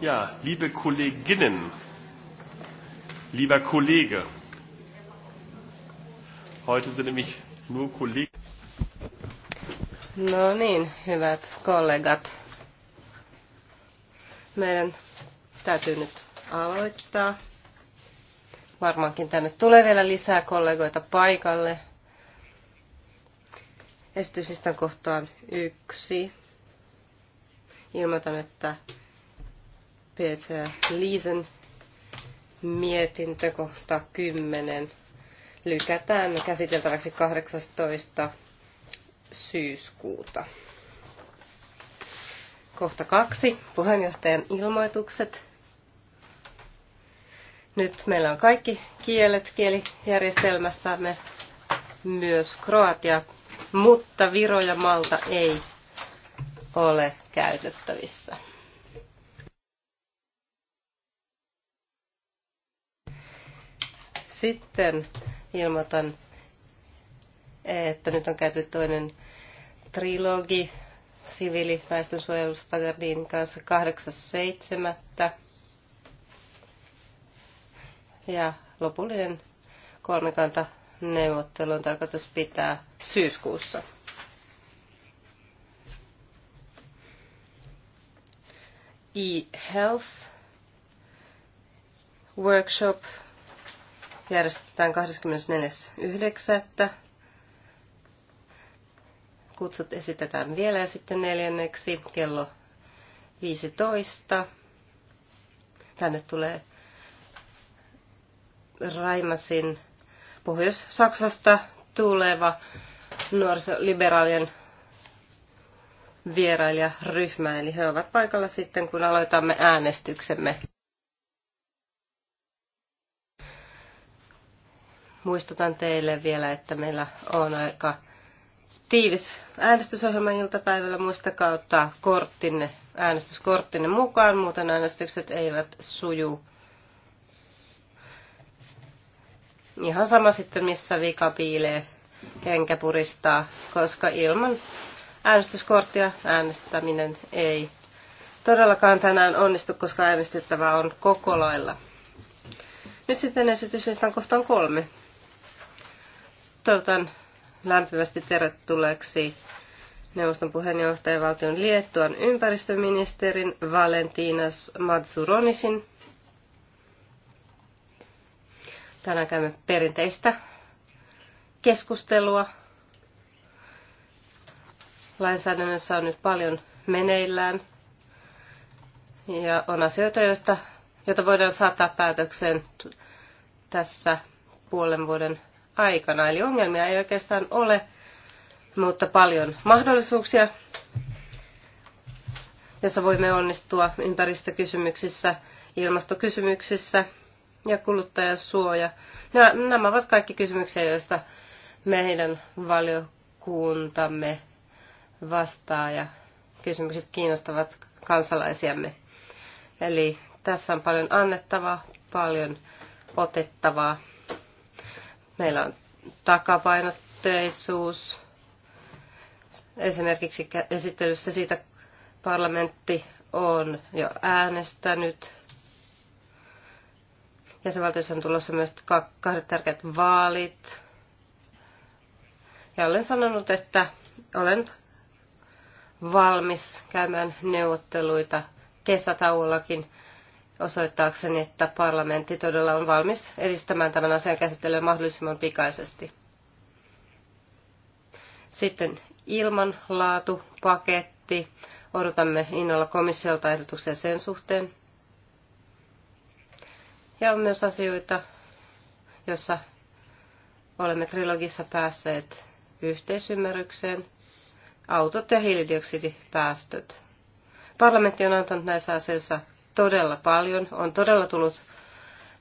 Ja, liebe Kolleginnen, lieber Kollege, heute sind nämlich nur Kollegen. No niin, hyvät kollegat. Meidän täytyy nyt aloittaa. Varmaankin tänne tulee vielä lisää kollegoita paikalle. Esitysistan kohtaan yksi. Ilmoitan, että Peter Liisen mietintö kohta 10 lykätään käsiteltäväksi 18. syyskuuta. Kohta kaksi, puheenjohtajan ilmoitukset. Nyt meillä on kaikki kielet kielijärjestelmässämme, myös Kroatia, mutta Viro ja Malta ei ole käytettävissä. Sitten ilmoitan, että nyt on käyty toinen trilogi siviiliväestönsuojelusta Gardinin kanssa 8.7. Ja lopullinen kolmikanta neuvottelu on tarkoitus pitää syyskuussa. e-health workshop järjestetään 24.9. Kutsut esitetään vielä ja sitten neljänneksi kello 15. Tänne tulee Raimasin Pohjois-Saksasta tuleva nuorisoliberaalien vierailijaryhmä, eli he ovat paikalla sitten, kun aloitamme äänestyksemme. Muistutan teille vielä, että meillä on aika tiivis äänestysohjelma iltapäivällä. Muistakaa ottaa korttinne, äänestyskorttinne mukaan, muuten äänestykset eivät suju. Ihan sama sitten, missä vika piilee, henkä puristaa, koska ilman äänestyskorttia äänestäminen ei todellakaan tänään onnistu, koska äänestettävää on koko lailla. Nyt sitten esitys, kohtaan kolme. Toivotan lämpimästi tervetulleeksi neuvoston puheenjohtajan valtion Liettuan ympäristöministerin Valentinas Madsuronisin. Tänään käymme perinteistä keskustelua. Lainsäädännössä on nyt paljon meneillään ja on asioita, joita voidaan saattaa päätökseen tässä puolen vuoden aikana. Eli ongelmia ei oikeastaan ole, mutta paljon mahdollisuuksia, jossa voimme onnistua ympäristökysymyksissä, ilmastokysymyksissä ja kuluttajasuoja. Nämä, nämä ovat kaikki kysymyksiä, joista meidän valiokuntamme vastaa ja kysymykset kiinnostavat kansalaisiamme. Eli tässä on paljon annettavaa, paljon otettavaa. Meillä on takapainotteisuus. Esimerkiksi esittelyssä siitä parlamentti on jo äänestänyt. Jäsenvaltiossa on tulossa myös kahdet tärkeät vaalit. Ja olen sanonut, että olen valmis käymään neuvotteluita kesätauollakin osoittaakseni, että parlamentti todella on valmis edistämään tämän asian käsittelyä mahdollisimman pikaisesti. Sitten ilmanlaatupaketti. Odotamme innolla komissiolta ehdotuksia sen suhteen. Ja on myös asioita, joissa olemme trilogissa päässeet yhteisymmärrykseen. Autot ja hiilidioksidipäästöt. Parlamentti on antanut näissä asioissa todella paljon. On todella tullut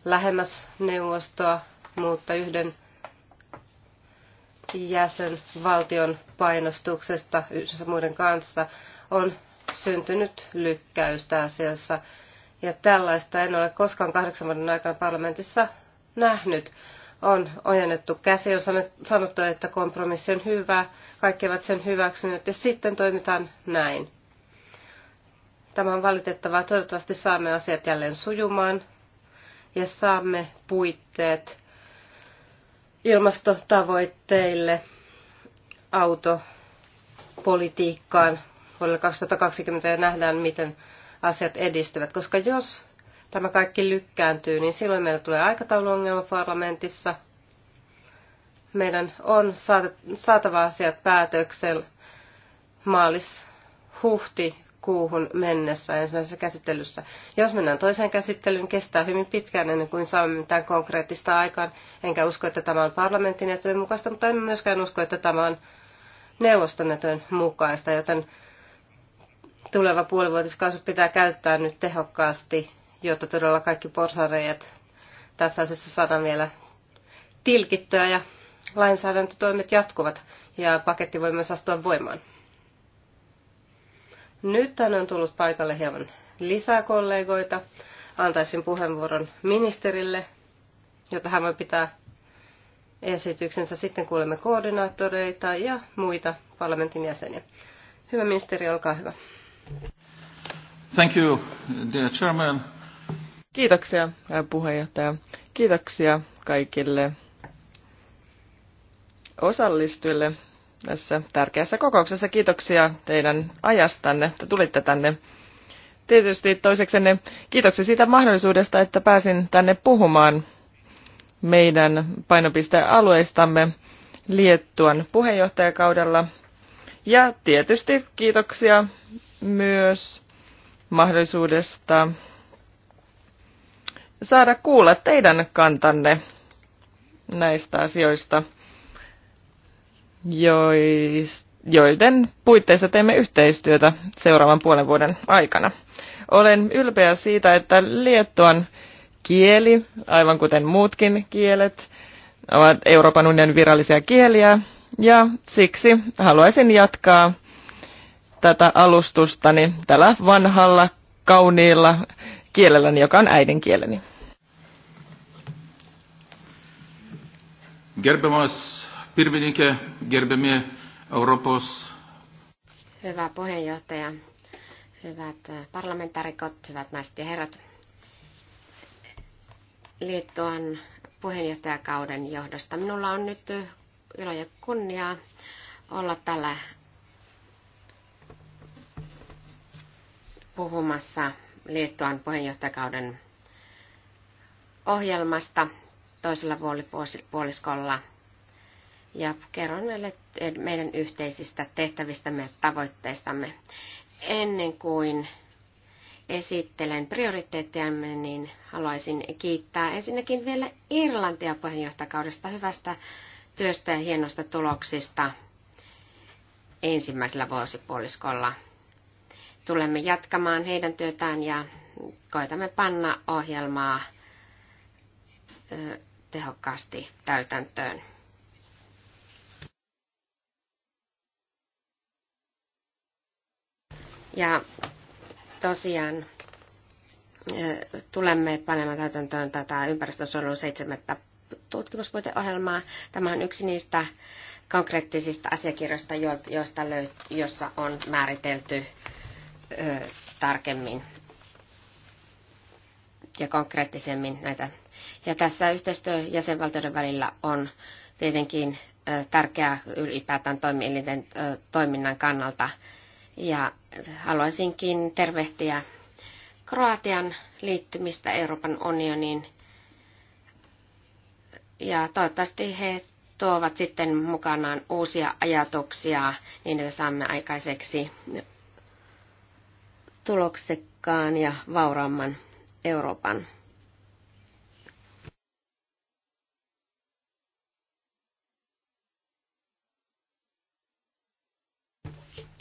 lähemmäs neuvostoa, mutta yhden jäsenvaltion painostuksesta yhdessä muiden kanssa on syntynyt lykkäystä asiassa. Ja tällaista en ole koskaan kahdeksan vuoden aikana parlamentissa nähnyt. On ojennettu käsi, on sanottu, että kompromissi on hyvä, kaikki ovat sen hyväksyneet ja sitten toimitaan näin. Tämä on valitettavaa. Toivottavasti saamme asiat jälleen sujumaan ja saamme puitteet ilmastotavoitteille, autopolitiikkaan vuodelle 2020 ja nähdään, miten asiat edistyvät. Koska jos tämä kaikki lykkääntyy, niin silloin meillä tulee aikatauluongelma parlamentissa. Meidän on saatava asiat päätöksellä maalis-huhti kuuhun mennessä ensimmäisessä käsittelyssä. Jos mennään toiseen käsittelyyn, kestää hyvin pitkään ennen kuin saamme mitään konkreettista aikaan. Enkä usko, että tämä on parlamentin etujen mukaista, mutta en myöskään usko, että tämä on neuvoston etujen mukaista, joten tuleva puolivuotiskausi pitää käyttää nyt tehokkaasti, jotta todella kaikki porsareijat tässä asiassa saadaan vielä tilkittyä ja lainsäädäntötoimet jatkuvat ja paketti voi myös astua voimaan. Nyt tänne on tullut paikalle hieman lisää kollegoita. Antaisin puheenvuoron ministerille, jota hän voi pitää esityksensä. Sitten kuulemme koordinaattoreita ja muita parlamentin jäseniä. Hyvä ministeri, olkaa hyvä. Thank you, dear chairman. Kiitoksia puheenjohtaja. Kiitoksia kaikille osallistujille tässä tärkeässä kokouksessa. Kiitoksia teidän ajastanne, että tulitte tänne. Tietysti toiseksenne kiitoksia siitä mahdollisuudesta, että pääsin tänne puhumaan meidän painopistealueistamme Liettuan puheenjohtajakaudella. Ja tietysti kiitoksia myös mahdollisuudesta saada kuulla teidän kantanne näistä asioista joiden puitteissa teemme yhteistyötä seuraavan puolen vuoden aikana. Olen ylpeä siitä, että Liettuan kieli, aivan kuten muutkin kielet, ovat Euroopan unionin virallisia kieliä, ja siksi haluaisin jatkaa tätä alustustani tällä vanhalla, kauniilla kielelläni, joka on äidinkieleni. Gerbemas Pirmininkė, gerbiami Europos. Hyvä puheenjohtaja, hyvät parlamentaarikot, hyvät naiset ja herrat. Liittoon puheenjohtajakauden johdosta. Minulla on nyt ilo ja kunnia olla täällä puhumassa Liettuan puheenjohtajakauden ohjelmasta toisella vuosipuoliskolla ja kerron meille meidän yhteisistä tehtävistämme ja tavoitteistamme. Ennen kuin esittelen prioriteettejamme, niin haluaisin kiittää ensinnäkin vielä Irlantia puheenjohtajakaudesta hyvästä työstä ja hienosta tuloksista ensimmäisellä vuosipuoliskolla. Tulemme jatkamaan heidän työtään ja koitamme panna ohjelmaa tehokkaasti täytäntöön. Ja tosiaan tulemme panemaan täytäntöön tätä ympäristönsuojelun seitsemättä tutkimuspuiteohjelmaa. Tämä on yksi niistä konkreettisista asiakirjoista, joista löy- jossa on määritelty ö, tarkemmin ja konkreettisemmin näitä. Ja tässä yhteistyö jäsenvaltioiden välillä on tietenkin ö, tärkeää ylipäätään toimielinten ö, toiminnan kannalta – ja haluaisinkin tervehtiä Kroatian liittymistä Euroopan unioniin. Ja toivottavasti he tuovat sitten mukanaan uusia ajatuksia niin, että saamme aikaiseksi tuloksekkaan ja vauraamman Euroopan.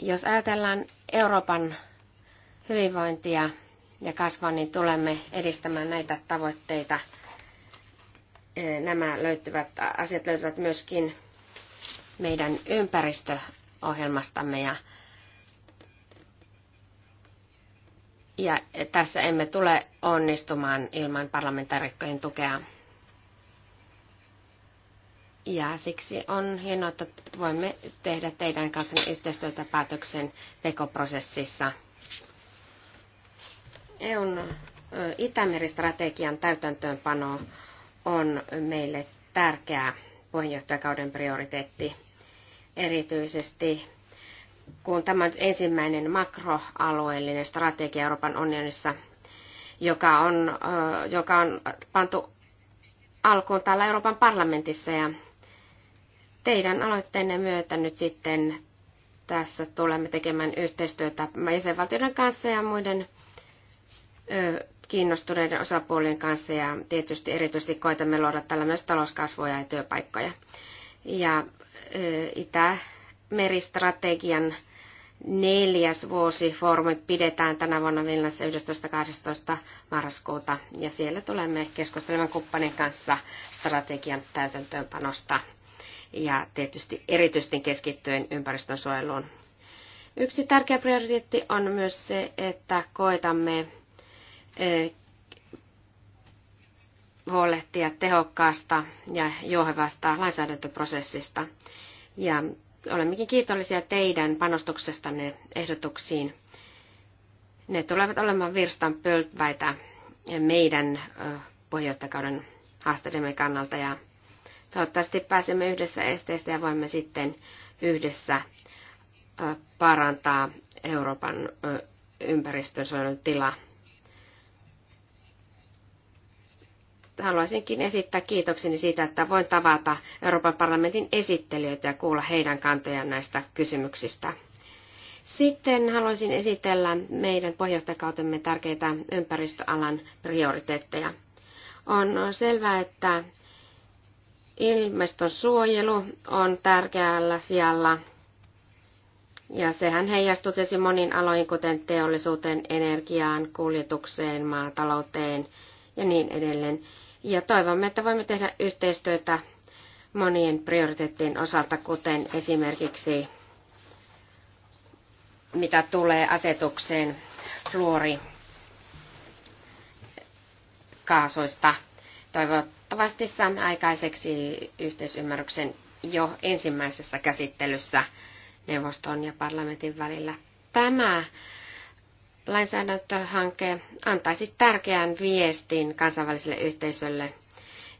Jos ajatellaan Euroopan hyvinvointia ja kasvua, niin tulemme edistämään näitä tavoitteita. Nämä löytyvät, asiat löytyvät myöskin meidän ympäristöohjelmastamme ja ja tässä emme tule onnistumaan ilman parlamentaarikkojen tukea. Ja siksi on hienoa, että voimme tehdä teidän kanssanne yhteistyötä päätöksen tekoprosessissa. EUn Itämeri-strategian täytäntöönpano on meille tärkeä puheenjohtajakauden prioriteetti erityisesti kun tämä on ensimmäinen makroalueellinen strategia Euroopan unionissa, joka on, joka on pantu alkuun täällä Euroopan parlamentissa ja teidän aloitteenne myötä nyt sitten tässä tulemme tekemään yhteistyötä jäsenvaltioiden kanssa ja muiden ö, kiinnostuneiden osapuolien kanssa ja tietysti erityisesti koitamme luoda tällä myös talouskasvua ja työpaikkoja. Ja ö, Itämeristrategian neljäs vuosifoorumi pidetään tänä vuonna Vilnassa 11.12. marraskuuta ja siellä tulemme keskustelemaan kumppanin kanssa strategian täytäntöönpanosta ja tietysti erityisesti keskittyen ympäristönsuojeluun. Yksi tärkeä prioriteetti on myös se, että koetamme huolehtia tehokkaasta ja jouhevasta lainsäädäntöprosessista. Ja olemmekin kiitollisia teidän panostuksestanne ehdotuksiin. Ne tulevat olemaan virstan pöltväitä meidän puheenjohtajakauden haasteidemme kannalta ja Toivottavasti pääsemme yhdessä esteistä ja voimme sitten yhdessä parantaa Euroopan ympäristönsuojelun tilaa. haluaisinkin esittää kiitokseni siitä, että voin tavata Euroopan parlamentin esittelijöitä ja kuulla heidän kantojaan näistä kysymyksistä. Sitten haluaisin esitellä meidän pohjohtajakautemme tärkeitä ympäristöalan prioriteetteja. On selvää, että suojelu on tärkeällä sijalla ja sehän heijastuu tietysti monin aloihin, kuten teollisuuteen, energiaan, kuljetukseen, maatalouteen ja niin edelleen. Ja toivomme, että voimme tehdä yhteistyötä monien prioriteettien osalta, kuten esimerkiksi mitä tulee asetukseen fluorikaasuista. Toivot, Toivottavasti saamme aikaiseksi yhteisymmärryksen jo ensimmäisessä käsittelyssä neuvoston ja parlamentin välillä. Tämä lainsäädäntöhanke antaisi tärkeän viestin kansainväliselle yhteisölle,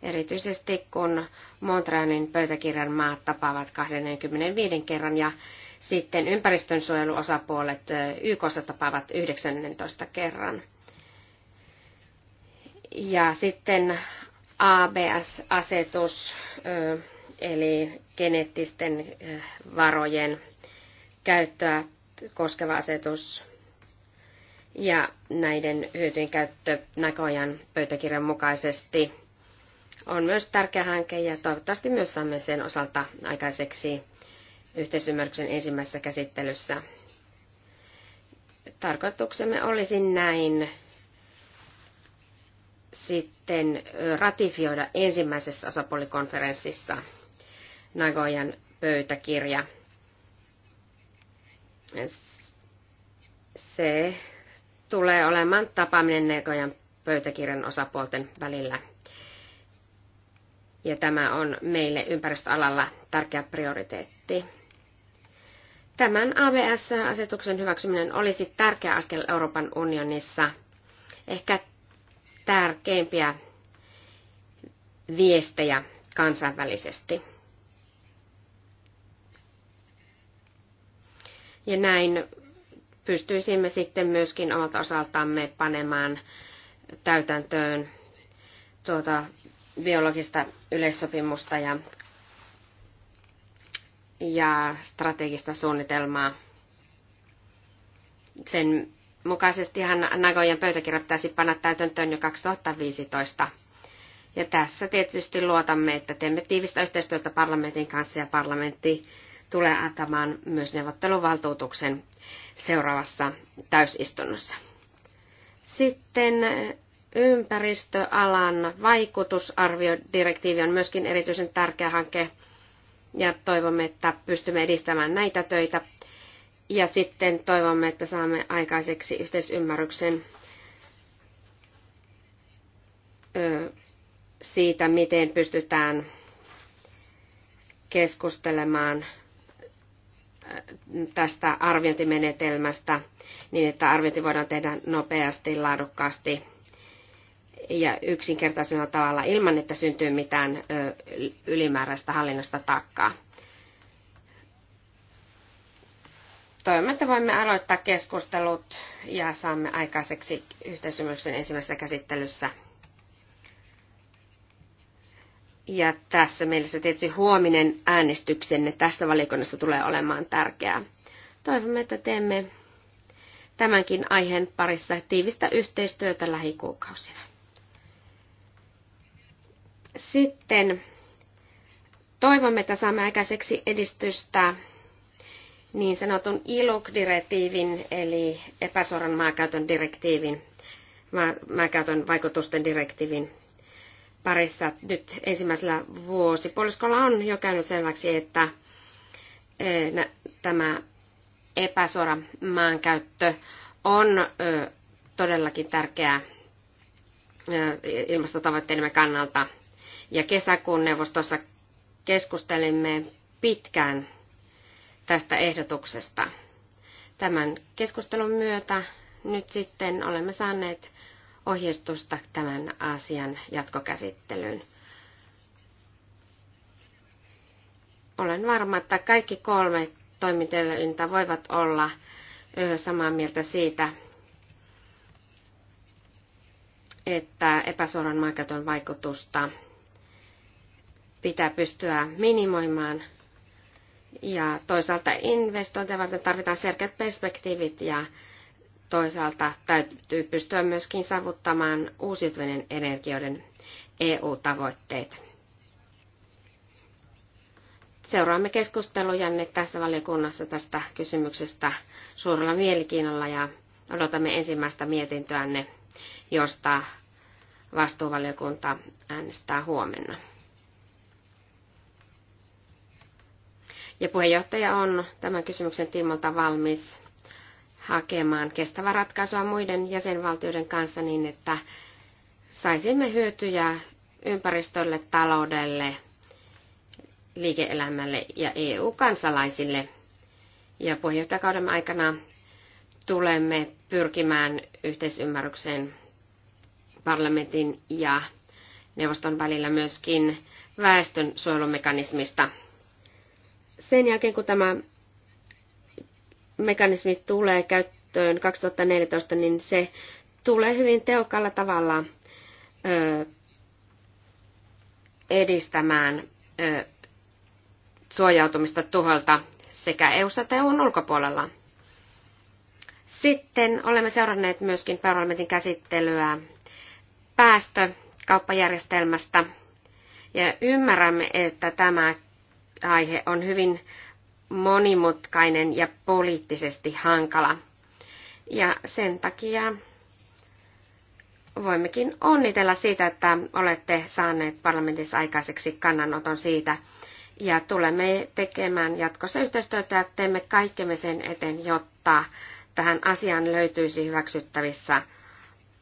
erityisesti kun Montrealin pöytäkirjan maat tapaavat 25 kerran ja sitten ympäristönsuojeluosapuolet YKssa tapaavat 19 kerran. Ja sitten ABS-asetus, eli geneettisten varojen käyttöä koskeva asetus ja näiden hyötyjen käyttö näköjään pöytäkirjan mukaisesti on myös tärkeä hanke ja toivottavasti myös saamme sen osalta aikaiseksi yhteisymmärryksen ensimmäisessä käsittelyssä. Tarkoituksemme olisi näin sitten ratifioida ensimmäisessä osapuolikonferenssissa Nagojan pöytäkirja. Se tulee olemaan tapaaminen Nagojan pöytäkirjan osapuolten välillä. Ja tämä on meille ympäristöalalla tärkeä prioriteetti. Tämän ABS-asetuksen hyväksyminen olisi tärkeä askel Euroopan unionissa. Ehkä tärkeimpiä viestejä kansainvälisesti. Ja näin pystyisimme sitten myöskin omalta osaltamme panemaan täytäntöön tuota biologista yleissopimusta ja, ja strategista suunnitelmaa sen mukaisestihan Nagojen pöytäkirja pitäisi panna täytäntöön jo 2015. Ja tässä tietysti luotamme, että teemme tiivistä yhteistyötä parlamentin kanssa ja parlamentti tulee antamaan myös neuvotteluvaltuutuksen seuraavassa täysistunnossa. Sitten ympäristöalan vaikutusarviodirektiivi on myöskin erityisen tärkeä hanke ja toivomme, että pystymme edistämään näitä töitä ja sitten toivomme, että saamme aikaiseksi yhteisymmärryksen siitä, miten pystytään keskustelemaan tästä arviointimenetelmästä niin, että arviointi voidaan tehdä nopeasti, laadukkaasti ja yksinkertaisella tavalla ilman, että syntyy mitään ylimääräistä hallinnosta takkaa. toivomme, että voimme aloittaa keskustelut ja saamme aikaiseksi yhteisymmärryksen ensimmäisessä käsittelyssä. Ja tässä mielessä tietysti huominen äänestyksenne tässä valikonnassa tulee olemaan tärkeää. Toivomme, että teemme tämänkin aiheen parissa tiivistä yhteistyötä lähikuukausina. Sitten toivomme, että saamme aikaiseksi edistystä niin sanotun ILUC-direktiivin eli epäsuoran maakäytön direktiivin, maa, maakäytön vaikutusten direktiivin parissa nyt ensimmäisellä vuosipuoliskolla on jo käynyt selväksi, että e, tämä epäsuora maankäyttö on todellakin tärkeää ilmastotavoitteidemme kannalta. Ja kesäkuun neuvostossa keskustelimme pitkään tästä ehdotuksesta. Tämän keskustelun myötä nyt sitten olemme saaneet ohjeistusta tämän asian jatkokäsittelyyn. Olen varma, että kaikki kolme toimintaelintä voivat olla samaa mieltä siitä, että epäsuoran maankäytön vaikutusta pitää pystyä minimoimaan – ja toisaalta investointeja varten tarvitaan selkeät perspektiivit ja toisaalta täytyy pystyä myöskin saavuttamaan uusiutuvien energioiden EU-tavoitteet. Seuraamme keskustelujanne tässä valiokunnassa tästä kysymyksestä suurella mielenkiinnolla ja odotamme ensimmäistä mietintöänne, josta vastuuvaliokunta äänestää huomenna. Ja puheenjohtaja on tämän kysymyksen tiimalta valmis hakemaan kestävää ratkaisua muiden jäsenvaltioiden kanssa niin, että saisimme hyötyjä ympäristölle, taloudelle, liike-elämälle ja EU-kansalaisille. Ja puheenjohtajakauden aikana tulemme pyrkimään yhteisymmärrykseen parlamentin ja neuvoston välillä myöskin väestön suojelumekanismista. Sen jälkeen, kun tämä mekanismi tulee käyttöön 2014, niin se tulee hyvin tehokkaalla tavalla ö, edistämään ö, suojautumista tuholta sekä EU-ssa että EUn ulkopuolella. Sitten olemme seuranneet myöskin parlamentin käsittelyä päästökauppajärjestelmästä ja ymmärrämme, että tämä aihe on hyvin monimutkainen ja poliittisesti hankala. Ja sen takia voimmekin onnitella siitä, että olette saaneet parlamentissa aikaiseksi kannanoton siitä. Ja tulemme tekemään jatkossa yhteistyötä ja teemme kaikkemme sen eteen, jotta tähän asiaan löytyisi hyväksyttävissä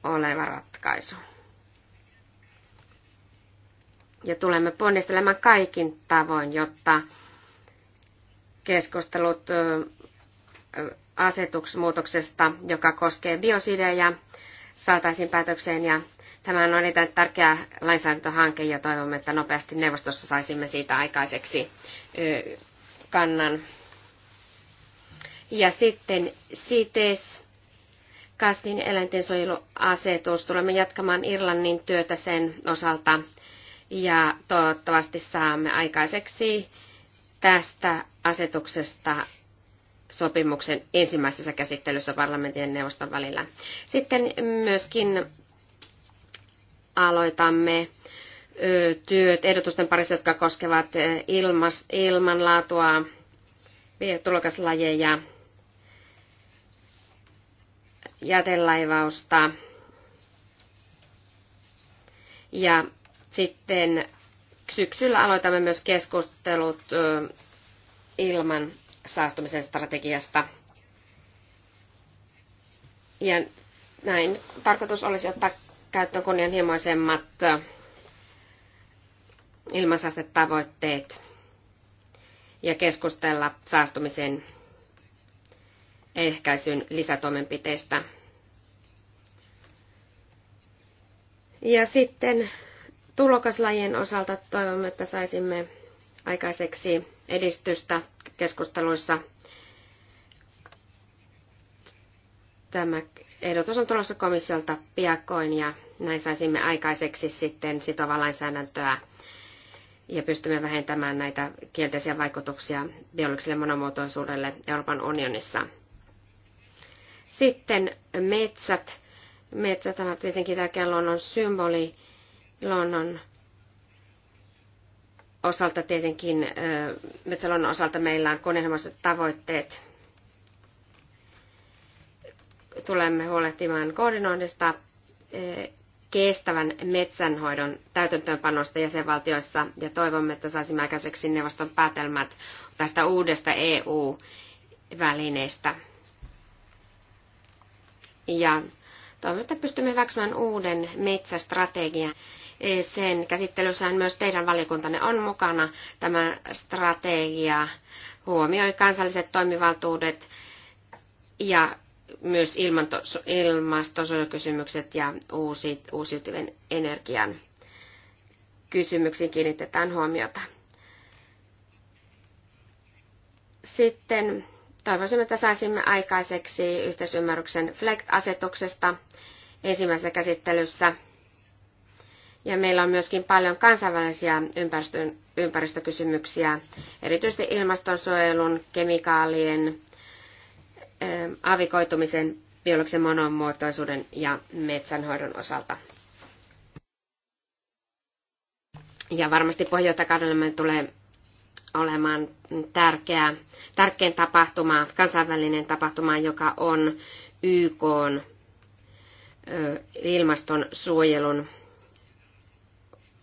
oleva ratkaisu ja tulemme ponnistelemaan kaikin tavoin, jotta keskustelut asetuksmuutoksesta, joka koskee biosidejä, saataisiin päätökseen. Ja tämä on erittäin tärkeä lainsäädäntöhanke ja toivomme, että nopeasti neuvostossa saisimme siitä aikaiseksi kannan. Ja sitten CITES, kasvin eläintensuojeluasetus. Tulemme jatkamaan Irlannin työtä sen osalta ja toivottavasti saamme aikaiseksi tästä asetuksesta sopimuksen ensimmäisessä käsittelyssä parlamentin ja neuvoston välillä. Sitten myöskin aloitamme työt ehdotusten parissa, jotka koskevat ilmas, ilmanlaatua, tulokaslajeja, jätelaivausta ja sitten syksyllä aloitamme myös keskustelut ilman saastumisen strategiasta. Ja näin tarkoitus olisi ottaa käyttöön kunnianhimoisemmat ilmansaastetavoitteet ja keskustella saastumisen ehkäisyn lisätoimenpiteistä. Ja sitten Tulokaslajien osalta toivomme, että saisimme aikaiseksi edistystä keskusteluissa. Tämä ehdotus on tulossa komissiolta piakkoin ja näin saisimme aikaiseksi sitten sitovaa lainsäädäntöä ja pystymme vähentämään näitä kielteisiä vaikutuksia biologiselle monimuotoisuudelle Euroopan unionissa. Sitten metsät. Metsät ovat tietenkin tärkeä luonnon symboli luonnon osalta tietenkin, metsäluonnon osalta meillä on kunnianhimoiset tavoitteet. Tulemme huolehtimaan koordinoinnista kestävän metsänhoidon täytäntöönpanosta jäsenvaltioissa ja toivomme, että saisimme aikaiseksi neuvoston päätelmät tästä uudesta EU-välineestä. Ja toivon, että pystymme hyväksymään uuden metsästrategian. E, sen käsittelyssä myös teidän valiokuntanne on mukana. Tämä strategia huomioi kansalliset toimivaltuudet ja myös ilmastosuojelukysymykset ja uusi, uusiutuvien energian kysymyksiin kiinnitetään huomiota. Sitten toivoisin, että saisimme aikaiseksi yhteisymmärryksen FLECT-asetuksesta ensimmäisessä käsittelyssä – ja meillä on myöskin paljon kansainvälisiä ympäristön, ympäristökysymyksiä, erityisesti ilmastonsuojelun, kemikaalien, ähm, avikoitumisen, biologisen monomuotoisuuden ja metsänhoidon osalta. Ja varmasti Pohjois-Karjalamme tulee olemaan tärkeä, tärkein tapahtuma, kansainvälinen tapahtuma, joka on YK ilmastonsuojelun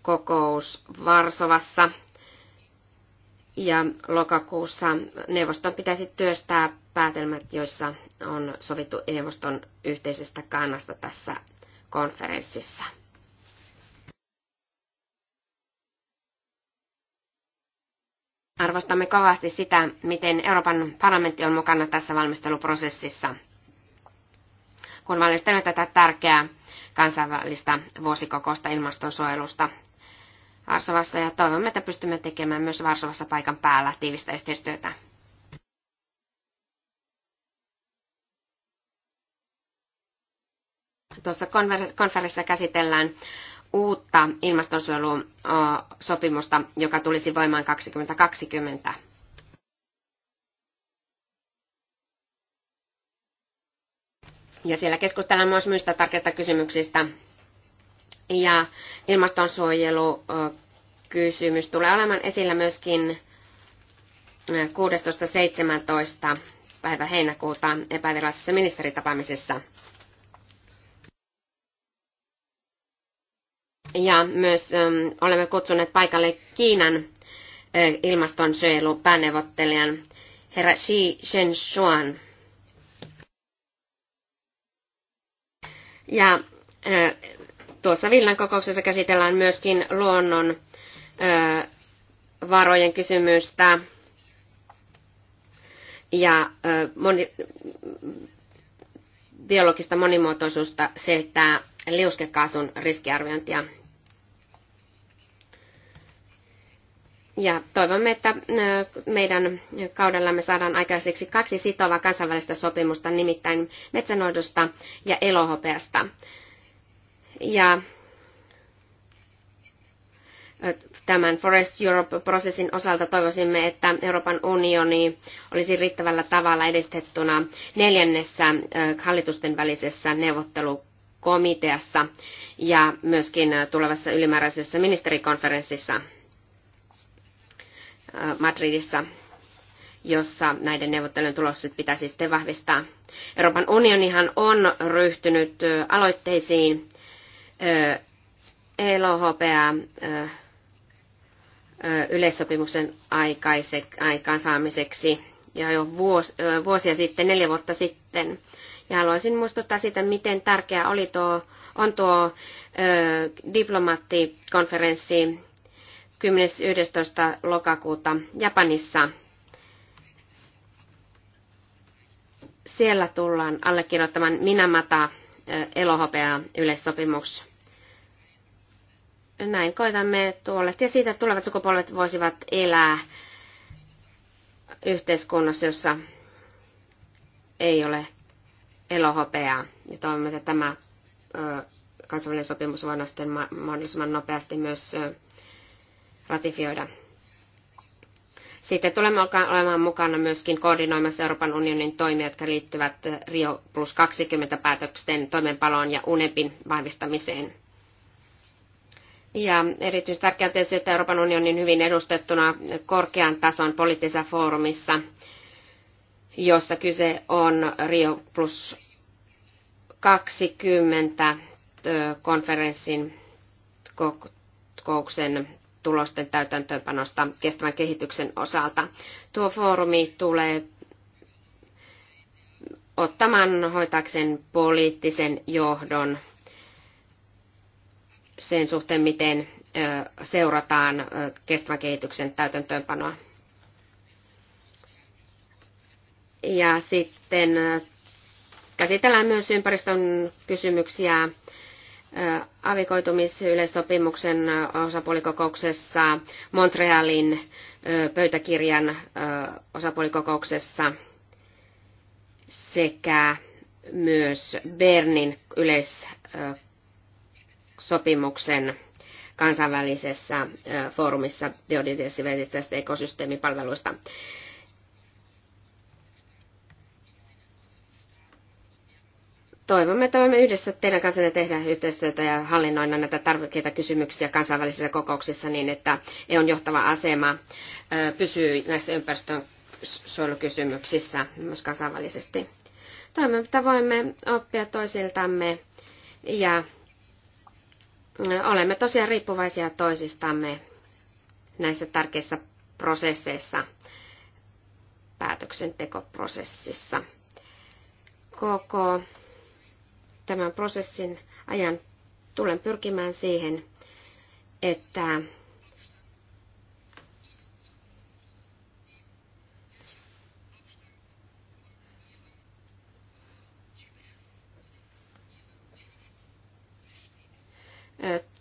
kokous Varsovassa. Ja lokakuussa neuvoston pitäisi työstää päätelmät, joissa on sovittu neuvoston yhteisestä kannasta tässä konferenssissa. Arvostamme kovasti sitä, miten Euroopan parlamentti on mukana tässä valmisteluprosessissa, kun valmistelemme tätä tärkeää kansainvälistä vuosikokousta ilmastonsuojelusta Varsovassa ja toivomme, että pystymme tekemään myös Varsovassa paikan päällä tiivistä yhteistyötä. Tuossa konferenssissa käsitellään uutta ilmastonsuojelusopimusta, joka tulisi voimaan 2020. Ja siellä keskustellaan myös muista tärkeistä kysymyksistä, ja ilmastonsuojelukysymys tulee olemaan esillä myöskin 16.17. päivä heinäkuuta epävirallisessa ministeritapaamisessa. Ja myös olemme kutsuneet paikalle Kiinan ilmastonsuojelupääneuvottelijan herra Xi Shenzhuan. Ja Tuossa Villan kokouksessa käsitellään myöskin luonnon ö, varojen kysymystä ja ö, moni, biologista monimuotoisuutta selittää liuskekaasun riskiarviointia. Ja toivomme, että meidän kaudellamme saadaan aikaiseksi kaksi sitovaa kansainvälistä sopimusta, nimittäin metsänoidusta ja elohopeasta ja tämän Forest Europe-prosessin osalta toivoisimme, että Euroopan unioni olisi riittävällä tavalla edistettuna neljännessä hallitusten välisessä neuvottelukomiteassa ja myöskin tulevassa ylimääräisessä ministerikonferenssissa Madridissa jossa näiden neuvottelujen tulokset pitäisi sitten vahvistaa. Euroopan unionihan on ryhtynyt aloitteisiin E LHPA yleissopimuksen aikaansaamiseksi ja jo vuosia sitten, neljä vuotta sitten. Ja haluaisin muistuttaa siitä, miten tärkeä oli tuo, on tuo ö, diplomaattikonferenssi 10.11. lokakuuta Japanissa. Siellä tullaan allekirjoittamaan Minamata elohopea yleissopimus. Näin koitamme tuolle. ja siitä, tulevat sukupolvet voisivat elää yhteiskunnassa, jossa ei ole elohopeaa. Ja toivomme, että tämä kansainvälinen sopimus voidaan sitten mahdollisimman nopeasti myös ratifioida. Sitten tulemme olemaan mukana myöskin koordinoimassa Euroopan unionin toimia, jotka liittyvät Rio plus 20 päätöksen toimeenpaloon ja UNEPin vahvistamiseen. Ja erityisen tärkeää tietysti, että Euroopan unionin hyvin edustettuna korkean tason poliittisessa foorumissa, jossa kyse on Rio plus 20 konferenssin kokouksen tulosten täytäntöönpanosta kestävän kehityksen osalta. Tuo foorumi tulee ottamaan hoitakseen poliittisen johdon sen suhteen, miten seurataan kestävän kehityksen täytäntöönpanoa. Ja sitten käsitellään myös ympäristön kysymyksiä avikoitumisyleissopimuksen osapuolikokouksessa, Montrealin pöytäkirjan osapuolikokouksessa sekä myös Bernin yleissopimuksen kansainvälisessä foorumissa biodiversiteetistä ekosysteemipalveluista. toivomme, että voimme yhdessä teidän kanssanne tehdä yhteistyötä ja hallinnoida näitä tärkeitä kysymyksiä kansainvälisissä kokouksissa niin, että EUn johtava asema pysyy näissä ympäristön myös kansainvälisesti. Toivomme, että voimme oppia toisiltamme ja olemme tosiaan riippuvaisia toisistamme näissä tärkeissä prosesseissa, päätöksentekoprosessissa. Koko tämän prosessin ajan tulen pyrkimään siihen, että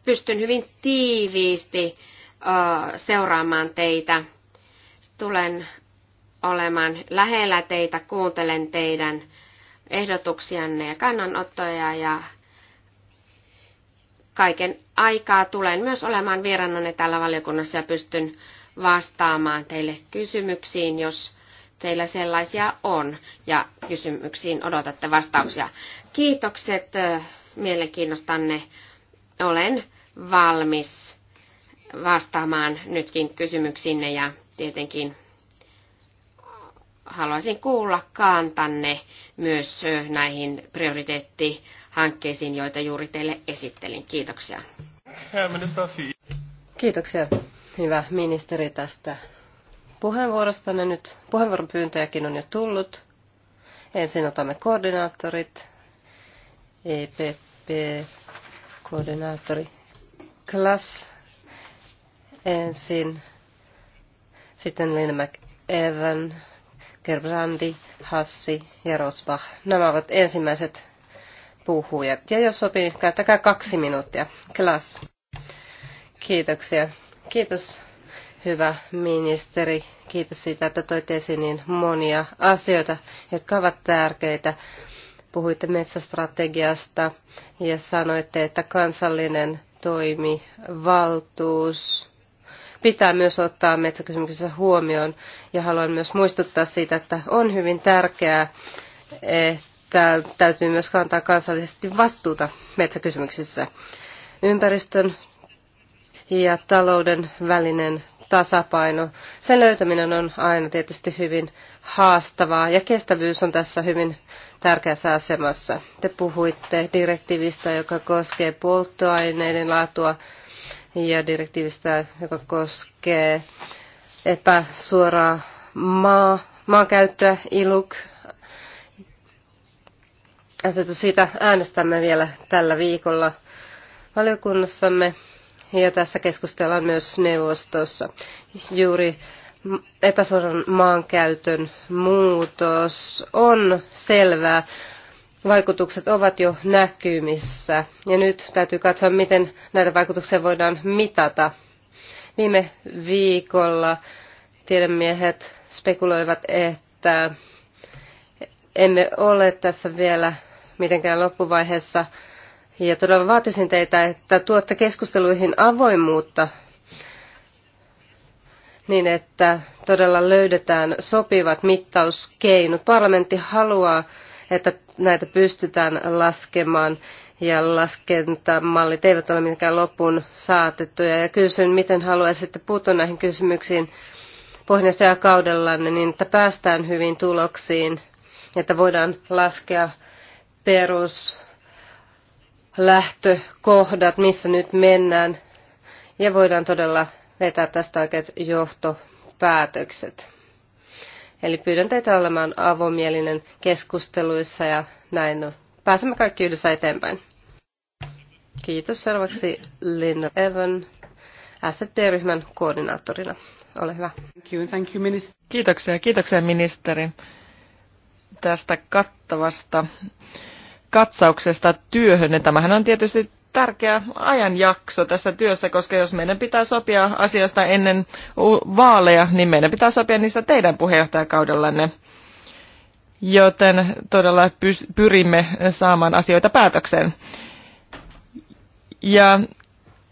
pystyn hyvin tiiviisti seuraamaan teitä. Tulen olemaan lähellä teitä, kuuntelen teidän ehdotuksianne ja kannanottoja ja kaiken aikaa tulen myös olemaan vierannanne täällä valiokunnassa ja pystyn vastaamaan teille kysymyksiin, jos teillä sellaisia on ja kysymyksiin odotatte vastauksia. Kiitokset mielenkiinnostanne. Olen valmis vastaamaan nytkin kysymyksiinne ja tietenkin haluaisin kuulla kantanne myös näihin prioriteettihankkeisiin, joita juuri teille esittelin. Kiitoksia. Kiitoksia, hyvä ministeri, tästä puheenvuorosta. nyt nyt puheenvuoropyyntöjäkin on jo tullut. Ensin otamme koordinaattorit. EPP-koordinaattori Klas ensin. Sitten Lynn McEvan Gerbrandi, Hassi ja Rosbach. Nämä ovat ensimmäiset puhujat. Ja jos sopii, niin käyttäkää kaksi minuuttia. Klas. Kiitoksia. Kiitos hyvä ministeri. Kiitos siitä, että toitte esiin niin monia asioita, jotka ovat tärkeitä. Puhuitte metsästrategiasta ja sanoitte, että kansallinen toimivaltuus pitää myös ottaa metsäkysymyksessä huomioon. Ja haluan myös muistuttaa siitä, että on hyvin tärkeää, että täytyy myös kantaa kansallisesti vastuuta metsäkysymyksissä. Ympäristön ja talouden välinen tasapaino, sen löytäminen on aina tietysti hyvin haastavaa ja kestävyys on tässä hyvin tärkeässä asemassa. Te puhuitte direktiivistä, joka koskee polttoaineiden laatua ja direktiivistä, joka koskee epäsuoraa maa, maankäyttöä, iluk. Asetus siitä äänestämme vielä tällä viikolla valiokunnassamme ja tässä keskustellaan myös neuvostossa. Juuri epäsuoran maankäytön muutos on selvää vaikutukset ovat jo näkymissä. Ja nyt täytyy katsoa, miten näitä vaikutuksia voidaan mitata. Viime viikolla tiedemiehet spekuloivat, että emme ole tässä vielä mitenkään loppuvaiheessa. Ja todella vaatisin teitä, että tuotte keskusteluihin avoimuutta niin, että todella löydetään sopivat mittauskeinot. Parlamentti haluaa että näitä pystytään laskemaan ja laskentamallit eivät ole mitenkään loppuun saatettuja. Ja kysyn, miten haluaisitte puuttua näihin kysymyksiin puheenjohtajakaudellanne niin, että päästään hyvin tuloksiin, että voidaan laskea lähtökohdat, missä nyt mennään, ja voidaan todella vetää tästä oikeat johtopäätökset. Eli pyydän teitä olemaan avomielinen keskusteluissa ja näin pääsemme kaikki yhdessä eteenpäin. Kiitos seuraavaksi Linda Evan, SFD-ryhmän koordinaattorina. Ole hyvä. Thank you, thank you, Kiitoksia, kiitoksia ministeri tästä kattavasta katsauksesta työhön. tämähän on tietysti tärkeä ajanjakso tässä työssä, koska jos meidän pitää sopia asiasta ennen vaaleja, niin meidän pitää sopia niistä teidän puheenjohtajakaudellanne. Joten todella pyrimme saamaan asioita päätökseen. Ja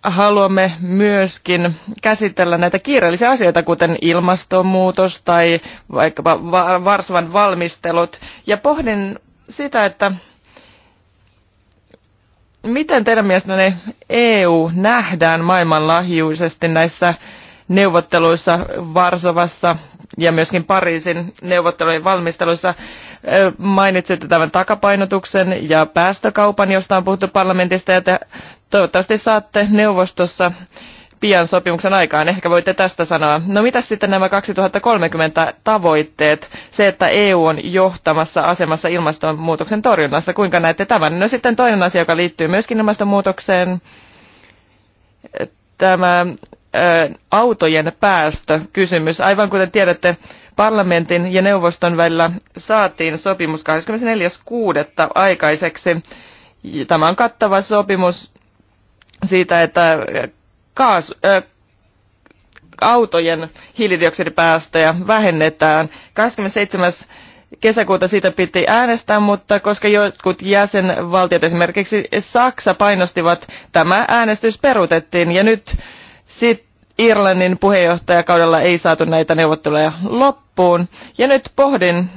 haluamme myöskin käsitellä näitä kiireellisiä asioita, kuten ilmastonmuutos tai vaikkapa Varsovan valmistelut. Ja pohdin sitä, että Miten teidän ne EU nähdään maailmanlahjuisesti näissä neuvotteluissa Varsovassa ja myöskin Pariisin neuvottelujen valmisteluissa? Mainitsitte tämän takapainotuksen ja päästökaupan, josta on puhuttu parlamentista, ja te toivottavasti saatte neuvostossa pian sopimuksen aikaan. Ehkä voitte tästä sanoa. No mitä sitten nämä 2030 tavoitteet? Se, että EU on johtamassa asemassa ilmastonmuutoksen torjunnassa. Kuinka näette tämän? No sitten toinen asia, joka liittyy myöskin ilmastonmuutokseen. Tämä autojen päästökysymys. Aivan kuten tiedätte, parlamentin ja neuvoston välillä saatiin sopimus 24.6. aikaiseksi. Tämä on kattava sopimus siitä, että kaasu, äh, autojen hiilidioksidipäästöjä vähennetään. 27. kesäkuuta siitä piti äänestää, mutta koska jotkut jäsenvaltiot, esimerkiksi Saksa, painostivat, tämä äänestys peruutettiin ja nyt sitten Irlannin puheenjohtajakaudella ei saatu näitä neuvotteluja loppuun. Ja nyt pohdin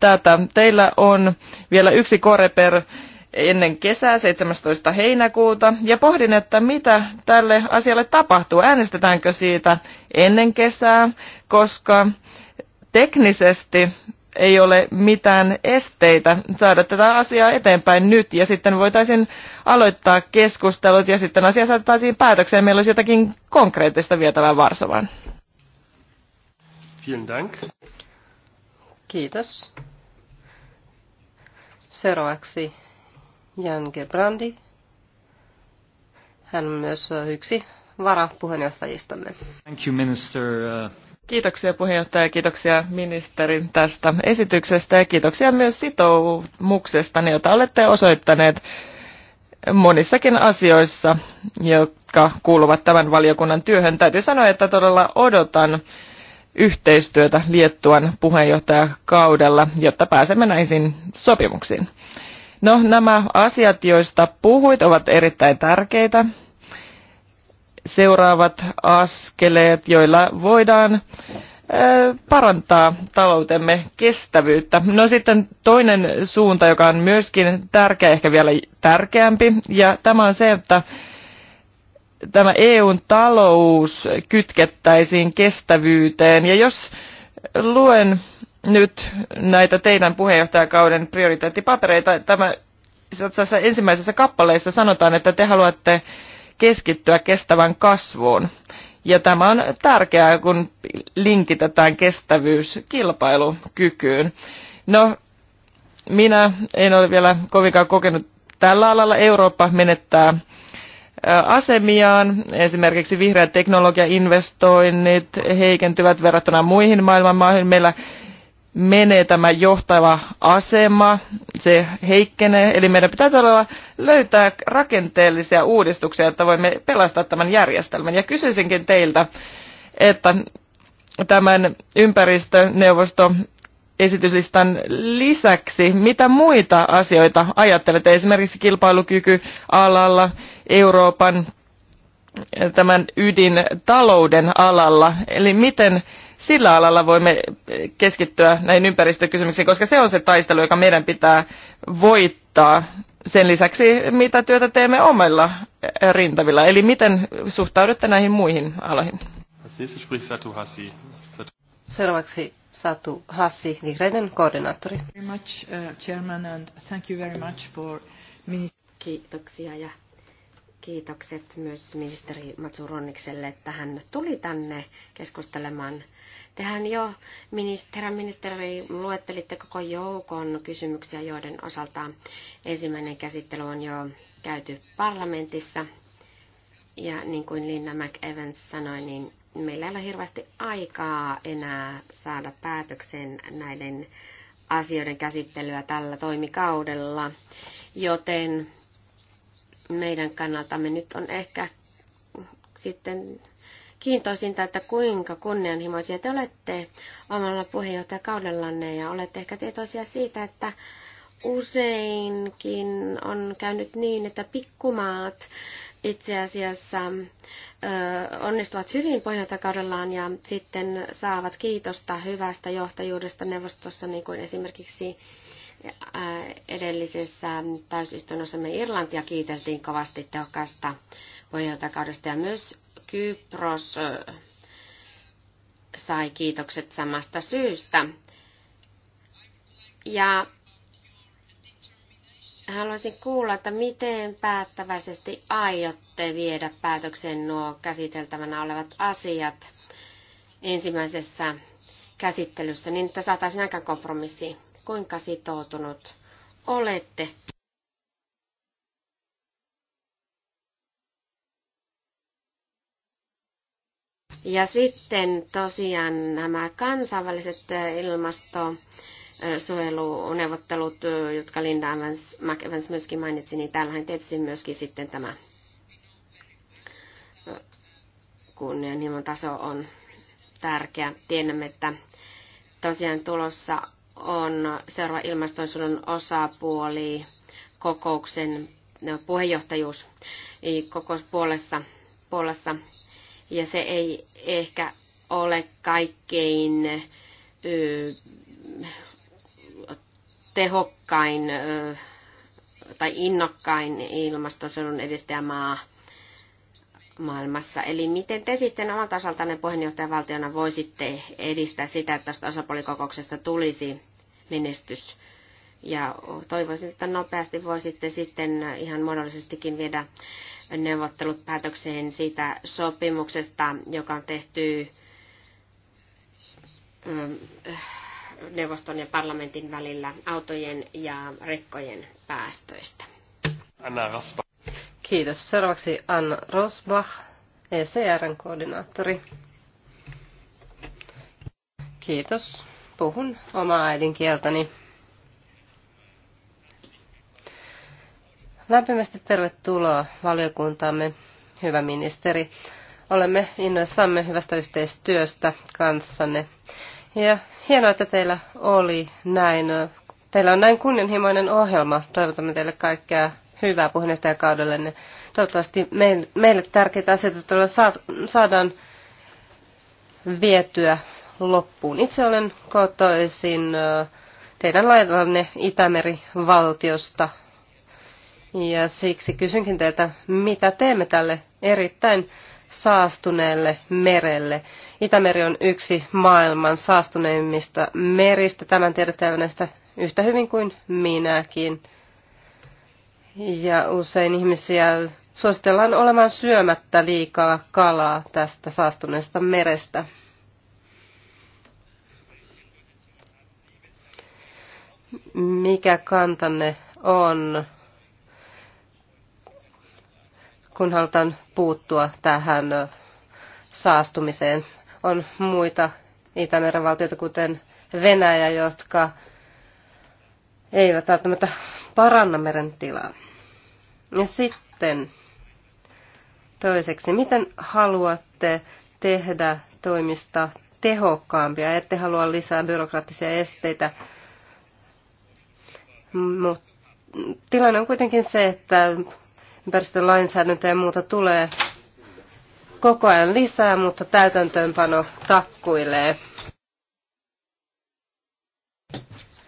tätä. Teillä on vielä yksi kore per ennen kesää 17. heinäkuuta ja pohdin, että mitä tälle asialle tapahtuu. Äänestetäänkö siitä ennen kesää, koska teknisesti ei ole mitään esteitä saada tätä asiaa eteenpäin nyt ja sitten voitaisiin aloittaa keskustelut ja sitten asia saataisiin päätökseen meillä olisi jotakin konkreettista vietävää Varsovaan. Kiitos. Seuraavaksi Jan Gebrandi. Hän on myös yksi varapuheenjohtajistamme. Thank you, minister. Uh, kiitoksia puheenjohtaja, kiitoksia ministerin tästä esityksestä ja kiitoksia myös sitoumuksesta, jota olette osoittaneet monissakin asioissa, jotka kuuluvat tämän valiokunnan työhön. Täytyy sanoa, että todella odotan yhteistyötä Liettuan puheenjohtajakaudella, jotta pääsemme näihin sopimuksiin. No, nämä asiat, joista puhuit, ovat erittäin tärkeitä. Seuraavat askeleet, joilla voidaan parantaa taloutemme kestävyyttä. No sitten toinen suunta, joka on myöskin tärkeä, ehkä vielä tärkeämpi, ja tämä on se, että tämä EUn talous kytkettäisiin kestävyyteen. Ja jos luen nyt näitä teidän puheenjohtajakauden prioriteettipapereita. Tämä tässä ensimmäisessä kappaleessa sanotaan, että te haluatte keskittyä kestävän kasvuun. Ja tämä on tärkeää, kun linkitetään kestävyys kilpailukykyyn. No, minä en ole vielä kovinkaan kokenut tällä alalla. Eurooppa menettää asemiaan. Esimerkiksi vihreät teknologiainvestoinnit heikentyvät verrattuna muihin maailman maihin. Meillä menee tämä johtava asema, se heikkenee. Eli meidän pitää todella löytää rakenteellisia uudistuksia, että voimme pelastaa tämän järjestelmän. Ja kysyisinkin teiltä, että tämän ympäristöneuvosto esityslistan lisäksi, mitä muita asioita ajattelette esimerkiksi kilpailukyky alalla, Euroopan tämän ydintalouden alalla, eli miten sillä alalla voimme keskittyä näihin ympäristökysymyksiin, koska se on se taistelu, joka meidän pitää voittaa sen lisäksi, mitä työtä teemme omilla rintavilla. Eli miten suhtaudutte näihin muihin aloihin? Seuraavaksi Satu Hassi, vihreiden koordinaattori. Uh, Kiitoksia ja kiitokset myös ministeri Matsuronikselle, että hän tuli tänne keskustelemaan Tehän jo, herra ministeri, luettelitte koko joukon kysymyksiä, joiden osalta ensimmäinen käsittely on jo käyty parlamentissa. Ja niin kuin Linda McEvans sanoi, niin meillä ei ole hirveästi aikaa enää saada päätöksen näiden asioiden käsittelyä tällä toimikaudella, joten meidän kannaltamme nyt on ehkä sitten kiintoisinta, että kuinka kunnianhimoisia te olette omalla puheenjohtajakaudellanne ja olette ehkä tietoisia siitä, että useinkin on käynyt niin, että pikkumaat itse asiassa ö, onnistuvat hyvin puheenjohtajakaudellaan ja sitten saavat kiitosta hyvästä johtajuudesta neuvostossa, niin kuin esimerkiksi edellisessä täysistunnossa me Irlantia kiiteltiin kovasti tehokkaasta puheenjohtajakaudesta ja myös Kypros sai kiitokset samasta syystä. Ja haluaisin kuulla, että miten päättäväisesti aiotte viedä päätöksen nuo käsiteltävänä olevat asiat ensimmäisessä käsittelyssä, niin että saataisiin aika kompromissi. Kuinka sitoutunut olette Ja sitten tosiaan nämä kansainväliset eh, ilmasto suojeluneuvottelut, eh, jotka Linda Evans, McEvans myöskin mainitsi, niin täällähän tietysti myöskin sitten tämä eh, kunnianhimon taso on tärkeä. Tiedämme, että tosiaan tulossa on seuraava ilmastonsuojelun osapuoli kokouksen puheenjohtajuus kokouspuolessa puolessa ja se ei ehkä ole kaikkein tehokkain tai innokkain ilmastonsuojelun edistäjämaa maailmassa. Eli miten te sitten omalta osaltanne valtiona voisitte edistää sitä, että tästä osapuolikokouksesta tulisi menestys? Ja toivoisin, että nopeasti voisitte sitten ihan muodollisestikin viedä neuvottelut päätökseen siitä sopimuksesta, joka on tehty ähm, neuvoston ja parlamentin välillä autojen ja rekkojen päästöistä. Anna Rosbach. Kiitos. Seuraavaksi Anna Rosbach, ECRn koordinaattori. Kiitos. Puhun omaa äidinkieltäni. Lämpimästi tervetuloa valiokuntaamme, hyvä ministeri. Olemme innoissamme hyvästä yhteistyöstä kanssanne. Ja hienoa, että teillä oli näin. Teillä on näin kunnianhimoinen ohjelma. Toivotamme teille kaikkea hyvää puheenjohtajakaudellenne. Toivottavasti meille tärkeitä asioita saadaan vietyä loppuun. Itse olen kotoisin teidän laillanne Itämeri-valtiosta, ja siksi kysynkin teiltä, mitä teemme tälle erittäin saastuneelle merelle. Itämeri on yksi maailman saastuneimmista meristä. Tämän tiedätte yhtä hyvin kuin minäkin. Ja usein ihmisiä suositellaan olemaan syömättä liikaa kalaa tästä saastuneesta merestä. Mikä kantanne on? kun halutaan puuttua tähän saastumiseen. On muita Itämeren valtioita, kuten Venäjä, jotka eivät välttämättä paranna meren tilaa. Ja sitten toiseksi, miten haluatte tehdä toimista tehokkaampia? Ette halua lisää byrokraattisia esteitä, mutta tilanne on kuitenkin se, että ympäristölainsäädäntöä ja muuta tulee koko ajan lisää, mutta täytäntöönpano takkuilee.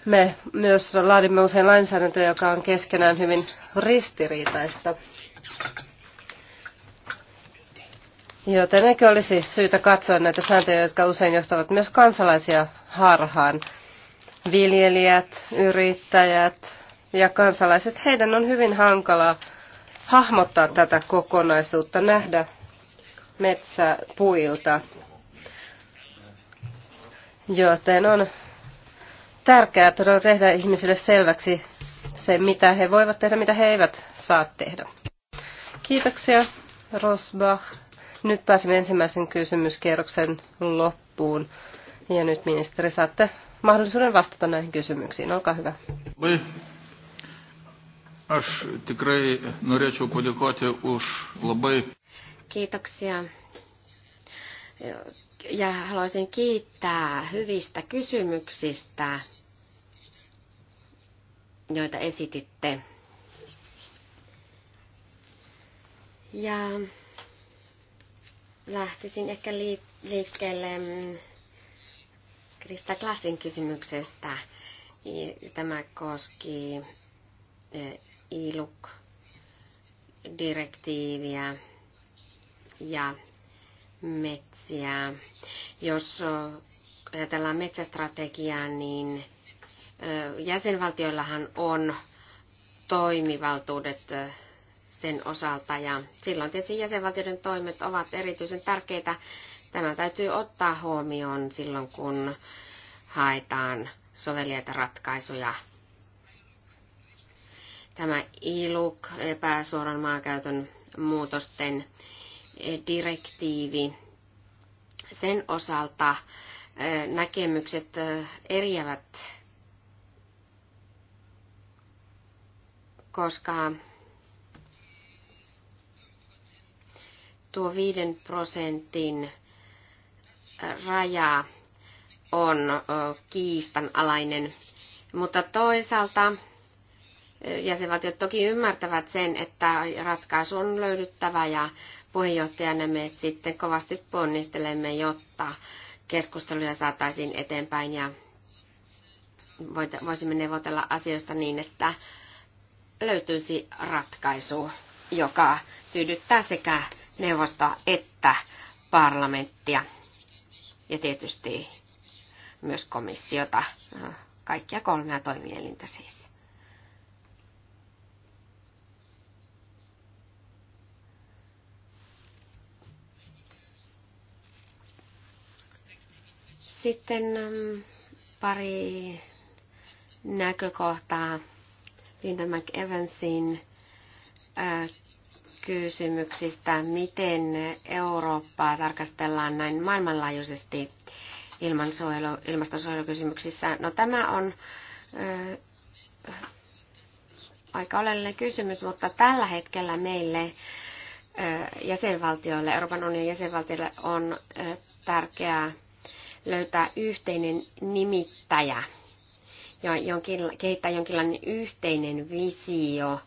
Me myös laadimme usein lainsäädäntöä, joka on keskenään hyvin ristiriitaista. Joten eikö olisi syytä katsoa näitä sääntöjä, jotka usein johtavat myös kansalaisia harhaan. Viljelijät, yrittäjät ja kansalaiset, heidän on hyvin hankalaa hahmottaa tätä kokonaisuutta, nähdä metsäpuilta, puilta. Joten on tärkeää todella tehdä ihmisille selväksi se, mitä he voivat tehdä, mitä he eivät saa tehdä. Kiitoksia, Rosbach. Nyt pääsemme ensimmäisen kysymyskierroksen loppuun. Ja nyt ministeri, saatte mahdollisuuden vastata näihin kysymyksiin. Olkaa hyvä. Moi. Aš tikrai norėčiau padėkoti už labai... Kiitoksia. Ja haluaisin kiittää hyvistä kysymyksistä, joita esititte. Ja lähtisin ehkä liikkeelle Krista Klassin kysymyksestä. Tämä koski eh, ILUK-direktiiviä ja metsiä. Jos ajatellaan metsästrategiaa, niin jäsenvaltioillahan on toimivaltuudet sen osalta ja silloin tietysti jäsenvaltioiden toimet ovat erityisen tärkeitä. Tämä täytyy ottaa huomioon silloin, kun haetaan soveliaita ratkaisuja tämä ILUK, epäsuoran maankäytön muutosten e, direktiivi, sen osalta e, näkemykset e, eriävät, koska tuo viiden prosentin raja on kiistanalainen, mutta toisaalta jäsenvaltiot toki ymmärtävät sen, että ratkaisu on löydyttävä ja puheenjohtajana me sitten kovasti ponnistelemme, jotta keskusteluja saataisiin eteenpäin ja voisimme neuvotella asioista niin, että löytyisi ratkaisu, joka tyydyttää sekä neuvostoa että parlamenttia ja tietysti myös komissiota, kaikkia kolmea toimielintä siis. Sitten ähm, pari näkökohtaa Linda McEvansin äh, kysymyksistä, miten Eurooppaa tarkastellaan näin maailmanlaajuisesti ilmansuojelu, ilmastonsuojelukysymyksissä. No tämä on äh, aika oleellinen kysymys, mutta tällä hetkellä meille ö, äh, jäsenvaltioille, Euroopan unionin jäsenvaltioille on tärkeää löytää yhteinen nimittäjä ja jonkin, kehittää jonkinlainen yhteinen visio.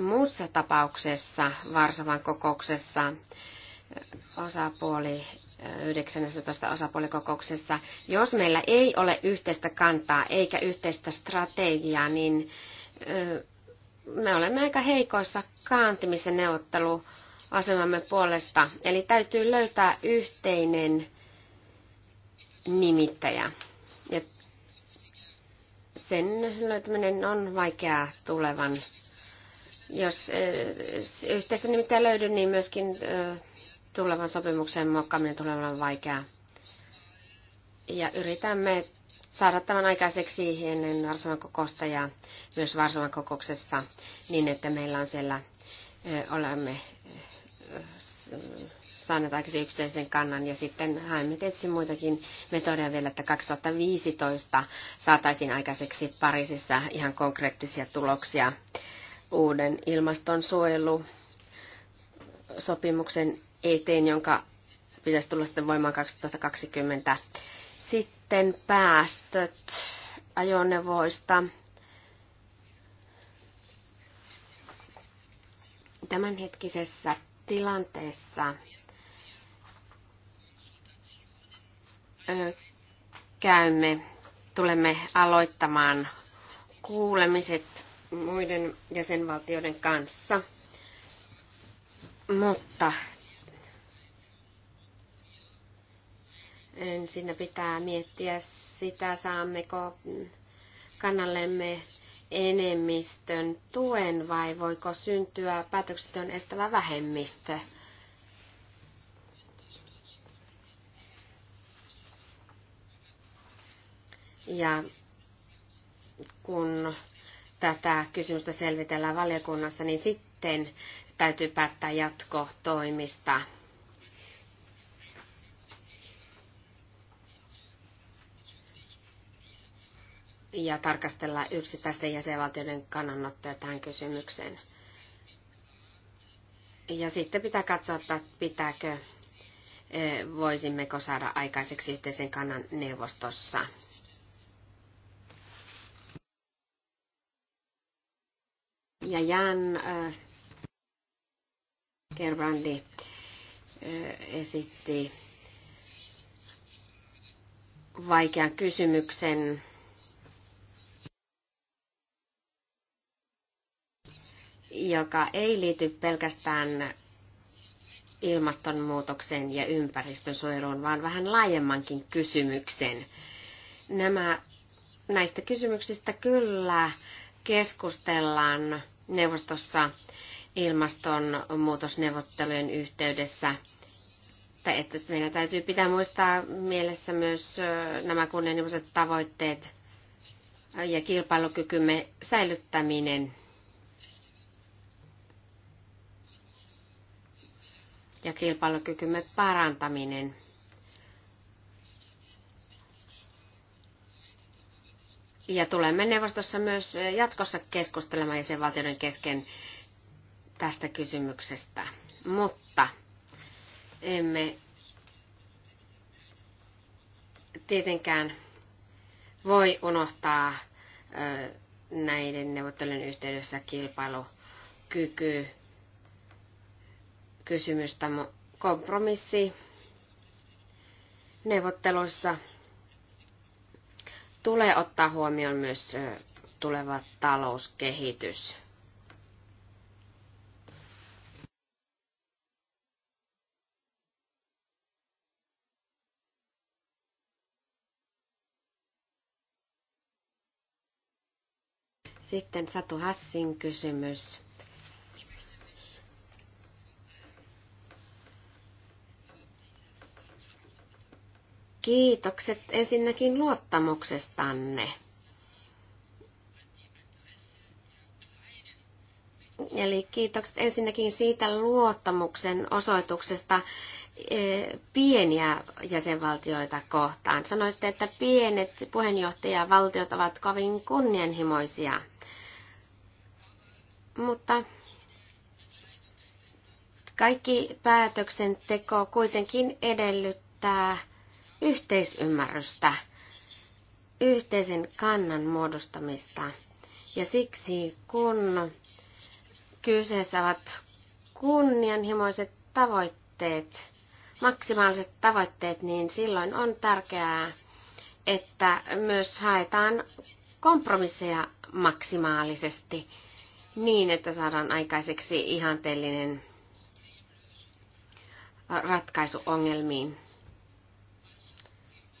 Muussa tapauksessa Varsovan kokouksessa osapuoli 19. osapuolikokouksessa, jos meillä ei ole yhteistä kantaa eikä yhteistä strategiaa, niin me olemme aika heikoissa kaantimisen neuvotteluasemamme puolesta. Eli täytyy löytää yhteinen nimittäjä. Ja sen löytäminen on vaikeaa tulevan. Jos eh, yhteistä nimittäjä löydy, niin myöskin eh, tulevan sopimuksen muokkaaminen tulee olemaan vaikeaa. Ja yritämme saada tämän aikaiseksi ennen Varsovan kokousta ja myös Varsovan kokouksessa niin, että meillä on siellä, eh, olemme saaneet se yksityisen kannan ja sitten haemme tietysti muitakin metodeja vielä, että 2015 saataisiin aikaiseksi Pariisissa ihan konkreettisia tuloksia uuden ilmastonsuojelusopimuksen eteen, jonka pitäisi tulla sitten voimaan 2020. Sitten päästöt ajoneuvoista. Tämänhetkisessä tilanteessa käymme, tulemme aloittamaan kuulemiset muiden jäsenvaltioiden kanssa. Mutta ensin pitää miettiä sitä, saammeko kannallemme enemmistön tuen vai voiko syntyä päätöksetön estävä vähemmistö. Ja kun tätä kysymystä selvitellään valiokunnassa, niin sitten täytyy päättää jatkotoimista. ja tarkastella yksittäisten jäsenvaltioiden kannanottoja tähän kysymykseen. Ja sitten pitää katsoa, että pitääkö, eh, voisimmeko saada aikaiseksi yhteisen kannan neuvostossa. ja Jan äh, Gerbrandi äh, esitti vaikean kysymyksen. joka ei liity pelkästään ilmastonmuutokseen ja ympäristönsuojeluun, vaan vähän laajemmankin kysymyksen. Nämä, näistä kysymyksistä kyllä keskustellaan neuvostossa ilmastonmuutosneuvottelujen yhteydessä. Tai että meidän täytyy pitää muistaa mielessä myös nämä kunnianhimoiset tavoitteet ja kilpailukykymme säilyttäminen. Ja kilpailukykymme parantaminen. Ja tulemme neuvostossa myös jatkossa keskustelemaan jäsenvaltioiden kesken tästä kysymyksestä. Mutta emme tietenkään voi unohtaa näiden neuvottelujen yhteydessä kilpailukyky kysymystä kompromissi neuvotteluissa tulee ottaa huomioon myös tuleva talouskehitys. Sitten Satu Hassin kysymys. Kiitokset ensinnäkin luottamuksestanne. Eli kiitokset ensinnäkin siitä luottamuksen osoituksesta eh, pieniä jäsenvaltioita kohtaan. Sanoitte, että pienet puheenjohtajavaltiot ovat kovin kunnianhimoisia. Mutta kaikki päätöksenteko kuitenkin edellyttää yhteisymmärrystä, yhteisen kannan muodostamista. Ja siksi kun kyseessä ovat kunnianhimoiset tavoitteet, maksimaaliset tavoitteet, niin silloin on tärkeää, että myös haetaan kompromisseja maksimaalisesti niin, että saadaan aikaiseksi ihanteellinen ratkaisu ongelmiin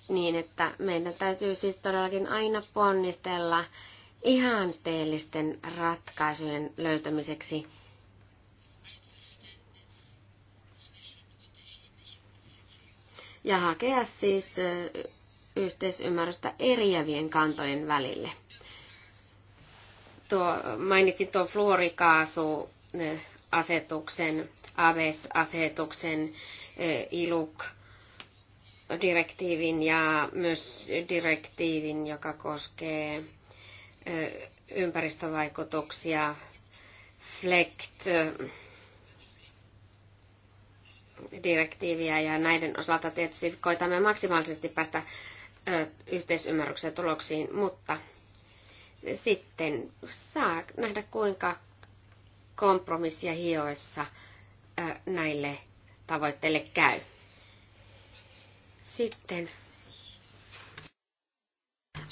niin, että meidän täytyy siis todellakin aina ponnistella ihanteellisten ratkaisujen löytämiseksi ja hakea siis yhteisymmärrystä eriävien kantojen välille. Tuo, mainitsin tuon fluorikaasuasetuksen, ABS-asetuksen, ILUK, direktiivin ja myös direktiivin, joka koskee ympäristövaikutuksia, FLECT, direktiiviä ja näiden osalta tietysti koitamme maksimaalisesti päästä yhteisymmärryksen tuloksiin, mutta sitten saa nähdä kuinka kompromissia hioessa näille tavoitteille käy. Sitten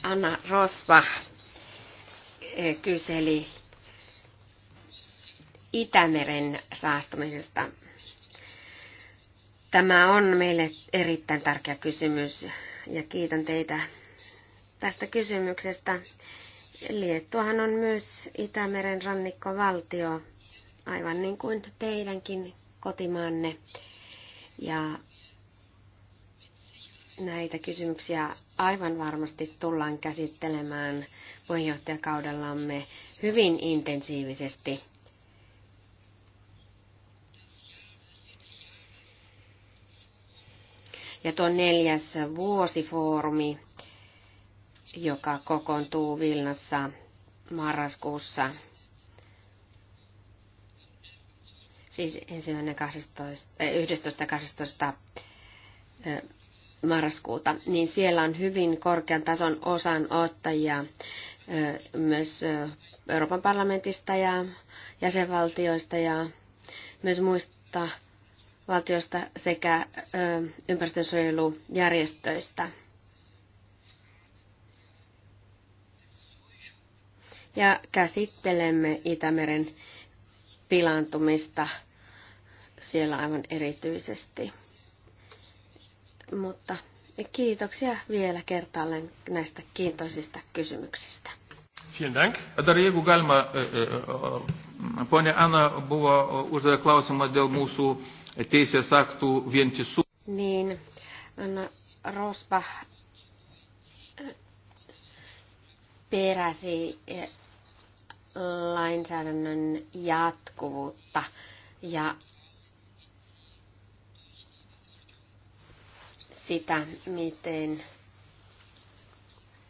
Anna Rosva eh, kyseli Itämeren saastumisesta. Tämä on meille erittäin tärkeä kysymys ja kiitän teitä tästä kysymyksestä. Liettuahan on myös Itämeren rannikkovaltio, aivan niin kuin teidänkin kotimaanne. Ja Näitä kysymyksiä aivan varmasti tullaan käsittelemään puheenjohtajakaudellamme hyvin intensiivisesti. Ja tuo neljäs vuosifoorumi, joka kokoontuu Vilnassa marraskuussa, siis ensimmäinen 12, 11. 12 marraskuuta, niin siellä on hyvin korkean tason osanottajia myös Euroopan parlamentista ja jäsenvaltioista ja myös muista valtioista sekä ympäristönsuojelujärjestöistä. Ja käsittelemme Itämeren pilaantumista siellä aivan erityisesti. Mutta kiitoksia vielä kertaalleen näistä kiintoisista kysymyksistä. Vielen Dank. Dar jeigu galima, e, e, e, ponia Ana buvo uždavė klausimą dėl mūsų teisės aktų vientisų. Niin, Rospa Rosbach peräsi lainsäädännön jatkuvuutta ja sitä, miten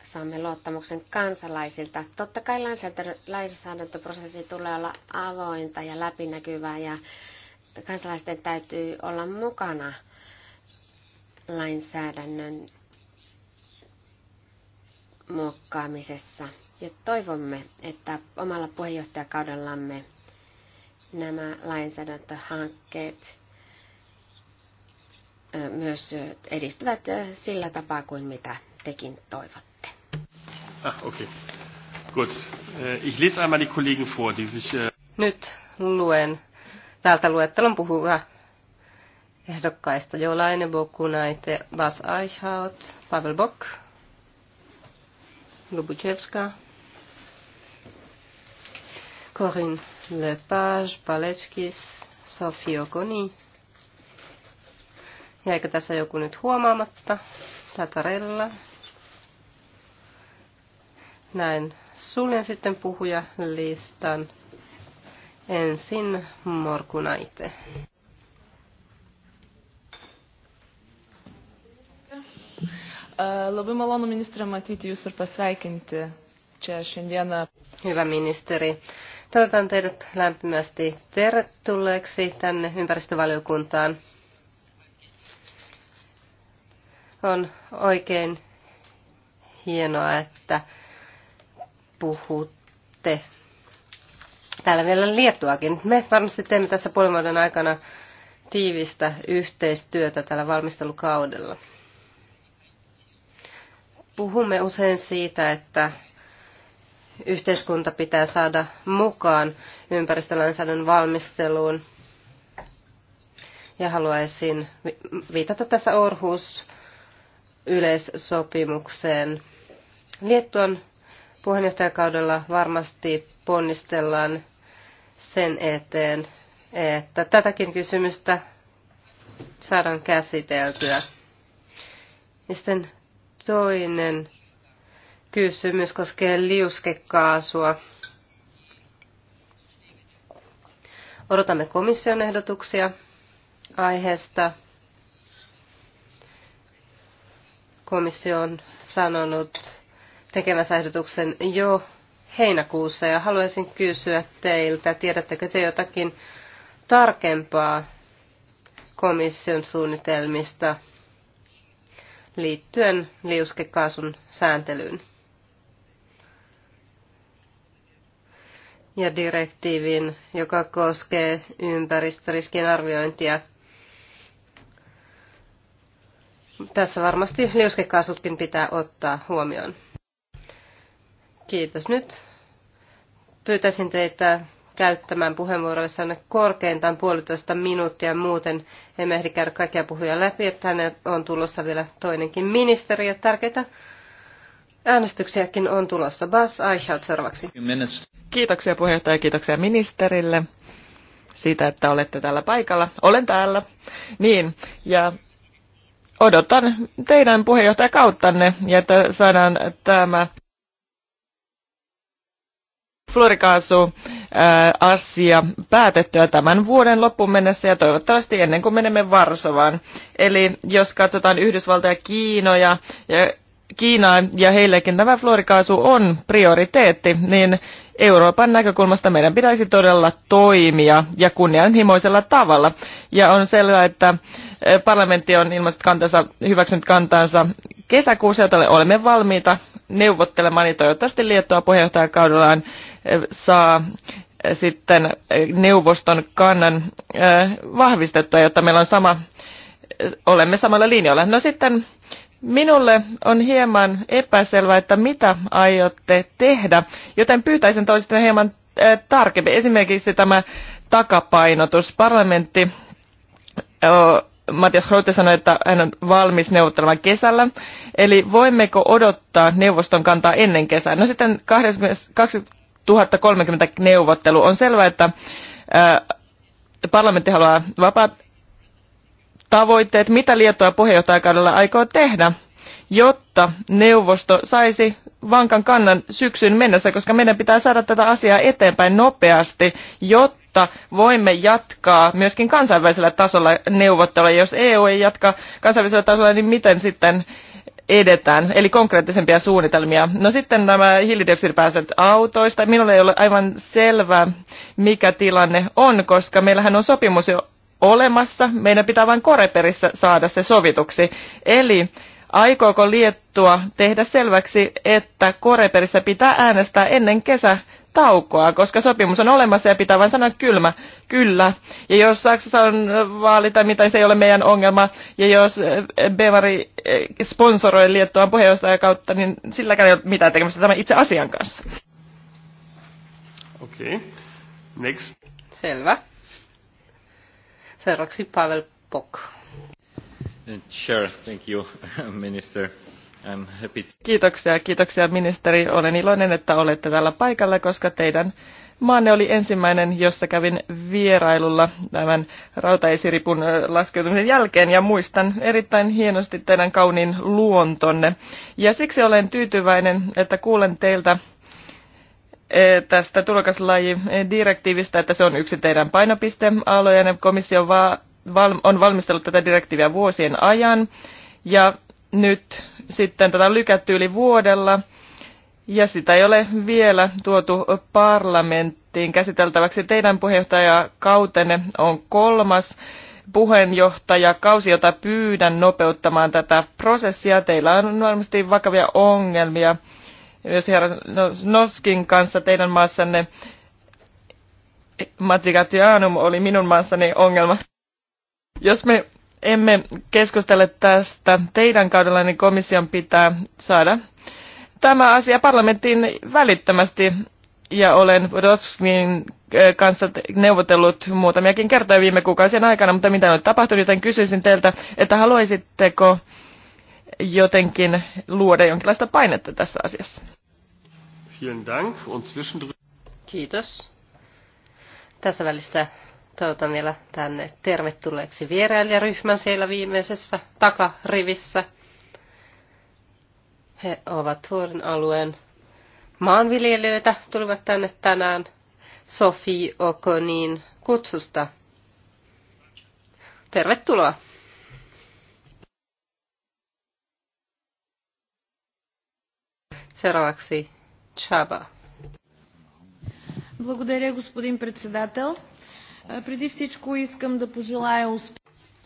saamme luottamuksen kansalaisilta. Totta kai lainsäädäntöprosessi tulee olla avointa ja läpinäkyvää ja kansalaisten täytyy olla mukana lainsäädännön muokkaamisessa. Ja toivomme, että omalla puheenjohtajakaudellamme nämä lainsäädäntöhankkeet myös edistyvät sillä tapaa kuin mitä tekin toivotte. Ah, okay. Gut. Äh, ich lese einmal die Kollegen vor, die sich... Äh, Nyt luen täältä luettelon puhuva ehdokkaista Jolaine Bokunaite, Bas Eichhaut, Pavel Bok, Lubuchevska, Corinne Lepage, Palechkis, Sofia Koni. Jäikö tässä joku nyt huomaamatta? Tatarella. Näin. Suljen sitten puhujalistan. Ensin Morkunaite. Labai malonu ministrė matyti jūs ir pasveikinti čia šiandieną. Hyvä ministeri. Toivotan teidät lämpimästi tervetulleeksi tänne ympäristövaliokuntaan. On oikein hienoa, että puhutte. Täällä vielä Liettuakin. Me varmasti teemme tässä puolen vuoden aikana tiivistä yhteistyötä tällä valmistelukaudella. Puhumme usein siitä, että yhteiskunta pitää saada mukaan ympäristölainsäädännön valmisteluun. Ja haluaisin viitata tässä Orhus yleissopimukseen. Liettuan puheenjohtajakaudella varmasti ponnistellaan sen eteen, että tätäkin kysymystä saadaan käsiteltyä. Ja sitten toinen kysymys koskee liuskekaasua. Odotamme komission ehdotuksia aiheesta. Komissio on sanonut tekemässä ehdotuksen jo heinäkuussa ja haluaisin kysyä teiltä, tiedättekö te jotakin tarkempaa komission suunnitelmista liittyen liuskekaasun sääntelyyn ja direktiivin, joka koskee ympäristöriskien arviointia tässä varmasti liuskekaasutkin pitää ottaa huomioon. Kiitos. Nyt pyytäisin teitä käyttämään puheenvuoroissanne korkeintaan puolitoista minuuttia. Muuten emme ehdi käydä kaikkia puhuja läpi, että tänne on tulossa vielä toinenkin ministeri. Ja tärkeitä äänestyksiäkin on tulossa. Bas Aishout seuraavaksi. Kiitoksia puheenjohtaja ja kiitoksia ministerille siitä, että olette täällä paikalla. Olen täällä. Niin, ja odotan teidän puheenjohtajakauttanne ja että saadaan tämä fluorikaasu asia päätettyä tämän vuoden loppuun mennessä ja toivottavasti ennen kuin menemme Varsovaan. Eli jos katsotaan Yhdysvaltoja, Kiinoja ja Kiinaan ja heillekin tämä fluorikaasu on prioriteetti, niin Euroopan näkökulmasta meidän pitäisi todella toimia ja kunnianhimoisella tavalla. Ja on selvää, että eh, parlamentti on ilmaiset kantansa, hyväksynyt kantansa kesäkuussa, joten olemme valmiita neuvottelemaan, ja toivottavasti Liettua puheenjohtajakaudellaan eh, saa eh, sitten neuvoston kannan vahvistettua, jotta meillä on sama, olemme samalla linjalla. No sitten Minulle on hieman epäselvää, että mitä aiotte tehdä, joten pyytäisin toisista hieman äh, tarkemmin. Esimerkiksi tämä takapainotus. Parlamentti, Matias Grote sanoi, että hän on valmis neuvottelemaan kesällä. Eli voimmeko odottaa neuvoston kantaa ennen kesää? No sitten 2030 neuvottelu. On selvää, että parlamentti haluaa vapaat tavoitteet, mitä Liettua puheenjohtajakaudella aikoo tehdä, jotta neuvosto saisi vankan kannan syksyn mennessä, koska meidän pitää saada tätä asiaa eteenpäin nopeasti, jotta voimme jatkaa myöskin kansainvälisellä tasolla neuvotteluja. Jos EU ei jatka kansainvälisellä tasolla, niin miten sitten edetään, eli konkreettisempia suunnitelmia. No sitten nämä hiilidioksidipääset autoista. Minulle ei ole aivan selvää, mikä tilanne on, koska meillähän on sopimus jo olemassa. Meidän pitää vain koreperissä saada se sovituksi. Eli aikooko Liettua tehdä selväksi, että koreperissä pitää äänestää ennen kesä taukoa, koska sopimus on olemassa ja pitää vain sanoa kylmä, kyllä. Ja jos Saksassa on vaalita, mitä, niin se ei ole meidän ongelma. Ja jos eh, Bevari eh, sponsoroi Liettuan puheenjohtajan kautta, niin silläkään ei ole mitään tekemistä tämän itse asian kanssa. Okei. Okay. Next. Selvä. Seuraavaksi Pavel Pok. Sure, thank you, minister. I'm happy. Kiitoksia, kiitoksia ministeri. Olen iloinen, että olette täällä paikalla, koska teidän maanne oli ensimmäinen, jossa kävin vierailulla tämän rautaisiripun laskeutumisen jälkeen ja muistan erittäin hienosti teidän kauniin luontonne. Ja siksi olen tyytyväinen, että kuulen teiltä Eh, tästä tulokaslajidirektiivistä, että se on yksi teidän painopistealoja. Komissio on valmistellut tätä direktiiviä vuosien ajan ja nyt sitten tätä on lykätty yli vuodella ja sitä ei ole vielä tuotu parlamenttiin käsiteltäväksi. Teidän puheenjohtajakautenne on kolmas kausi, jota pyydän nopeuttamaan tätä prosessia. Teillä on varmasti vakavia ongelmia myös herra Noskin kanssa teidän maassanne. Matsigatianum oli minun maassani ongelma. Jos me emme keskustele tästä teidän kaudella, niin komission pitää saada tämä asia parlamenttiin välittömästi. Ja olen Roskin kanssa neuvotellut muutamiakin kertoja viime kuukausien aikana, mutta mitä on tapahtunut, joten kysyisin teiltä, että haluaisitteko jotenkin luoda jonkinlaista painetta tässä asiassa. Kiitos. Tässä välissä toivotan vielä tänne tervetulleeksi vierailijaryhmän siellä viimeisessä takarivissä. He ovat Vuoren alueen maanviljelijöitä, tulivat tänne tänään Sofi Okonin kutsusta. Tervetuloa! Seuraavaksi Chaba. Благодаря, господин председател. Преди всичко искам да пожелая успех.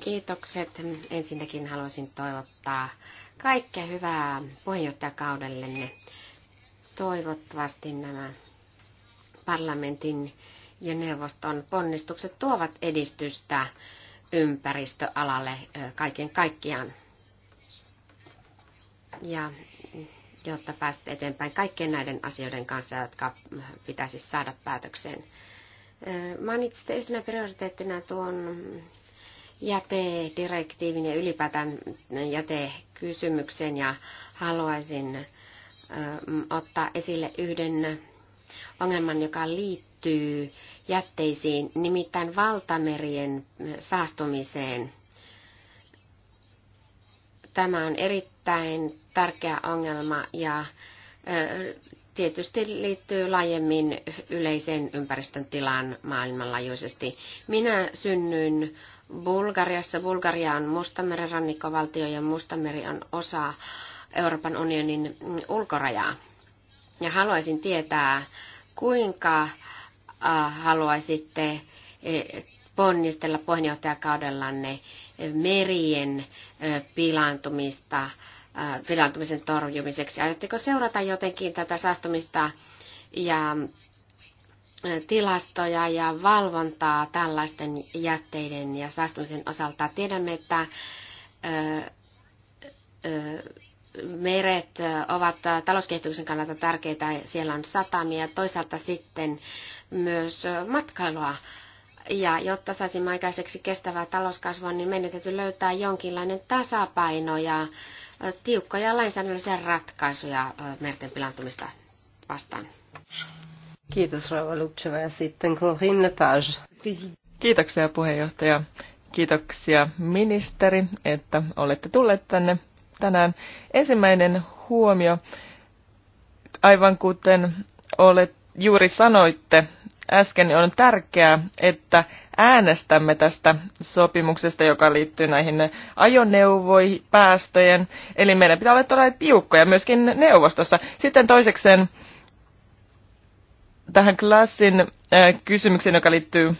Kiitokset. Ensinnäkin haluaisin toivottaa kaikkea hyvää puheenjohtajakaudellenne. Toivottavasti nämä parlamentin ja neuvoston ponnistukset tuovat edistystä ympäristöalalle kaiken kaikkiaan. Ja jotta pääset eteenpäin kaikkien näiden asioiden kanssa, jotka pitäisi saada päätökseen. Mainitsitte yhtenä prioriteettina tuon jätedirektiivin ja ylipäätään jätekysymyksen ja haluaisin ottaa esille yhden ongelman, joka liittyy jätteisiin, nimittäin valtamerien saastumiseen. Tämä on erittäin tärkeä ongelma ja tietysti liittyy laajemmin yleiseen ympäristön tilaan maailmanlaajuisesti. Minä synnyin Bulgariassa. Bulgaria on Mustameren rannikkovaltio ja Mustameri on osa Euroopan unionin mm, ulkorajaa. Ja haluaisin tietää, kuinka äh, haluaisitte e, ponnistella puheenjohtajakaudellanne e, merien pilaantumista pilaantumisen äh, torjumiseksi. Aiotteko seurata jotenkin tätä säästämistä ja äh, tilastoja ja valvontaa tällaisten jätteiden ja saastumisen osalta. Tiedämme, että äh, meret ovat talouskehityksen kannalta tärkeitä. Siellä on satamia ja toisaalta sitten myös matkailua. Ja jotta saisimme aikaiseksi kestävää talouskasvua, niin meidän täytyy löytää jonkinlainen tasapaino ja tiukkoja lainsäädännöllisiä ratkaisuja merten pilantumista vastaan. Kiitos Rauha Lupseva ja sitten Corinne Lepage. Kiitoksia puheenjohtaja. Kiitoksia ministeri, että olette tulleet tänne tänään. Ensimmäinen huomio, aivan kuten olet, juuri sanoitte, äsken, niin on tärkeää, että äänestämme tästä sopimuksesta, joka liittyy näihin ajoneuvoihin, päästöjen. Eli meidän pitää olla todella tiukkoja myöskin neuvostossa. Sitten toisekseen tähän klassin äh, kysymykseen, joka liittyy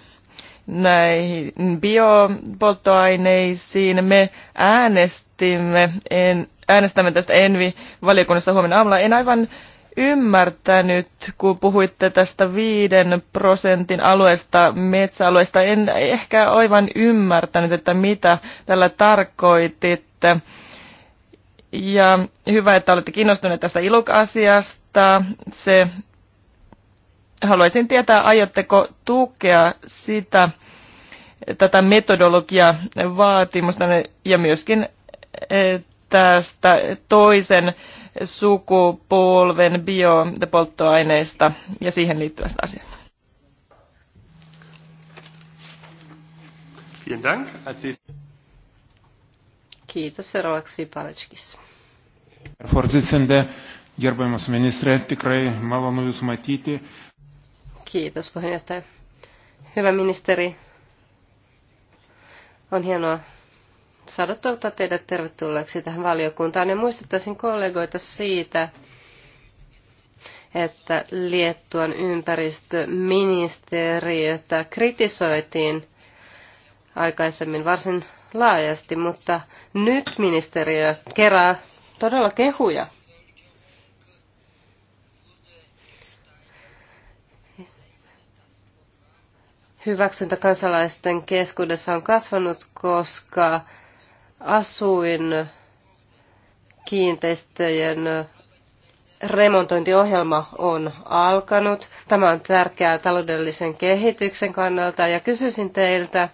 näihin biopolttoaineisiin. Me äänestimme, en, äänestämme tästä Envi-valiokunnassa huomenna aamulla. En aivan ymmärtänyt, kun puhuitte tästä viiden prosentin alueesta metsäalueesta. En ehkä aivan ymmärtänyt, että mitä tällä tarkoititte. Ja hyvä, että olette kiinnostuneet tästä ilokasiasta. Se, haluaisin tietää, aiotteko tukea sitä, tätä metodologia vaatimusta ja myöskin eh, tästä toisen sukupolven biopolttoaineista ja siihen liittyvästä asiasta. Kiitos. Seuraavaksi Palečkis. gerbiamas ministre, tikrai malonu jūs matyti. Kiitos puheenjohtaja. Hyvä ministeri, on hienoa saada toivottaa teidät tervetulleeksi tähän valiokuntaan. Ja muistuttaisin kollegoita siitä, että Liettuan ympäristöministeriötä kritisoitiin aikaisemmin varsin laajasti, mutta nyt ministeriö kerää todella kehuja. Hyväksyntä kansalaisten keskuudessa on kasvanut, koska asuin kiinteistöjen remontointiohjelma on alkanut. Tämä on tärkeää taloudellisen kehityksen kannalta ja kysyisin teiltä,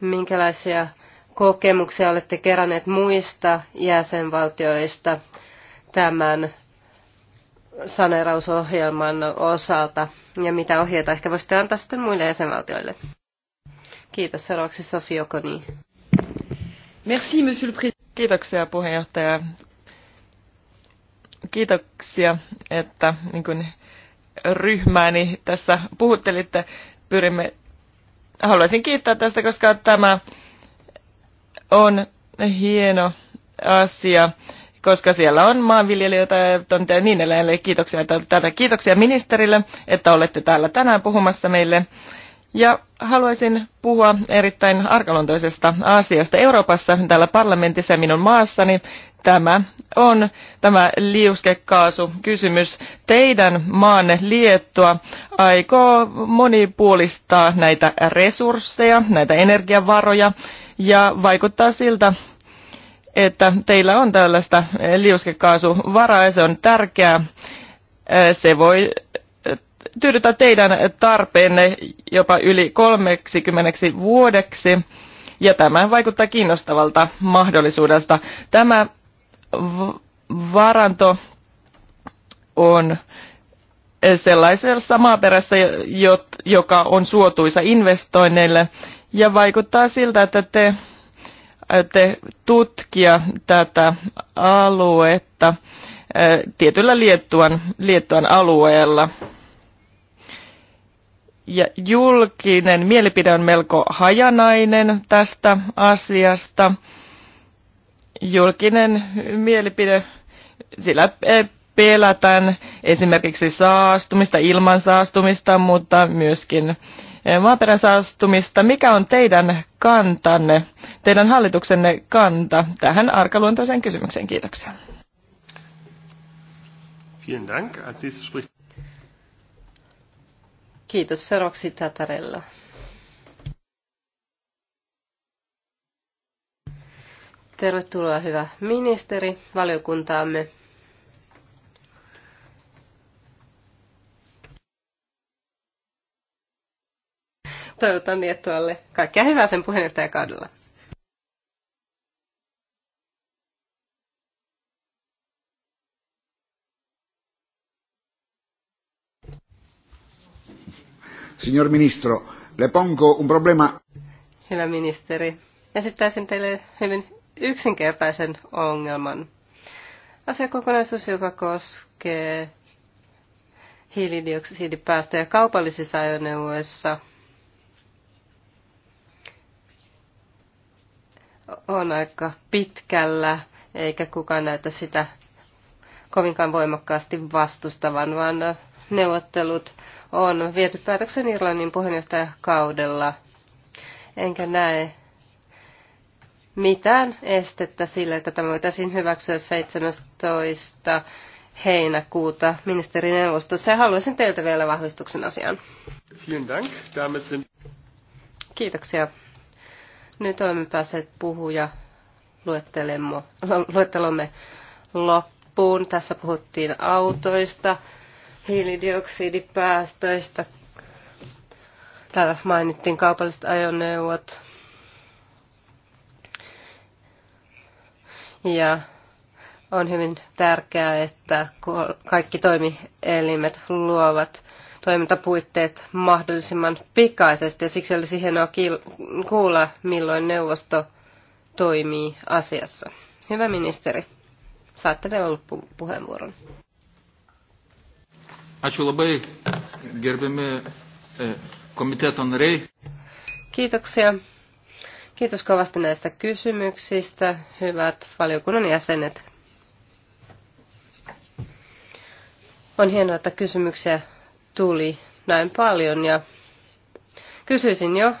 minkälaisia kokemuksia olette keränneet muista jäsenvaltioista tämän saneerausohjelman osalta ja mitä ohjeita ehkä voisitte antaa sitten muille jäsenvaltioille? Kiitos. Seuraavaksi Merci, monsieur le président. Kiitoksia puheenjohtaja. Kiitoksia, että niin kuin ryhmääni tässä puhuttelitte. Pyrimme, haluaisin kiittää tästä, koska tämä on hieno asia, koska siellä on maanviljelijöitä ja toimittajia niin edelleen. Kiitoksia tätä. Kiitoksia ministerille, että olette täällä tänään puhumassa meille. Ja haluaisin puhua erittäin arkaluontoisesta asiasta. Euroopassa, täällä parlamentissa ja minun maassani, tämä on tämä liuskekaasukysymys. Teidän maanne Liettua aikoo monipuolistaa näitä resursseja, näitä energiavaroja ja vaikuttaa siltä, että teillä on tällaista liuskekaasuvaraa ja se on tärkeää. Se voi tyydytä teidän tarpeenne jopa yli 30 vuodeksi, ja tämä vaikuttaa kiinnostavalta mahdollisuudesta. Tämä varanto on sellaisessa maaperässä, joka on suotuisa investoinneille, ja vaikuttaa siltä, että te te tutkia tätä aluetta tietyllä Liettuan, Liettuan alueella ja julkinen mielipide on melko hajanainen tästä asiasta. Julkinen mielipide, sillä e, pelätään esimerkiksi saastumista, ilman saastumista, mutta myöskin e, maaperän saastumista. Mikä on teidän kantanne, teidän hallituksenne kanta tähän arkaluontoiseen kysymykseen? Kiitoksia. Vielen Dank. Als Kiitos, Roksi Tatarella. Tervetuloa hyvä ministeri valiokuntaamme. Toivotan Liettualle kaikkea hyvää sen puheenjohtajakaudella. Signor ministro, le pongo un problema. Hyvä ministeri, esittäisin teille hyvin yksinkertaisen ongelman. Asiakokonaisuus, joka koskee hiilidioksidipäästöjä kaupallisissa ajoneuvoissa, on aika pitkällä, eikä kukaan näytä sitä kovinkaan voimakkaasti vastustavan, vaan neuvottelut on viety päätöksen Irlannin puheenjohtajakaudella. Enkä näe mitään estettä sille, että tämä voitaisiin hyväksyä 17 heinäkuuta ministerineuvostossa. Ja haluaisin teiltä vielä vahvistuksen asiaan. Kiitoksia. Nyt olemme päässeet puhuja luettelomme loppuun. Tässä puhuttiin autoista, hiilidioksidipäästöistä. Täällä mainittiin kaupalliset ajoneuvot. Ja on hyvin tärkeää, että kaikki toimielimet luovat toimintapuitteet mahdollisimman pikaisesti. Ja siksi olisi hienoa kuulla, milloin neuvosto toimii asiassa. Hyvä ministeri, saatte vielä loppupuheenvuoron. Ačiū labai, gerbiami e, komiteto nariai. Kiitoksia. Kiitos kovasti näistä kysymyksistä, hyvät valiokunnan jäsenet. On hienoa, että kysymyksiä tuli näin paljon ja kysyisin jo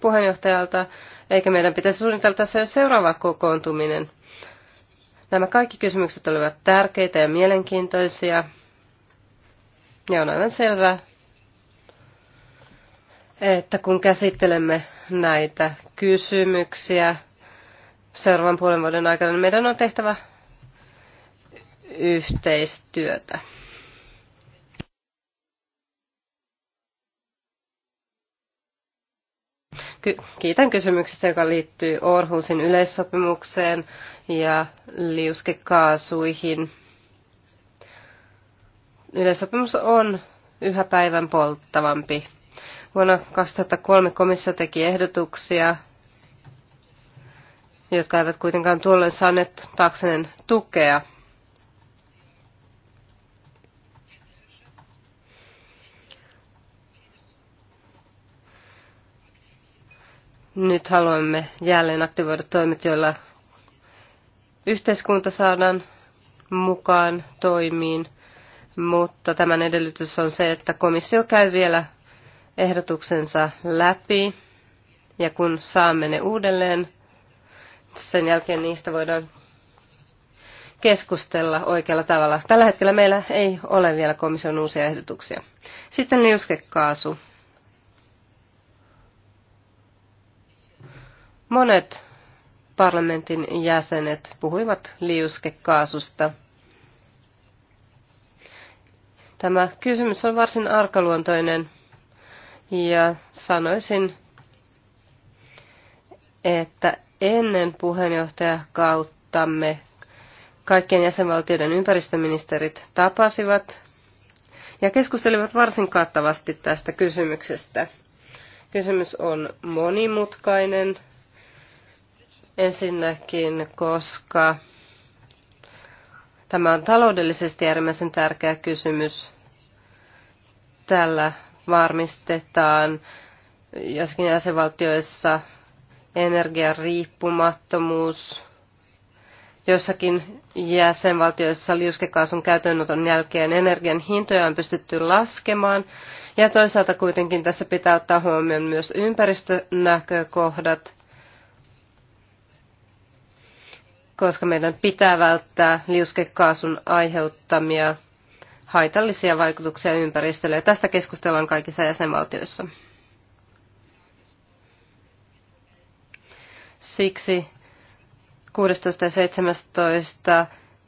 puheenjohtajalta, eikä meidän pitäisi suunnitella tässä jo seuraava kokoontuminen. Nämä kaikki kysymykset olivat tärkeitä ja mielenkiintoisia. Ja on aivan selvää, että kun käsittelemme näitä kysymyksiä seuraavan puolen vuoden aikana, niin meidän on tehtävä yhteistyötä. kiitän kysymyksestä, joka liittyy Orhusin yleissopimukseen ja liuskekaasuihin. Yleissopimus on yhä päivän polttavampi. Vuonna 2003 komissio teki ehdotuksia, jotka eivät kuitenkaan tuolloin saaneet taakseen tukea. Nyt haluamme jälleen aktivoida toimet, joilla yhteiskunta saadaan mukaan toimiin – mutta tämän edellytys on se, että komissio käy vielä ehdotuksensa läpi ja kun saamme ne uudelleen, sen jälkeen niistä voidaan keskustella oikealla tavalla. Tällä hetkellä meillä ei ole vielä komission uusia ehdotuksia. Sitten liuskekaasu. Monet parlamentin jäsenet puhuivat liuskekaasusta – Tämä kysymys on varsin arkaluontoinen ja sanoisin, että ennen puheenjohtajakauttamme kaikkien jäsenvaltioiden ympäristöministerit tapasivat ja keskustelivat varsin kattavasti tästä kysymyksestä. Kysymys on monimutkainen ensinnäkin, koska Tämä on taloudellisesti äärimmäisen tärkeä kysymys. Tällä varmistetaan joskin jäsenvaltioissa energian riippumattomuus. Jossakin jäsenvaltioissa liuskekaasun käytönoton jälkeen energian hintoja on pystytty laskemaan. Ja toisaalta kuitenkin tässä pitää ottaa huomioon myös ympäristönäkökohdat. koska meidän pitää välttää liuskekaasun aiheuttamia haitallisia vaikutuksia ympäristölle. Ja tästä keskustellaan kaikissa jäsenvaltioissa. Siksi 16. ja 17.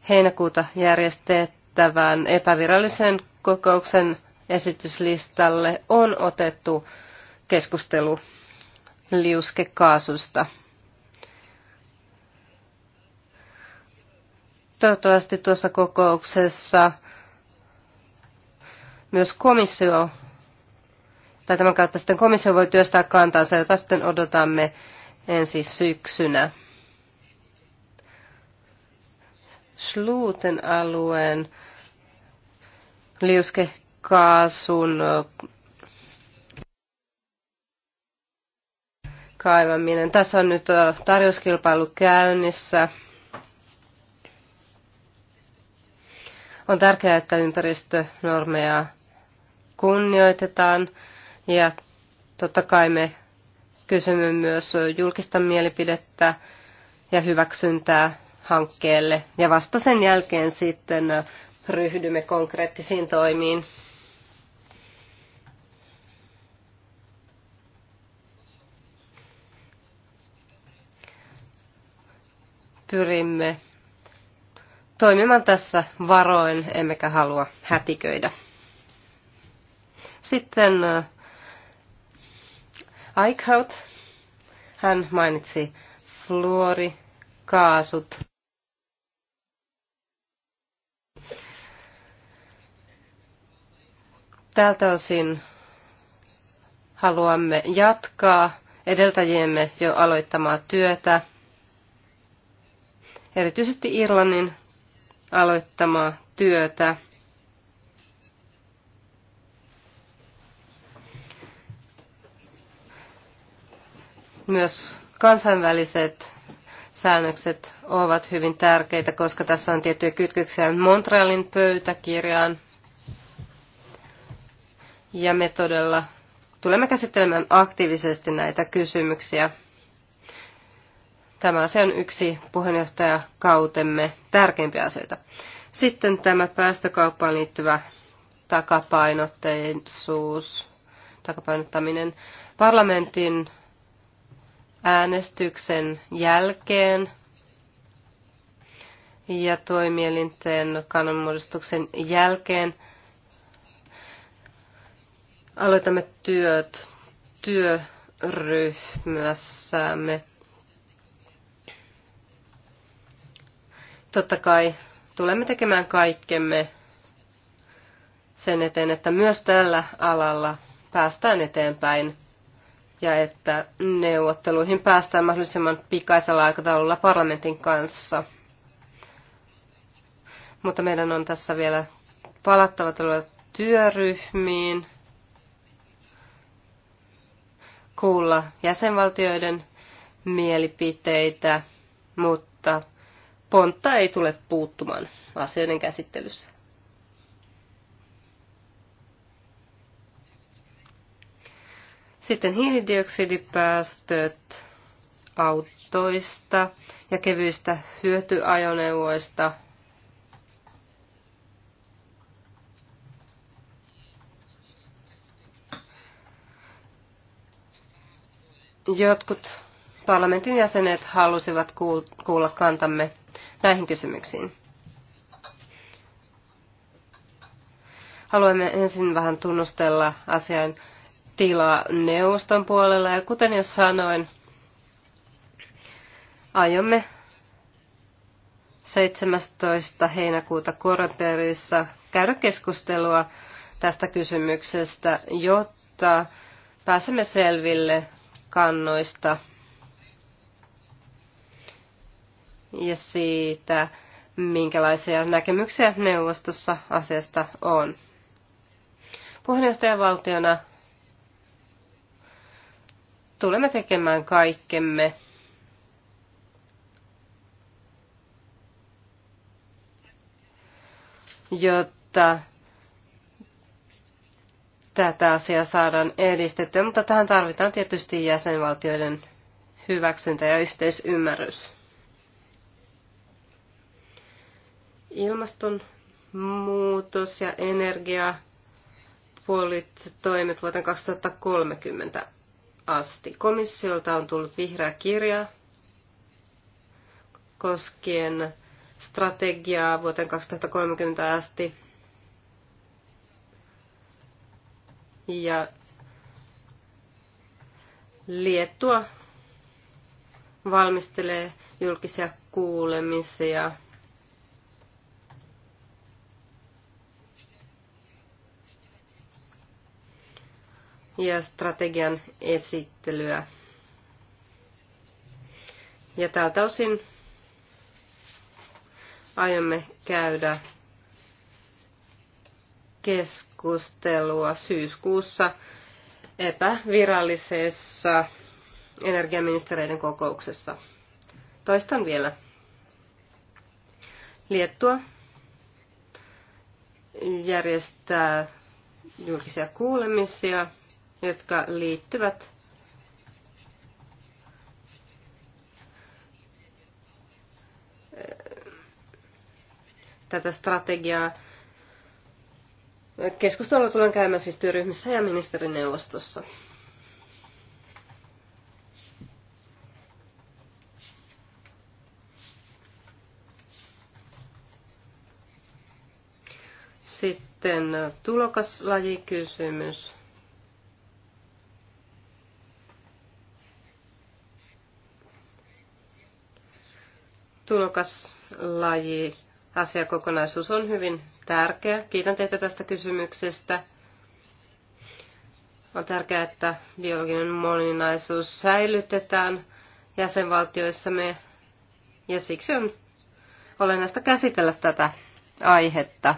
heinäkuuta järjestettävän epävirallisen kokouksen esityslistalle on otettu keskustelu liuskekaasusta. Toivottavasti tuossa kokouksessa myös komissio, tai tämän kautta sitten komissio voi työstää kantansa, jota sitten odotamme ensi syksynä. Sluuten alueen liuskekaasun kaivaminen. Tässä on nyt äh, tarjouskilpailu käynnissä. On tärkeää, että ympäristönormeja kunnioitetaan ja totta kai me kysymme myös julkista mielipidettä ja hyväksyntää hankkeelle. Ja vasta sen jälkeen sitten ryhdymme konkreettisiin toimiin. Pyrimme toimimaan tässä varoen, emmekä halua hätiköidä. Sitten äh, Eichhout, hän mainitsi fluorikaasut. Tältä osin haluamme jatkaa edeltäjiemme jo aloittamaa työtä, erityisesti Irlannin aloittamaa työtä. Myös kansainväliset säännökset ovat hyvin tärkeitä, koska tässä on tiettyjä kytköksiä Montrealin pöytäkirjaan. Ja me todella tulemme käsittelemään aktiivisesti näitä kysymyksiä. Tämä se on yksi puheenjohtajakautemme tärkeimpiä asioita. Sitten tämä päästökauppaan liittyvä takapainotteisuus, takapainottaminen. Parlamentin äänestyksen jälkeen ja toimielinten kannanmuodostuksen jälkeen aloitamme työt työryhmässämme Totta kai tulemme tekemään kaikkemme sen eteen, että myös tällä alalla päästään eteenpäin ja että neuvotteluihin päästään mahdollisimman pikaisella aikataululla parlamentin kanssa. Mutta meidän on tässä vielä palattava työryhmiin, kuulla jäsenvaltioiden mielipiteitä, mutta pontta ei tule puuttumaan asioiden käsittelyssä. Sitten hiilidioksidipäästöt autoista ja kevyistä hyötyajoneuvoista. Jotkut parlamentin jäsenet halusivat kuulla kantamme näihin kysymyksiin. Haluamme ensin vähän tunnustella asian tilaa neuvoston puolella ja kuten jo sanoin, aiomme 17. heinäkuuta Koreperissa käydä keskustelua tästä kysymyksestä, jotta pääsemme selville kannoista ja siitä, minkälaisia näkemyksiä neuvostossa asiasta on. Puheenjohtajavaltiona tulemme tekemään kaikkemme, jotta tätä asiaa saadaan edistettyä, mutta tähän tarvitaan tietysti jäsenvaltioiden hyväksyntä ja yhteisymmärrys. Ilmastonmuutos ja energia poliittiset toimet vuoteen 2030 asti. Komissiolta on tullut vihreä kirja koskien strategiaa vuoteen 2030 asti. Ja Liettua valmistelee julkisia kuulemisia ja strategian esittelyä. Ja tältä osin aiomme käydä keskustelua syyskuussa epävirallisessa energiaministereiden kokouksessa. Toistan vielä. Liettua järjestää julkisia kuulemisia jotka liittyvät tätä strategiaa. Keskustelua tullaan käymään siis työryhmissä ja ministerineuvostossa. Sitten tulokaslajikysymys. tulokaslaji asiakokonaisuus on hyvin tärkeä. Kiitän teitä tästä kysymyksestä. On tärkeää, että biologinen moninaisuus säilytetään jäsenvaltioissamme ja siksi on olennaista käsitellä tätä aihetta.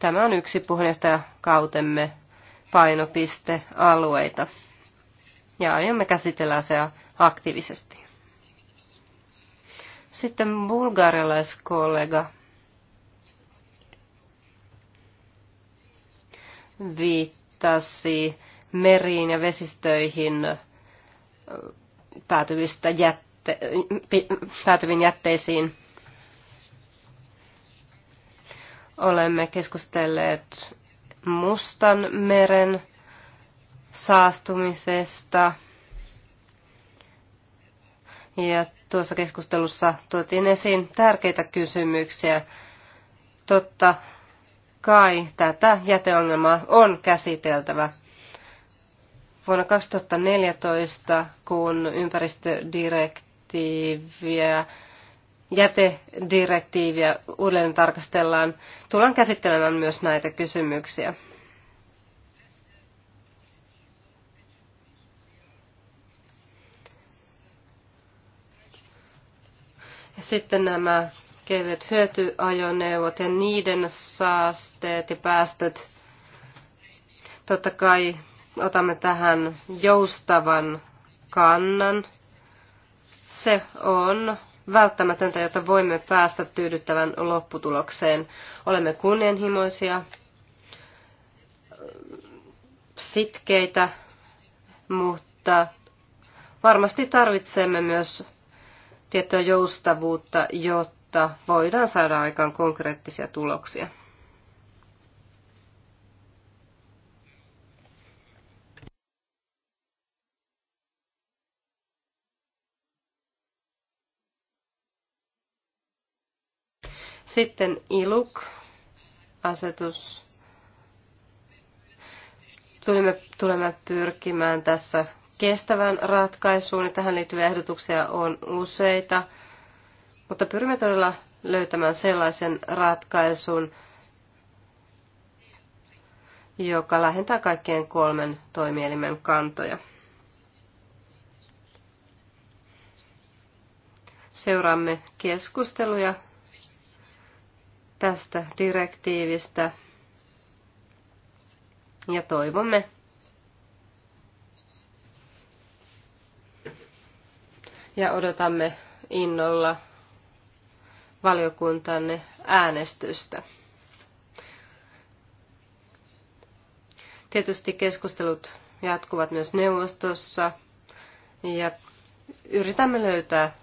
Tämä on yksi puheenjohtajakautemme painopistealueita ja aiomme käsitellä asiaa aktiivisesti. Sitten bulgarialaiskollega viittasi meriin ja vesistöihin päätyvistä jätte, päätyviin jätteisiin. Olemme keskustelleet Mustan meren saastumisesta – ja tuossa keskustelussa tuotiin esiin tärkeitä kysymyksiä. Totta kai tätä jäteongelmaa on käsiteltävä. Vuonna 2014, kun ympäristödirektiiviä, jätedirektiiviä uudelleen tarkastellaan, tullaan käsittelemään myös näitä kysymyksiä. Sitten nämä kevyet hyötyajoneuvot ja niiden saasteet ja päästöt. Totta kai otamme tähän joustavan kannan. Se on välttämätöntä, jotta voimme päästä tyydyttävän lopputulokseen. Olemme kunnianhimoisia, sitkeitä, mutta varmasti tarvitsemme myös tiettyä joustavuutta, jotta voidaan saada aikaan konkreettisia tuloksia. Sitten ILUK-asetus. Tulemme, tulemme pyrkimään tässä kestävään ratkaisuun ja tähän liittyviä ehdotuksia on useita, mutta pyrimme todella löytämään sellaisen ratkaisun, joka lähentää kaikkien kolmen toimielimen kantoja. Seuraamme keskusteluja tästä direktiivistä ja toivomme, ja odotamme innolla valiokuntanne äänestystä. Tietysti keskustelut jatkuvat myös neuvostossa ja yritämme löytää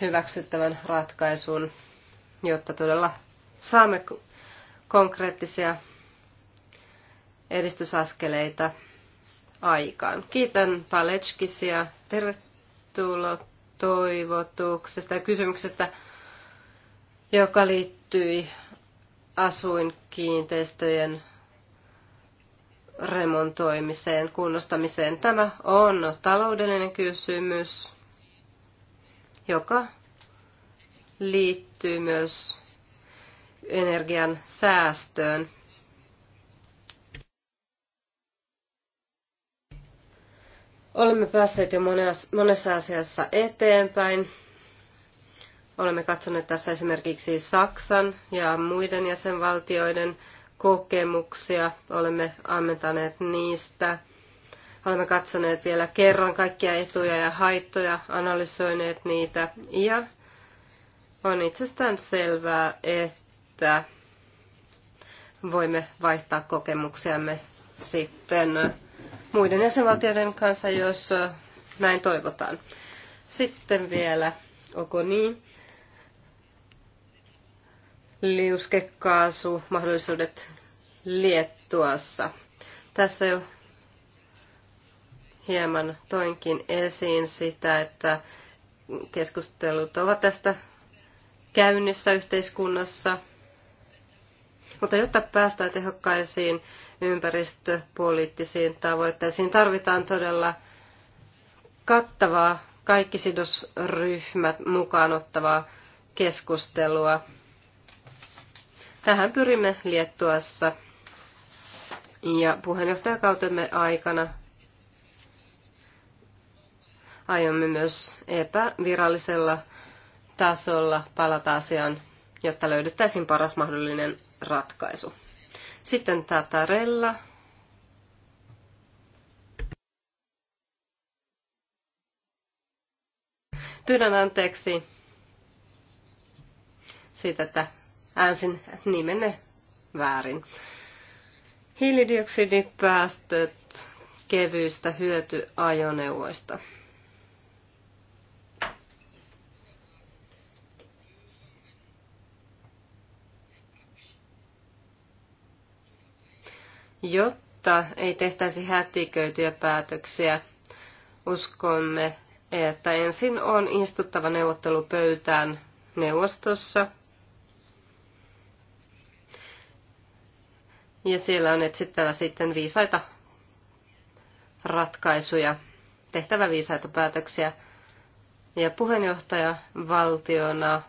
hyväksyttävän ratkaisun, jotta todella saamme konkreettisia edistysaskeleita aikaan. Kiitän Palechkisia. Tervetuloa tervetuloa toivotuksesta ja kysymyksestä, joka liittyi asuinkiinteistöjen remontoimiseen, kunnostamiseen. Tämä on taloudellinen kysymys, joka liittyy myös energian säästöön. Olemme päässeet jo monessa asiassa eteenpäin. Olemme katsoneet tässä esimerkiksi Saksan ja muiden jäsenvaltioiden kokemuksia. Olemme ammentaneet niistä. Olemme katsoneet vielä kerran kaikkia etuja ja haittoja, analysoineet niitä. Ja on itsestään selvää, että voimme vaihtaa kokemuksiamme sitten muiden jäsenvaltioiden kanssa, jos näin toivotaan. Sitten vielä, onko niin, liuskekaasu, mahdollisuudet Liettuassa. Tässä jo hieman toinkin esiin sitä, että keskustelut ovat tästä käynnissä yhteiskunnassa. Mutta jotta päästään tehokkaisiin ympäristöpoliittisiin tavoitteisiin. Tarvitaan todella kattavaa, kaikki sidosryhmät mukaan ottavaa keskustelua. Tähän pyrimme Liettuassa ja puheenjohtajakautemme aikana aiomme myös epävirallisella tasolla palata asiaan, jotta löydettäisiin paras mahdollinen ratkaisu. Sitten Tatarella. Pyydän anteeksi siitä, että äänsin nimenne väärin. Hiilidioksidipäästöt kevyistä hyötyajoneuvoista. Jotta ei tehtäisi hätiköityjä päätöksiä, uskomme, että ensin on istuttava neuvottelupöytään neuvostossa ja siellä on etsittävä sitten viisaita ratkaisuja, tehtävä viisaita päätöksiä. Ja puheenjohtaja valtiona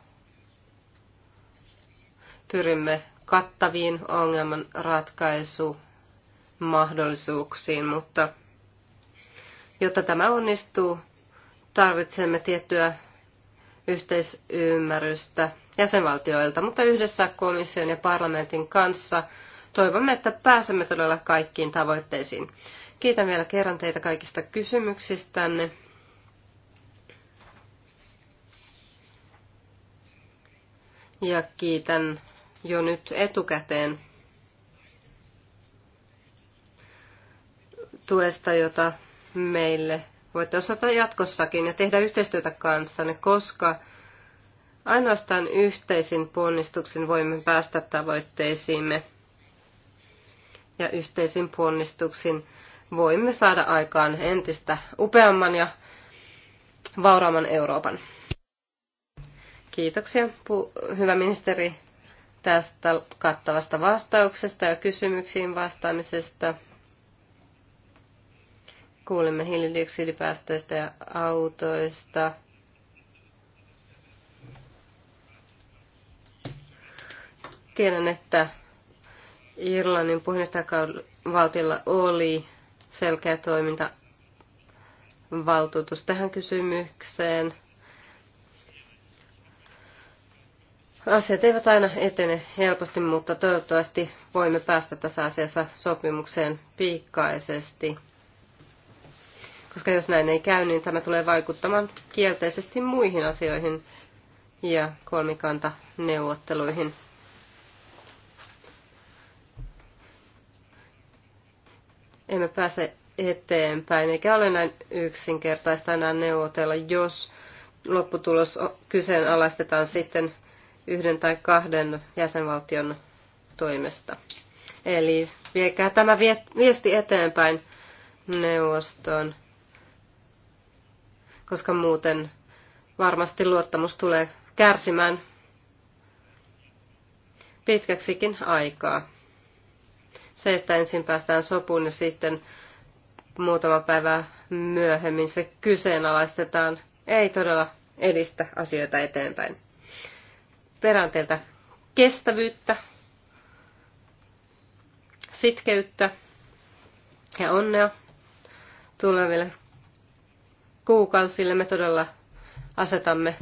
pyrimme kattaviin ongelman ratkaisuun mahdollisuuksiin, mutta jotta tämä onnistuu, tarvitsemme tiettyä yhteisymmärrystä jäsenvaltioilta, mutta yhdessä komission ja parlamentin kanssa toivomme, että pääsemme todella kaikkiin tavoitteisiin. Kiitän vielä kerran teitä kaikista kysymyksistänne. Ja kiitän jo nyt etukäteen tuesta, jota meille voitte osata jatkossakin ja tehdä yhteistyötä kanssanne, koska ainoastaan yhteisin ponnistuksin voimme päästä tavoitteisiimme. Ja yhteisin ponnistuksin voimme saada aikaan entistä upeamman ja vauraamman Euroopan. Kiitoksia, hyvä ministeri, tästä kattavasta vastauksesta ja kysymyksiin vastaamisesta kuulemme hiilidioksidipäästöistä ja autoista. Tiedän, että Irlannin puheenjohtajavaltiolla oli selkeä toiminta valtuutus tähän kysymykseen. Asiat eivät aina etene helposti, mutta toivottavasti voimme päästä tässä asiassa sopimukseen pikaisesti koska jos näin ei käy, niin tämä tulee vaikuttamaan kielteisesti muihin asioihin ja kolmikanta neuvotteluihin. Emme pääse eteenpäin, eikä ole näin yksinkertaista enää neuvotella, jos lopputulos kyseenalaistetaan sitten yhden tai kahden jäsenvaltion toimesta. Eli viekää tämä viesti eteenpäin neuvostoon koska muuten varmasti luottamus tulee kärsimään pitkäksikin aikaa. Se, että ensin päästään sopuun ja sitten muutama päivä myöhemmin se kyseenalaistetaan, ei todella edistä asioita eteenpäin. Perään teiltä kestävyyttä, sitkeyttä ja onnea tuleville kuukausille me todella asetamme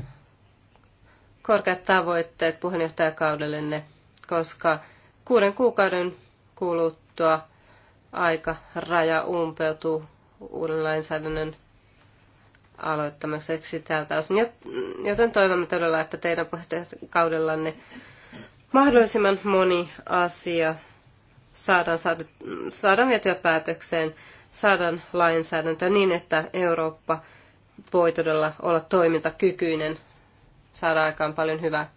korkeat tavoitteet puheenjohtajakaudellenne, koska kuuden kuukauden kuluttua aika raja umpeutuu uuden lainsäädännön aloittamiseksi tältä osin. Joten toivomme todella, että teidän puheenjohtajakaudellanne mahdollisimman moni asia saadaan, saadaan vietyä päätökseen saadaan lainsäädäntö niin, että Eurooppa voi todella olla toimintakykyinen, saada aikaan paljon hyvää.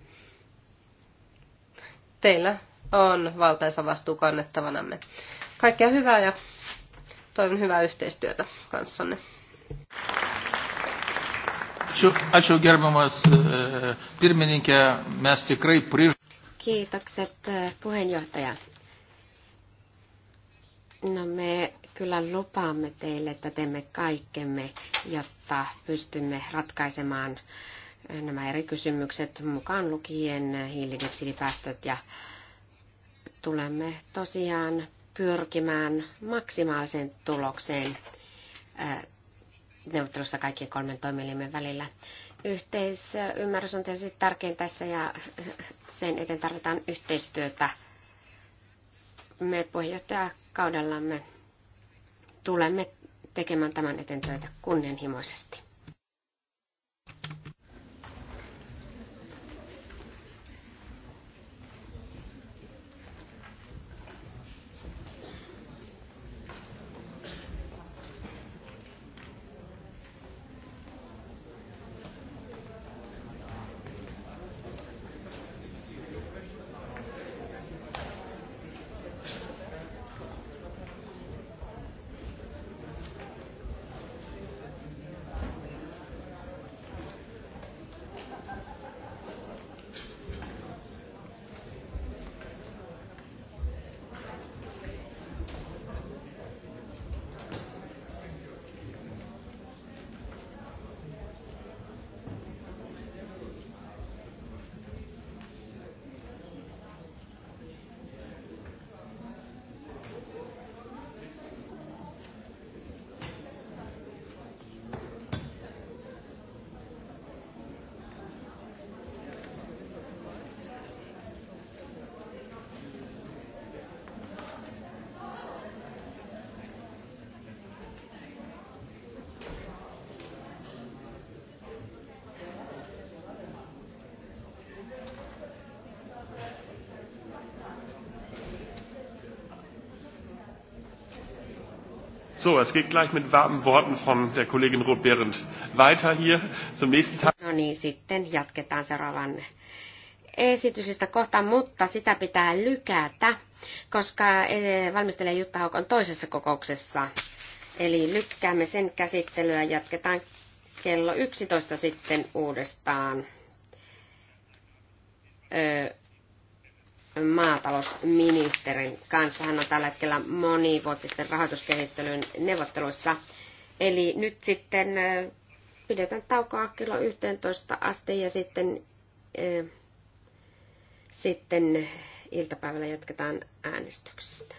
Teillä on valtaisa vastuu kannettavanamme. Kaikkea hyvää ja toivon hyvää yhteistyötä kanssanne. Ačiū gerbiamas e, pirmininkė, mes tikrai Kiitokset e, puheenjohtaja. No me kyllä lupaamme teille, että teemme kaikkemme, jotta pystymme ratkaisemaan eh, nämä eri kysymykset mukaan lukien hiilidioksidipäästöt ja tulemme tosiaan pyrkimään maksimaaliseen tulokseen eh, neuvottelussa kaikkien kolmen toimielimen välillä. Yhteisymmärrys on tietysti tärkein tässä ja sen eteen tarvitaan yhteistyötä. Me puheenjohtaja kaudellamme tulemme tekemään tämän eteen töitä kunnianhimoisesti. So, es geht gleich mit warmen Worten von der Kollegin Ruth Behrendt weiter hier zum nächsten Tag. No niin, sitten jatketaan seuraavan esitysistä kohta, mutta sitä pitää lykätä, koska eh, valmistelee Jutta Haukon toisessa kokouksessa. Eli lykkäämme sen käsittelyä, jatketaan kello 11 sitten uudestaan. Öö, maatalousministerin kanssa. Hän on tällä hetkellä monivuotisten rahoituskehittelyn neuvotteluissa. Eli nyt sitten pidetään taukoa kello 11 asti ja sitten, sitten iltapäivällä jatketaan äänestyksestä.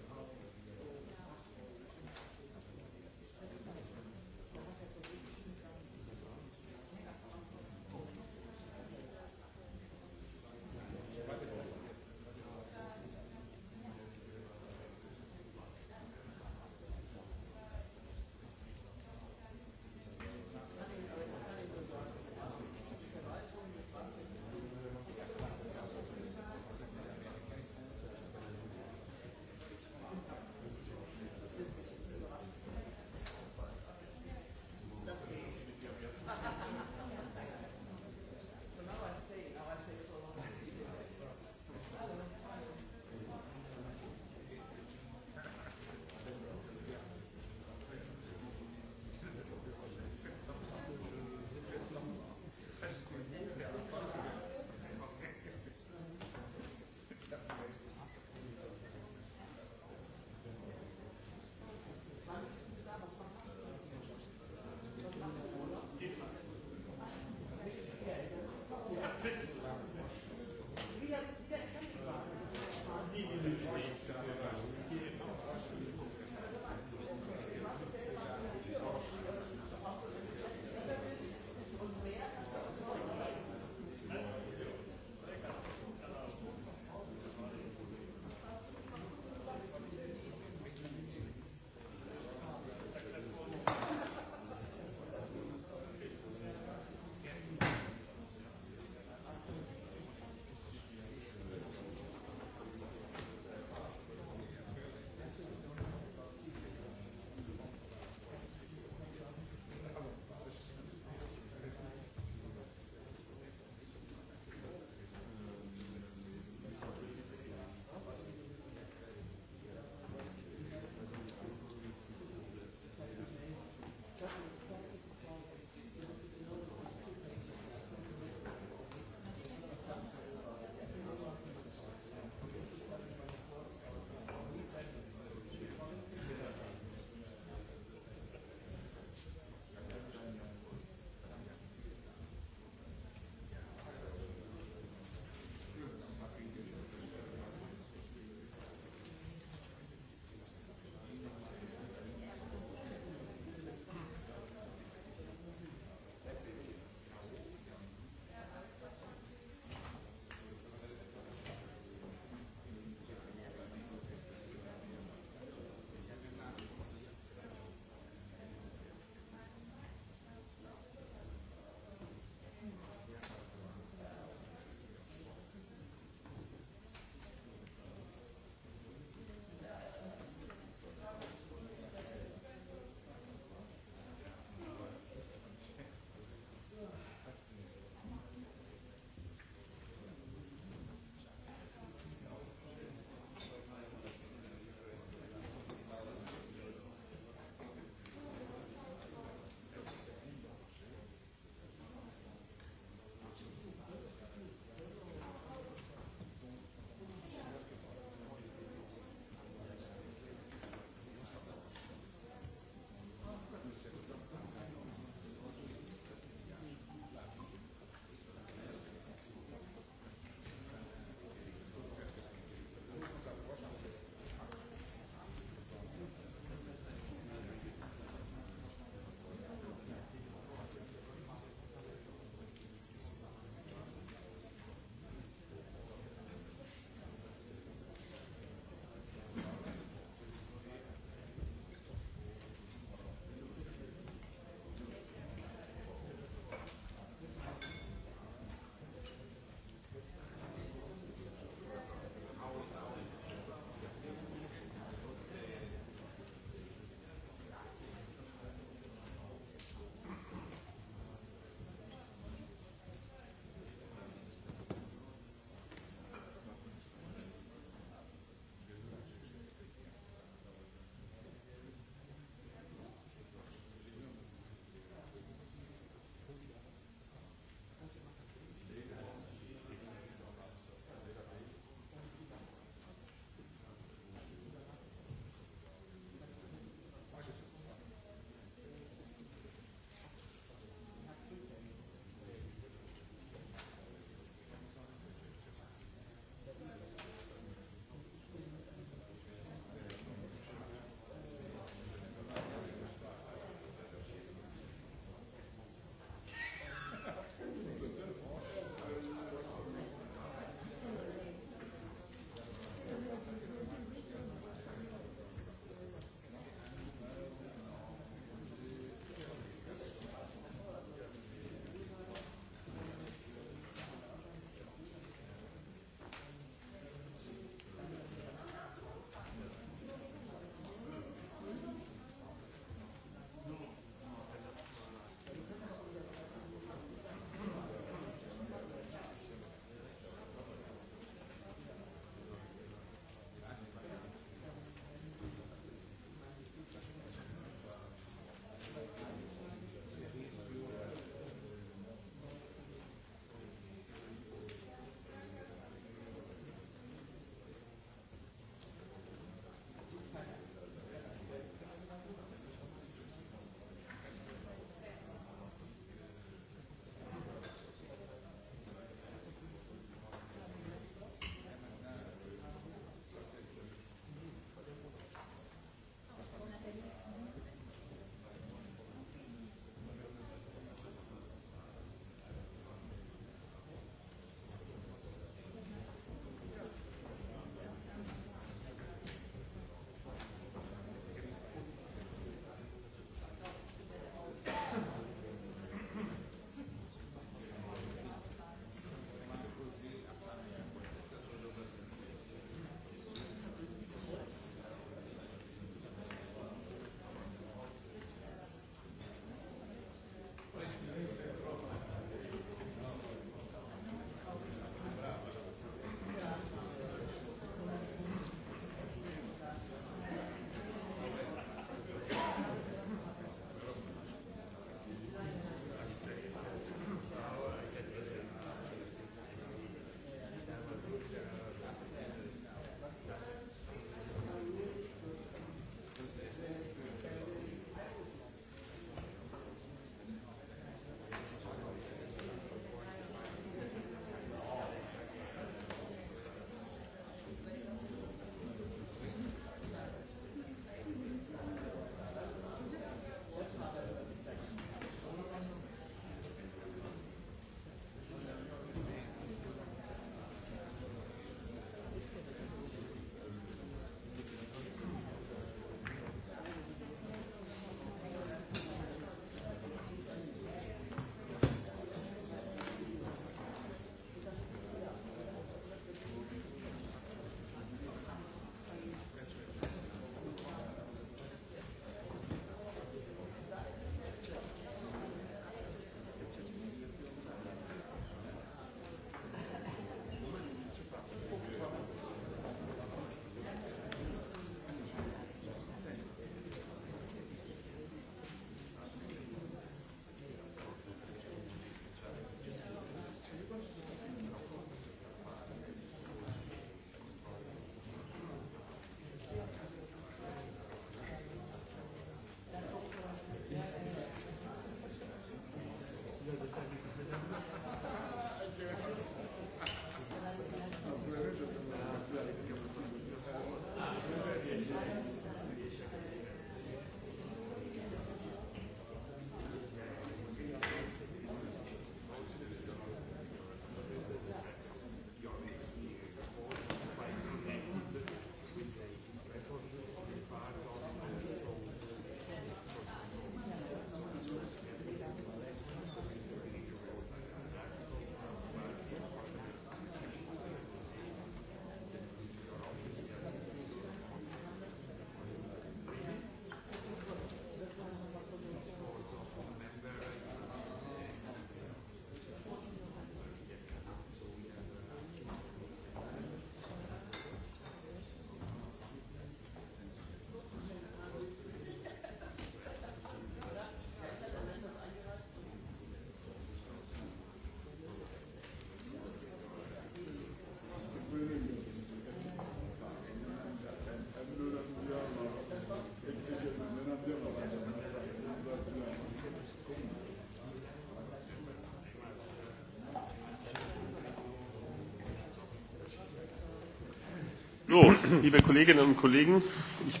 So, liebe Kolleginnen und Kollegen, ich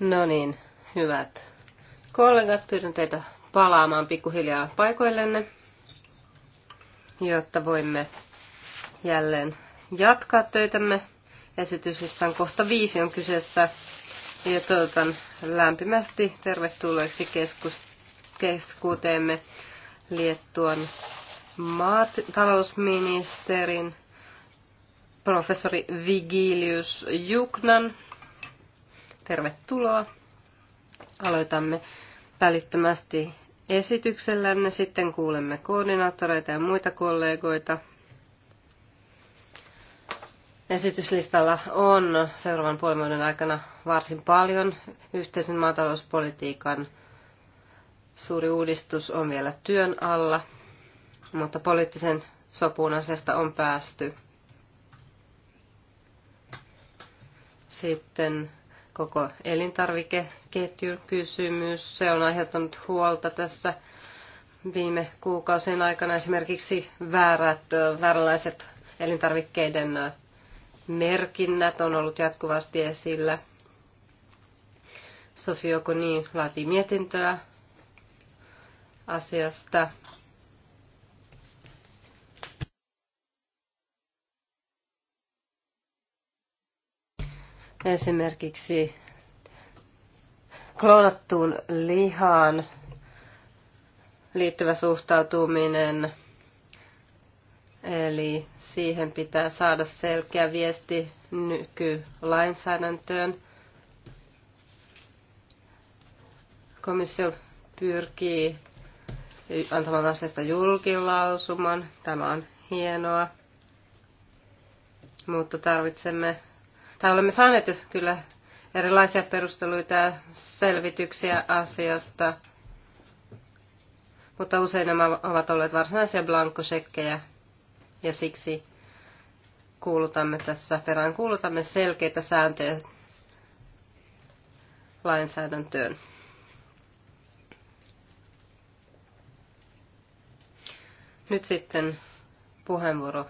No niin, hyvät kollegat, pyydän teitä palaamaan pikkuhiljaa paikoillenne, jotta voimme jälleen jatkaa töitämme. Esityslistan kohta viisi on kyseessä ja toivotan lämpimästi tervetulleeksi keskus, keskuuteemme Liettuan maatalousministerin professori Vigilius Juknan. Tervetuloa. Aloitamme välittömästi esityksellänne. Sitten kuulemme koordinaattoreita ja muita kollegoita. Esityslistalla on seuraavan puolen aikana varsin paljon. Yhteisen maatalouspolitiikan suuri uudistus on vielä työn alla, mutta poliittisen sopuun asiasta on päästy. Sitten koko elintarvikeketjukysymys, se on aiheuttanut huolta tässä viime kuukausien aikana esimerkiksi väärät, vääränlaiset elintarvikkeiden merkinnät on ollut jatkuvasti esillä. Sofia Koni laati mietintöä asiasta Esimerkiksi kloonattuun lihaan liittyvä suhtautuminen, eli siihen pitää saada selkeä viesti nykylainsäädäntöön. Komissio pyrkii antamaan asiasta julkilausuman. Tämä on hienoa. Mutta tarvitsemme tai olemme saaneet kyllä erilaisia perusteluita ja selvityksiä asiasta, mutta usein nämä ovat olleet varsinaisia blankosekkejä ja siksi kuulutamme tässä perään, kuulutamme selkeitä sääntöjä lainsäädäntöön. Nyt sitten puheenvuoro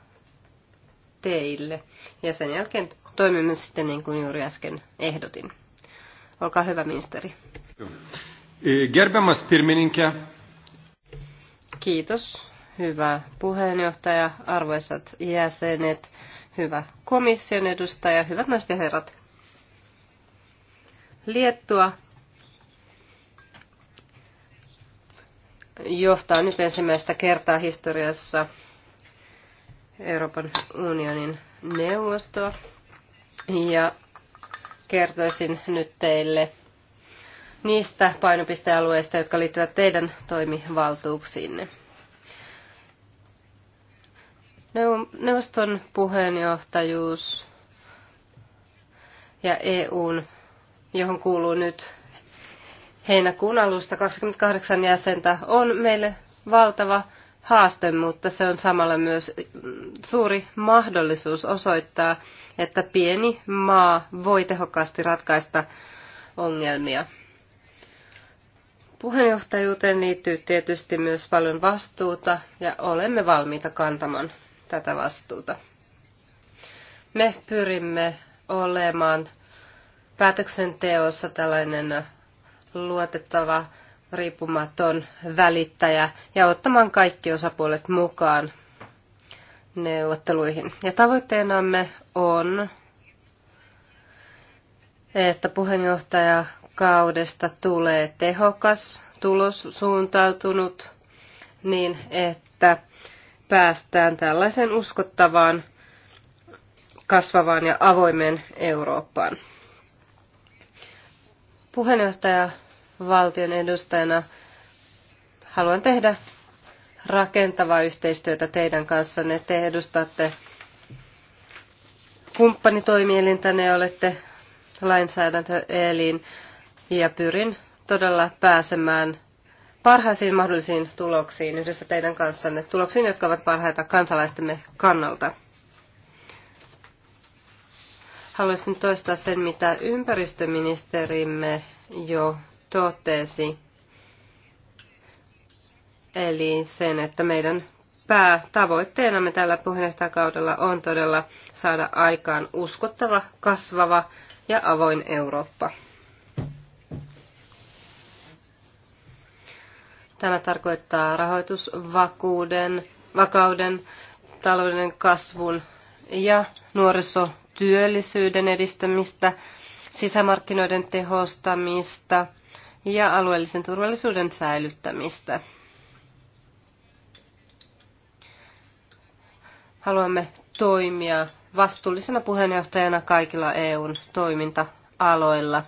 teille ja sen jälkeen toimimme sitten niin kuin juuri äsken ehdotin. Olkaa hyvä, ministeri. Gerbemas pirmininkä. Kiitos, hyvä puheenjohtaja, arvoisat jäsenet, hyvä komission edustaja, hyvät naiset ja herrat. Liettua johtaa nyt ensimmäistä kertaa historiassa Euroopan unionin neuvostoa ja kertoisin nyt teille niistä painopistealueista, jotka liittyvät teidän toimivaltuuksiinne. Neuvoston puheenjohtajuus ja EUn, johon kuuluu nyt heinäkuun alusta 28 jäsentä, on meille valtava haaste, mutta se on samalla myös suuri mahdollisuus osoittaa, että pieni maa voi tehokkaasti ratkaista ongelmia. Puheenjohtajuuteen liittyy tietysti myös paljon vastuuta ja olemme valmiita kantamaan tätä vastuuta. Me pyrimme olemaan päätöksenteossa tällainen luotettava riippumaton välittäjä ja ottamaan kaikki osapuolet mukaan neuvotteluihin. Ja tavoitteenamme on, että kaudesta tulee tehokas, tulossuuntautunut niin, että päästään tällaisen uskottavaan, kasvavaan ja avoimeen Eurooppaan. Puheenjohtaja valtion edustajana haluan tehdä rakentavaa yhteistyötä teidän kanssanne. Te edustatte kumppanitoimielintä, ne olette lainsäädäntöelin ja pyrin todella pääsemään parhaisiin mahdollisiin tuloksiin yhdessä teidän kanssanne, tuloksiin, jotka ovat parhaita kansalaistemme kannalta. Haluaisin toistaa sen, mitä ympäristöministerimme jo totesi. Eli sen, että meidän päätavoitteenamme tällä puheenjohtajakaudella on todella saada aikaan uskottava, kasvava ja avoin Eurooppa. Tämä tarkoittaa rahoitusvakuuden, vakauden, talouden kasvun ja nuorisotyöllisyyden edistämistä, sisämarkkinoiden tehostamista – ja alueellisen turvallisuuden säilyttämistä. Haluamme toimia vastuullisena puheenjohtajana kaikilla EUn toiminta-aloilla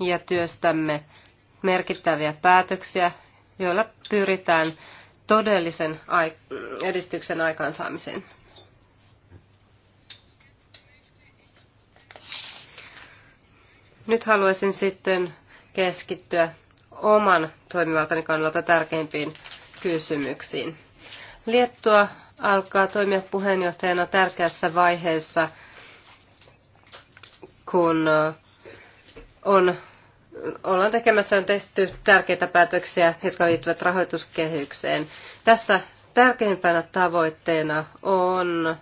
ja työstämme merkittäviä päätöksiä, joilla pyritään todellisen edistyksen aikaansaamiseen. Nyt haluaisin sitten keskittyä oman toimivaltani kannalta tärkeimpiin kysymyksiin. Liettua alkaa toimia puheenjohtajana tärkeässä vaiheessa, kun on, ollaan tekemässä on tehty tärkeitä päätöksiä, jotka liittyvät rahoituskehykseen. Tässä tärkeimpänä tavoitteena on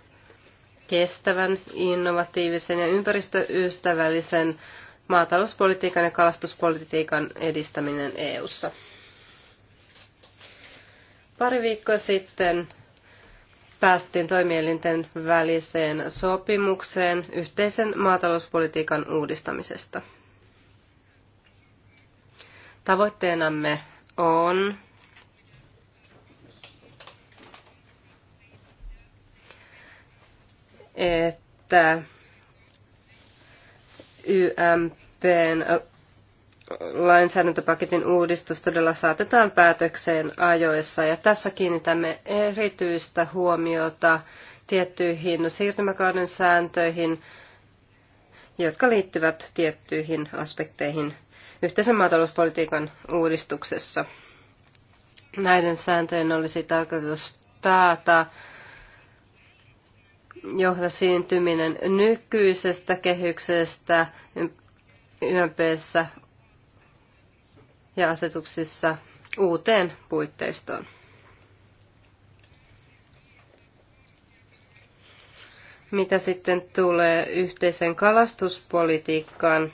kestävän, innovatiivisen ja ympäristöystävällisen maatalouspolitiikan ja kalastuspolitiikan edistäminen EU:ssa. Pari viikkoa sitten päästiin toimielinten väliseen sopimukseen yhteisen maatalouspolitiikan uudistamisesta. Tavoitteenamme on että YMPn lainsäädäntöpaketin uudistus todella saatetaan päätökseen ajoissa. Ja tässä kiinnitämme erityistä huomiota tiettyihin siirtymäkauden sääntöihin, jotka liittyvät tiettyihin aspekteihin yhteisen maatalouspolitiikan uudistuksessa. Näiden sääntöjen olisi tarkoitus taata johda siintyminen nykyisestä kehyksestä YMPssä ja asetuksissa uuteen puitteistoon. Mitä sitten tulee yhteisen kalastuspolitiikkaan,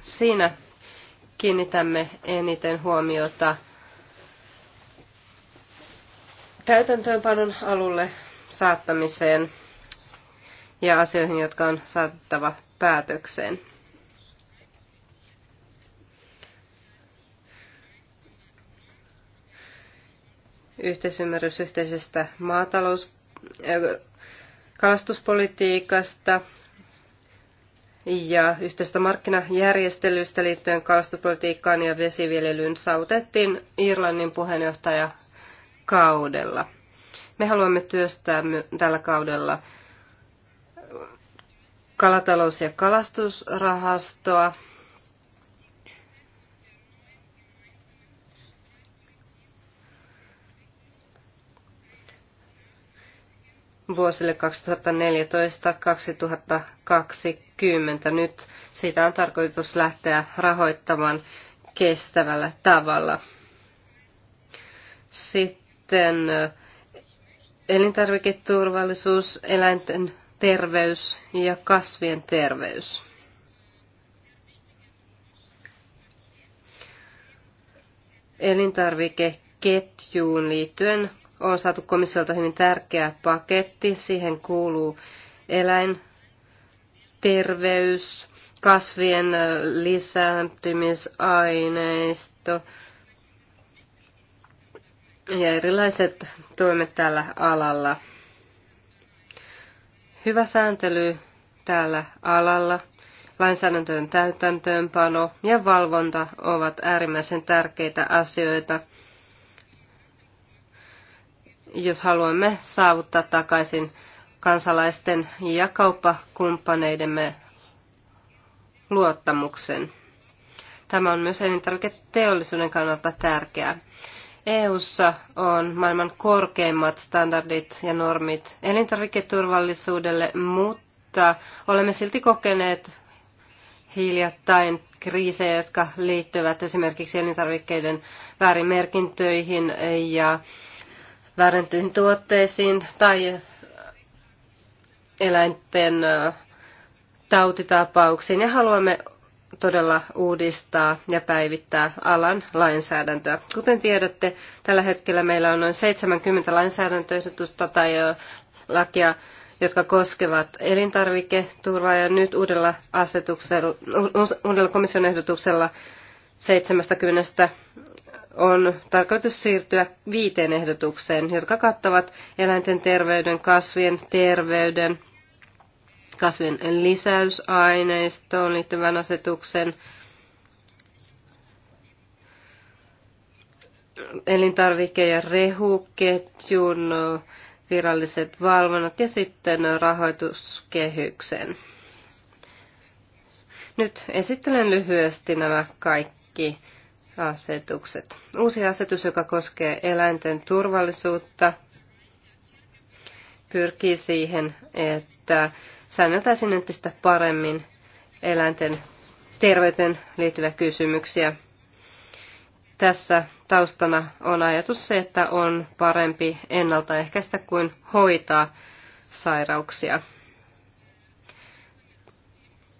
siinä kiinnitämme eniten huomiota täytäntöönpanon alulle saattamiseen – ja asioihin, jotka on saatettava päätökseen. Yhteisymmärrys yhteisestä maatalous- kalastuspolitiikasta ja yhteistä markkinajärjestelystä liittyen kalastuspolitiikkaan ja vesiviljelyyn saavutettiin Irlannin puheenjohtajakaudella. Me haluamme työstää tällä kaudella kalatalous- ja kalastusrahastoa. vuosille 2014-2020. Nyt siitä on tarkoitus lähteä rahoittamaan kestävällä tavalla. Sitten elintarviketurvallisuus, eläinten terveys ja kasvien terveys. Elintarvikeketjuun liittyen on saatu komissiolta hyvin tärkeä paketti. Siihen kuuluu eläinterveys, kasvien äh, lisääntymisaineisto ja erilaiset toimet tällä alalla. Hyvä sääntely täällä alalla, lainsäädäntöön täytäntöönpano ja valvonta ovat äärimmäisen tärkeitä asioita, jos haluamme saavuttaa takaisin kansalaisten ja kauppakumppaneidemme luottamuksen. Tämä on myös elintarviketeollisuuden kannalta tärkeää. EU:ssa on maailman korkeimmat standardit ja normit elintarviketurvallisuudelle, mutta olemme silti kokeneet hiljattain kriisejä, jotka liittyvät esimerkiksi elintarvikkeiden väärimerkintöihin ja väärentyihin tuotteisiin tai eläinten tautitapauksiin ja haluamme todella uudistaa ja päivittää alan lainsäädäntöä. Kuten tiedätte, tällä hetkellä meillä on noin 70 lainsäädäntöehdotusta tai lakia, jotka koskevat elintarviketurvaa ja nyt uudella, asetuksella, uudella komission ehdotuksella 70 on tarkoitus siirtyä viiteen ehdotukseen, jotka kattavat eläinten terveyden, kasvien terveyden, kasvien lisäysaineistoon liittyvän asetuksen, elintarvike- ja rehuketjun viralliset valvonnat ja sitten rahoituskehyksen. Nyt esittelen lyhyesti nämä kaikki asetukset. Uusi asetus, joka koskee eläinten turvallisuutta, pyrkii siihen, että säänneltäisiin entistä paremmin eläinten terveyteen liittyviä kysymyksiä. Tässä taustana on ajatus se, että on parempi ennaltaehkäistä kuin hoitaa sairauksia.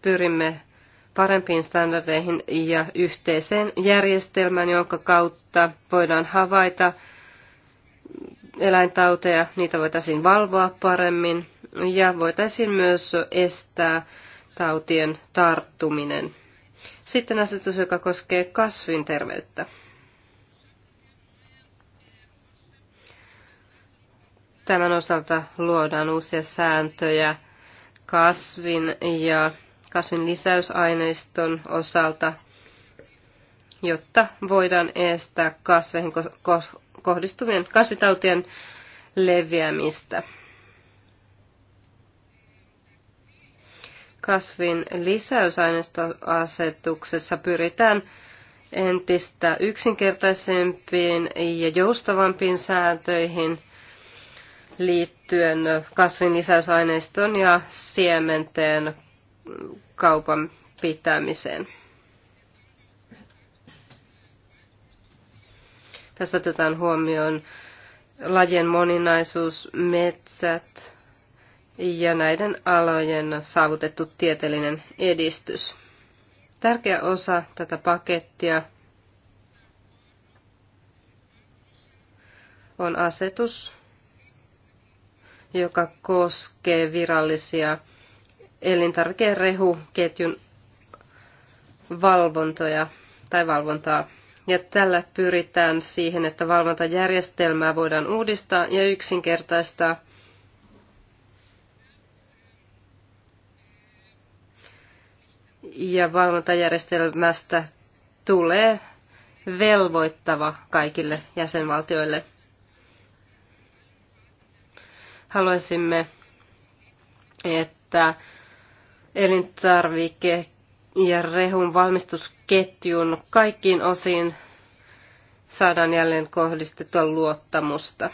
Pyrimme parempiin standardeihin ja yhteiseen järjestelmään, jonka kautta voidaan havaita eläintauteja, niitä voitaisiin valvoa paremmin ja voitaisiin myös estää tautien tarttuminen. Sitten asetus, joka koskee kasvin terveyttä. Tämän osalta luodaan uusia sääntöjä kasvin ja kasvin lisäysaineiston osalta, jotta voidaan estää kasveihin kohdistuvien kasvitautien leviämistä. kasvin lisäysaineistoasetuksessa pyritään entistä yksinkertaisempiin ja joustavampiin sääntöihin liittyen kasvin lisäysaineiston ja siementeen kaupan pitämiseen. Tässä otetaan huomioon lajien moninaisuus, metsät, ja näiden alojen saavutettu tieteellinen edistys. Tärkeä osa tätä pakettia on asetus, joka koskee virallisia rehuketjun valvontoja tai valvontaa. Ja tällä pyritään siihen, että valvontajärjestelmää voidaan uudistaa ja yksinkertaistaa ja valvontajärjestelmästä tulee velvoittava kaikille jäsenvaltioille. Haluaisimme, että elintarvike- ja rehun valmistusketjun kaikkiin osiin saadaan jälleen kohdistettua luottamusta.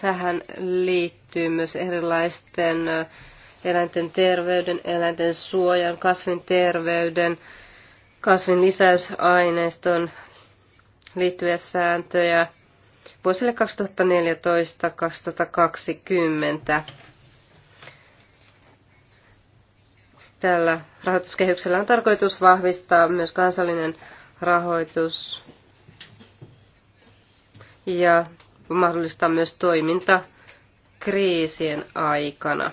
Tähän liittyy myös erilaisten eläinten terveyden, eläinten suojan, kasvin terveyden, kasvin lisäysaineiston liittyviä sääntöjä vuosille 2014-2020. Tällä rahoituskehyksellä on tarkoitus vahvistaa myös kansallinen rahoitus ja mahdollistaa myös toiminta kriisien aikana.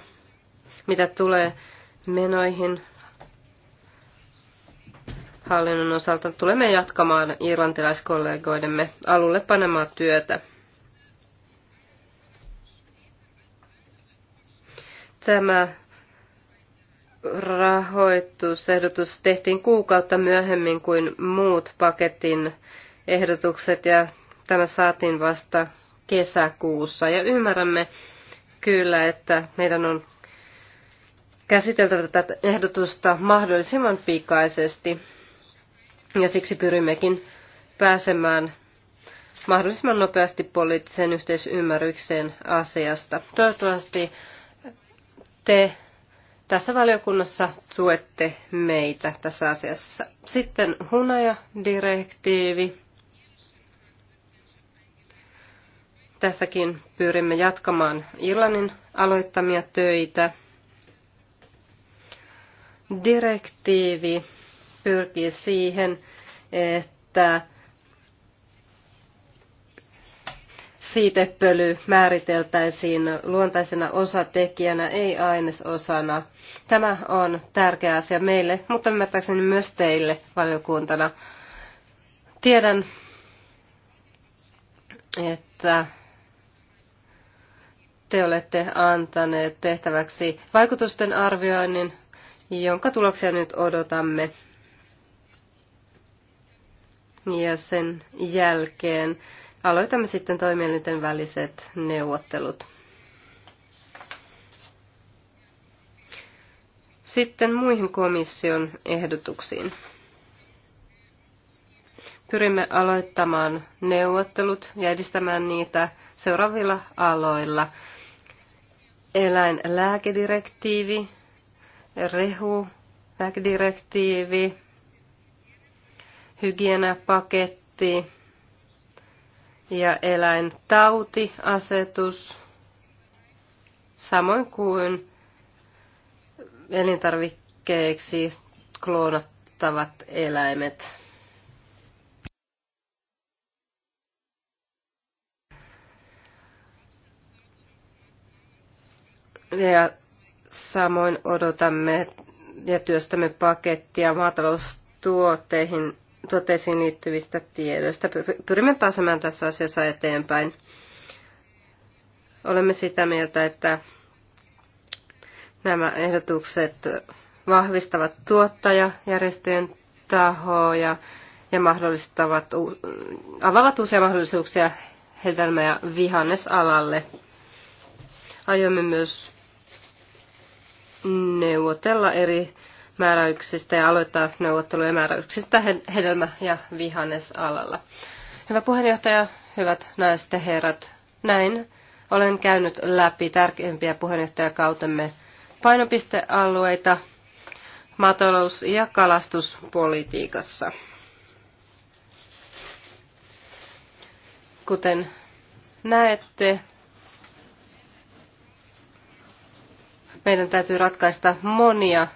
Mitä tulee menoihin hallinnon osalta, tulemme jatkamaan irlantilaiskollegoidemme alulle panemaa työtä. Tämä rahoitusehdotus tehtiin kuukautta myöhemmin kuin muut paketin ehdotukset ja tämä saatiin vasta kesäkuussa. Ja ymmärrämme kyllä, että meidän on käsiteltävä tätä ehdotusta mahdollisimman pikaisesti. Ja siksi pyrimmekin pääsemään mahdollisimman nopeasti poliittiseen yhteisymmärrykseen asiasta. Toivottavasti te tässä valiokunnassa tuette meitä tässä asiassa. Sitten hunaja-direktiivi. Tässäkin pyrimme jatkamaan Irlannin aloittamia töitä. Direktiivi pyrkii siihen, että siitepöly määriteltäisiin luontaisena osatekijänä, ei ainesosana. Tämä on tärkeä asia meille, mutta ymmärtääkseni myös teille valiokuntana. Tiedän, että te olette antaneet tehtäväksi vaikutusten arvioinnin, jonka tuloksia nyt odotamme. Ja sen jälkeen aloitamme sitten toimielinten väliset neuvottelut. Sitten muihin komission ehdotuksiin. Pyrimme aloittamaan neuvottelut ja edistämään niitä seuraavilla aloilla eläinlääkedirektiivi, rehulääkedirektiivi, hygieniapaketti ja eläintautiasetus, samoin kuin elintarvikkeiksi kloonattavat eläimet. Ja samoin odotamme ja työstämme pakettia maataloustuotteihin tuotteisiin liittyvistä tiedoista. Pyrimme pääsemään tässä asiassa eteenpäin. Olemme sitä mieltä, että nämä ehdotukset vahvistavat tuottajajärjestöjen tahoja ja mahdollistavat, avaavat uusia mahdollisuuksia hedelmä- ja vihannesalalle. Aiomme myös neuvotella eri määräyksistä ja aloittaa neuvotteluja määräyksistä hedelmä- ja vihannesalalla. Hyvä puheenjohtaja, hyvät naiset ja herrat, näin olen käynyt läpi tärkeimpiä puheenjohtajakautemme painopistealueita maatalous- ja kalastuspolitiikassa. Kuten näette, meidän täytyy ratkaista monia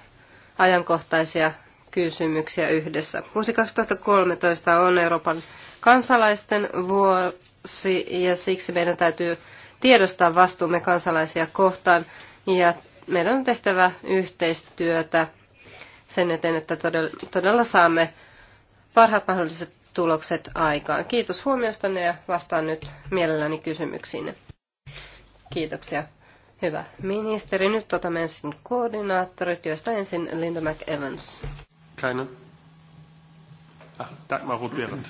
ajankohtaisia kysymyksiä yhdessä. Vuosi 2013 on Euroopan kansalaisten vuosi ja siksi meidän täytyy tiedostaa vastuumme kansalaisia kohtaan ja meidän on tehtävä yhteistyötä sen eteen, että todella saamme parhaat mahdolliset tulokset aikaan. Kiitos huomiostanne ja vastaan nyt mielelläni kysymyksiin. Kiitoksia. Hyvä ministeri, nyt otamme ensin koordinaattorit, joista ensin Linda McEvans. Keine. Ah, Dagmar Ruth-Behrendt.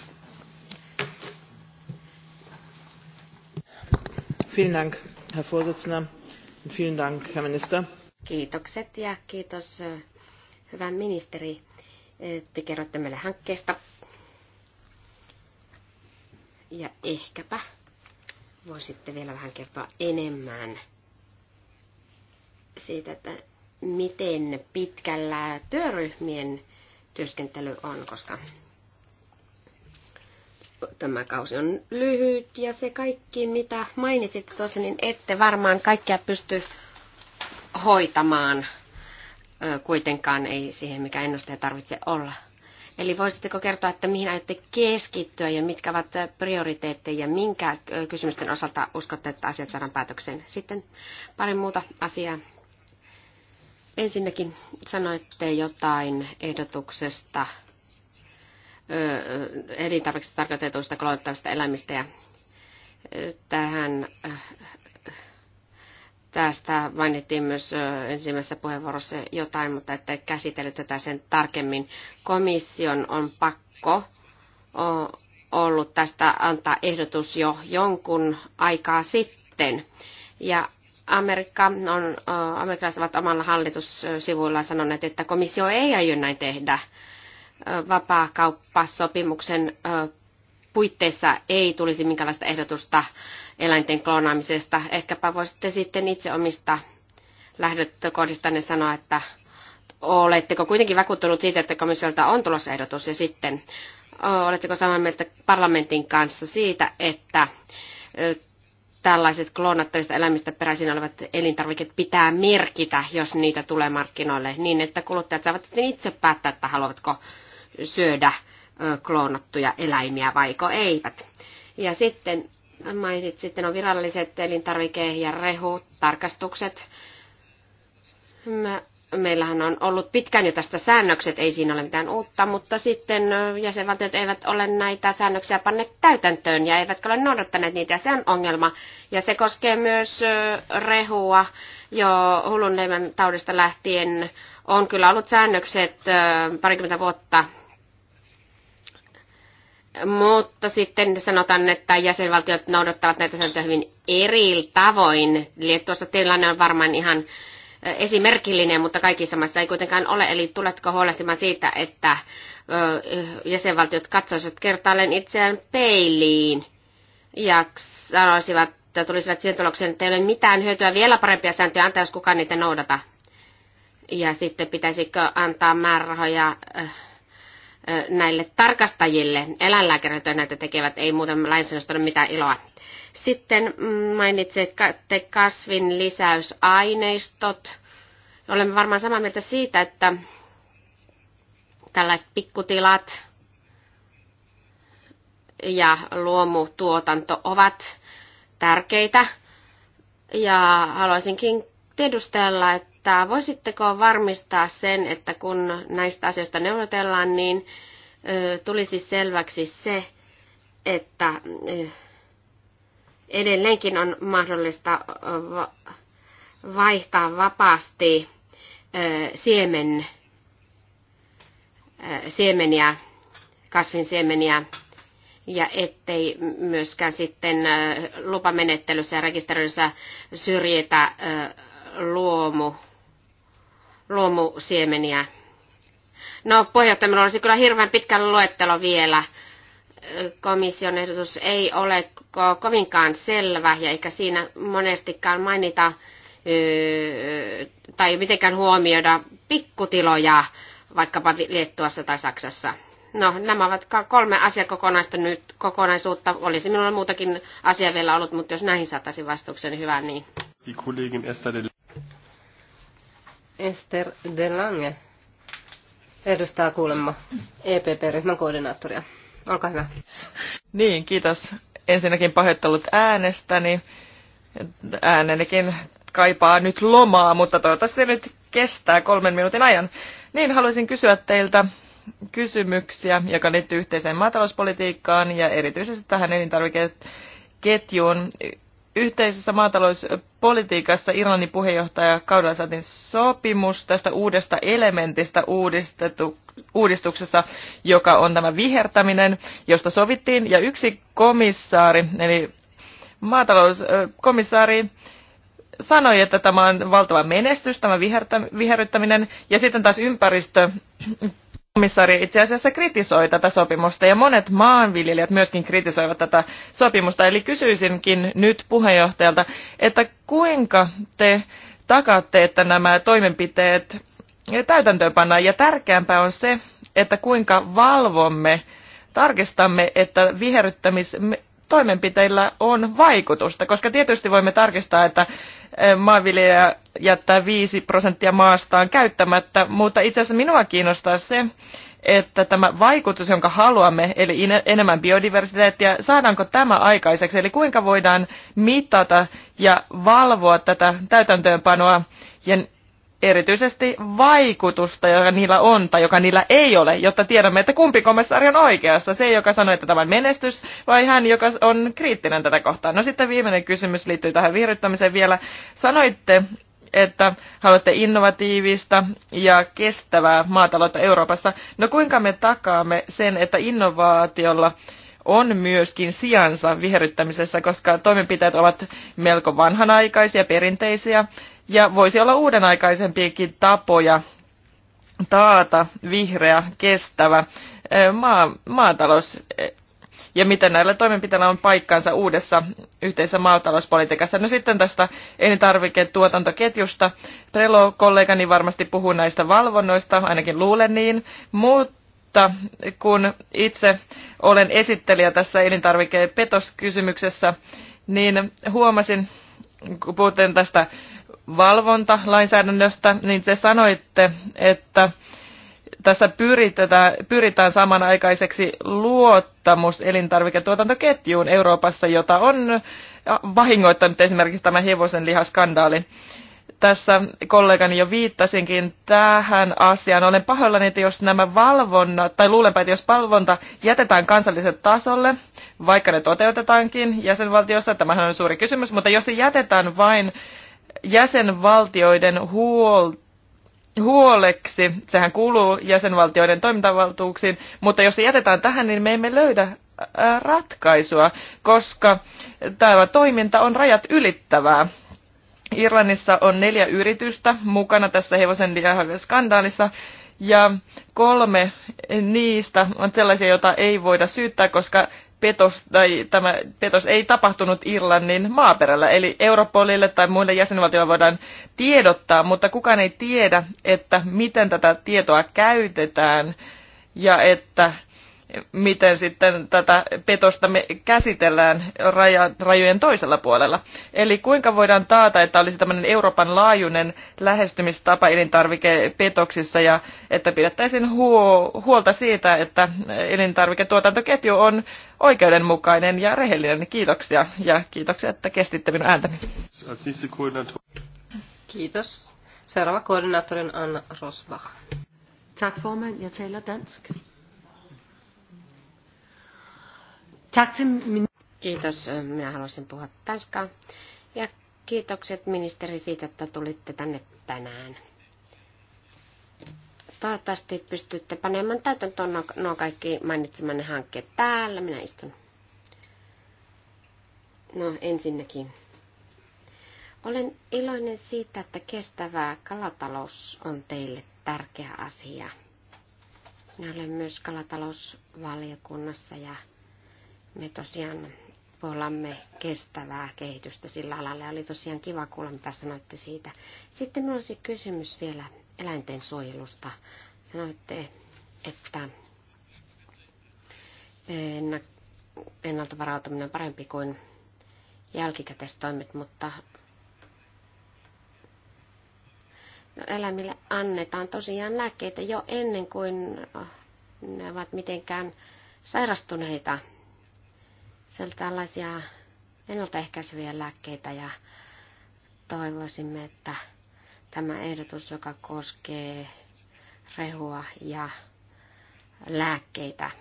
Vielen Dank, Herr Vorsitzender. vielen Dank, Herr Minister. Kiitokset ja kiitos hyvä ministeri. Te kerrotte meille hankkeesta. Ja ehkäpä voisitte vielä vähän kertoa enemmän siitä, että miten pitkällä työryhmien työskentely on, koska tämä kausi on lyhyt ja se kaikki, mitä mainitsit tuossa, niin ette varmaan kaikkea pysty hoitamaan. Kuitenkaan ei siihen, mikä ennustaja tarvitse olla. Eli voisitteko kertoa, että mihin aiotte keskittyä ja mitkä ovat prioriteetteja ja minkä kysymysten osalta uskotte, että asiat saadaan päätökseen? Sitten pari muuta asiaa Ensinnäkin sanoitte jotain ehdotuksesta elintarvikseksi tarkoitetuista klonattavista eläimistä ja tähän äh, tästä mainittiin myös ensimmäisessä puheenvuorossa jotain, mutta ette käsitellyt tätä sen tarkemmin. Komission on pakko ollut tästä antaa ehdotus jo jonkun aikaa sitten. Ja Amerikka on, amerikkalaiset ovat omalla hallitussivuillaan sanoneet, että komissio ei aio näin tehdä. Vapaakauppasopimuksen puitteissa ei tulisi minkälaista ehdotusta eläinten kloonaamisesta. Ehkäpä voisitte sitten itse omista lähdökohdistanne sanoa, että oletteko kuitenkin vakuuttunut siitä, että komissiolta on tulossa ehdotus ja sitten oletteko samaa mieltä parlamentin kanssa siitä, että tällaiset kloonattavista eläimistä peräisin olevat elintarvikkeet pitää merkitä, jos niitä tulee markkinoille, niin että kuluttajat saavat sitten itse päättää, että haluavatko syödä kloonattuja eläimiä vaiko eivät. Ja sitten mainitsit, sitten on viralliset elintarvike- ja rehutarkastukset meillähän on ollut pitkään jo tästä säännökset, ei siinä ole mitään uutta, mutta sitten jäsenvaltiot eivät ole näitä säännöksiä panneet täytäntöön ja eivät ole noudattaneet niitä ja se on ongelma. Ja se koskee myös rehua jo hullunleivän taudista lähtien. On kyllä ollut säännökset parikymmentä vuotta mutta sitten sanotaan, että jäsenvaltiot noudattavat näitä sääntöjä hyvin eri tavoin. Eli tuossa tilanne on varmaan ihan esimerkillinen, mutta kaikissa maissa ei kuitenkaan ole. Eli tuletko huolehtimaan siitä, että jäsenvaltiot katsoisivat kertaalleen itseään peiliin ja sanoisivat, että tulisivat siihen tulokseen, että ei ole mitään hyötyä vielä parempia sääntöjä antaa, jos kukaan niitä noudata. Ja sitten pitäisikö antaa määrärahoja näille tarkastajille, eläinlääkäreitä näitä tekevät, ei muuten lainsäädännöstä ole mitään iloa. Sitten mainitsitte kasvin lisäysaineistot. Olemme varmaan samaa mieltä siitä, että tällaiset pikkutilat ja luomutuotanto ovat tärkeitä. Ja haluaisinkin tiedustella, että voisitteko varmistaa sen, että kun näistä asioista neuvotellaan, niin tulisi selväksi se, että edelleenkin on mahdollista vaihtaa vapaasti siemen, siemeniä, kasvinsiemeniä ja ettei myöskään sitten lupamenettelyssä ja rekisteröissä syrjitä luomu, luomusiemeniä. No puheenjohtaja, minulla olisi kyllä hirveän pitkä luettelo vielä komission ehdotus ei ole kovinkaan selvä ja eikä siinä monestikaan mainita tai mitenkään huomioida pikkutiloja vaikkapa Liettuassa tai Saksassa. No, nämä ovat kolme asiakokonaista nyt kokonaisuutta. Olisi minulla muutakin asia vielä ollut, mutta jos näihin saataisiin vastauksen, niin hyvä niin. Esther de Lange edustaa kuulemma EPP-ryhmän koordinaattoria. Olkaa hyvä. Niin, kiitos. Ensinnäkin pahoittelut äänestäni. Äänenikin kaipaa nyt lomaa, mutta toivottavasti se nyt kestää kolmen minuutin ajan. Niin, haluaisin kysyä teiltä kysymyksiä, joka liittyy yhteiseen maatalouspolitiikkaan ja erityisesti tähän elintarvikeketjuun. Yhteisessä maatalouspolitiikassa Irlannin puheenjohtaja kaudella saatiin sopimus tästä uudesta elementistä uudistettu, uudistuksessa, joka on tämä vihertäminen, josta sovittiin. Ja yksi komissaari, eli maatalouskomissaari, sanoi, että tämä on valtava menestys, tämä viherryttäminen. Ja sitten taas ympäristö komissaari itse asiassa kritisoi tätä sopimusta ja monet maanviljelijät myöskin kritisoivat tätä sopimusta. Eli kysyisinkin nyt puheenjohtajalta, että kuinka te takaatte, että nämä toimenpiteet täytäntöönpannaan. Ja tärkeämpää on se, että kuinka valvomme, tarkistamme, että viherryttämis toimenpiteillä on vaikutusta, koska tietysti voimme tarkistaa, että eh, maanviljelijä jättää 5 prosenttia maastaan käyttämättä, mutta itse asiassa minua kiinnostaa se, että tämä vaikutus, jonka haluamme, eli enemmän biodiversiteettia, saadaanko tämä aikaiseksi? Eli kuinka voidaan mitata ja valvoa tätä täytäntöönpanoa ja erityisesti vaikutusta, joka niillä on tai joka niillä ei ole, jotta tiedämme, että kumpi komissaari on oikeassa. Se, joka sanoi, että tämä on menestys, vai hän, joka on kriittinen tätä kohtaa. No sitten viimeinen kysymys liittyy tähän viihdyttämiseen vielä. Sanoitte, että haluatte innovatiivista ja kestävää maataloutta Euroopassa. No kuinka me takaamme sen, että innovaatiolla on myöskin sijansa viherryttämisessä, koska toimenpiteet ovat melko vanhanaikaisia, perinteisiä, ja voisi olla uudenaikaisempiakin tapoja taata vihreä, kestävä maa, maatalous ja miten näillä toimenpiteillä on paikkansa uudessa yhteisessä maatalouspolitiikassa. No sitten tästä elintarviketuotantoketjusta. Prelo kollegani varmasti puhuu näistä valvonnoista, ainakin luulen niin, mutta kun itse olen esittelijä tässä elintarvikepetoskysymyksessä, niin huomasin, kun puhutin tästä valvontalainsäädännöstä, niin te sanoitte, että tässä pyritään samanaikaiseksi luottamus elintarviketuotantoketjuun Euroopassa, jota on vahingoittanut esimerkiksi tämä hevosen lihaskandaali. Tässä kollegani jo viittasinkin tähän asiaan. Olen pahoillani, että jos nämä valvonna, tai luulenpa, että jos valvonta jätetään kansalliselle tasolle, vaikka ne toteutetaankin jäsenvaltiossa, tämähän on suuri kysymys, mutta jos se jätetään vain jäsenvaltioiden huol, huoleksi. Sehän kuuluu jäsenvaltioiden toimintavaltuuksiin, mutta jos se jätetään tähän, niin me emme löydä ratkaisua, koska tämä toiminta on rajat ylittävää. Irlannissa on neljä yritystä mukana tässä hevosen skandaalissa ja kolme niistä on sellaisia, joita ei voida syyttää, koska petos, tai tämä petos ei tapahtunut Irlannin maaperällä. Eli Europolille tai muille jäsenvaltioille voidaan tiedottaa, mutta kukaan ei tiedä, että miten tätä tietoa käytetään ja että miten sitten tätä petosta me käsitellään raja, rajojen toisella puolella. Eli kuinka voidaan taata, että olisi tämmöinen Euroopan laajuinen lähestymistapa elintarvikepetoksissa ja että pidettäisiin huolta siitä, että elintarviketuotantoketju on oikeudenmukainen ja rehellinen. Kiitoksia ja kiitoksia, että kestitte minun ääntäni. Kiitos. Seuraava koordinaattori on Anna Rosbach. Tack formand, jag talar dansk. Kiitos. Minä haluaisin puhua Tanskaa. Ja kiitokset ministeri siitä, että tulitte tänne tänään. Toivottavasti pystytte panemaan täytäntöön nuo kaikki mainitsemanne hankkeet täällä. Minä istun. No ensinnäkin. Olen iloinen siitä, että kestävää kalatalous on teille tärkeä asia. Minä olen myös kalatalousvaliokunnassa ja me tosiaan puolamme kestävää kehitystä sillä alalla. Oli tosiaan kiva kuulla, mitä sanoitte siitä. Sitten minulla olisi kysymys vielä eläinten suojelusta. Sanoitte, että eh, ennalta varautuminen on parempi kuin jälkikäteistoimet, mutta no, eläimille annetaan tosiaan lääkkeitä jo ennen kuin ne ovat mitenkään sairastuneita siellä tällaisia ennaltaehkäiseviä lääkkeitä ja toivoisimme, että tämä ehdotus, joka koskee rehua ja lääkkeitä,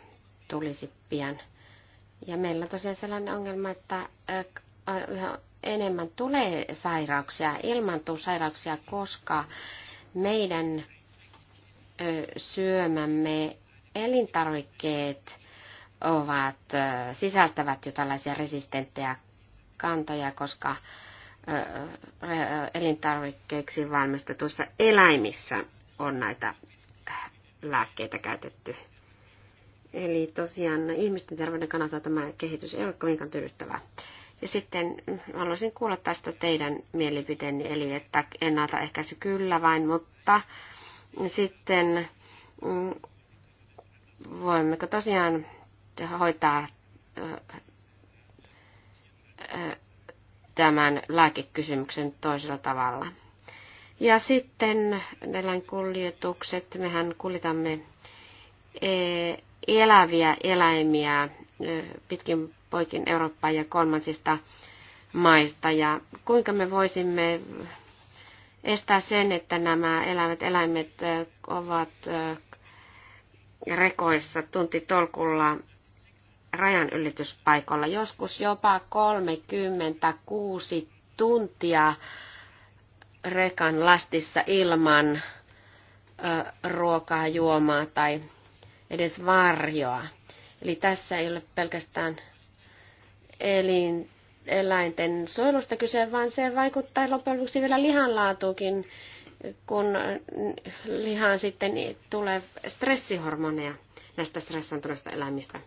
tulisi pian. Ja meillä on tosiaan sellainen ongelma, että yhä enemmän tulee sairauksia, ilmantuu sairauksia, koska meidän syömämme elintarvikkeet ovat, sisältävät jo tällaisia resistenttejä kantoja, koska elintarvikkeiksi valmistetuissa eläimissä on näitä lääkkeitä käytetty. Eli tosiaan ihmisten terveyden kannalta tämä kehitys ei ole kovinkaan tyydyttävää. Ja sitten haluaisin kuulla tästä teidän mielipiteeni, eli että ennaltaehkäisy kyllä vain, mutta sitten mm, voimmeko tosiaan hoitaa tämän lääkekysymyksen toisella tavalla. Ja sitten eläinkuljetukset. Mehän kuljetamme e, eläviä eläimiä pitkin poikin Eurooppaa ja kolmansista maista. Ja kuinka me voisimme estää sen, että nämä elävät eläimet ovat rekoissa tuntitolkulla rajanylityspaikalla, joskus jopa 36 tuntia rekan lastissa ilman ö, ruokaa, juomaa tai edes varjoa. Eli tässä ei ole pelkästään elin, eläinten suojelusta kyse, vaan se vaikuttaa loppujen lopuksi vielä lihanlaatuukin, kun lihaan sitten tulee stressihormoneja näistä stressantuneista eläimistä.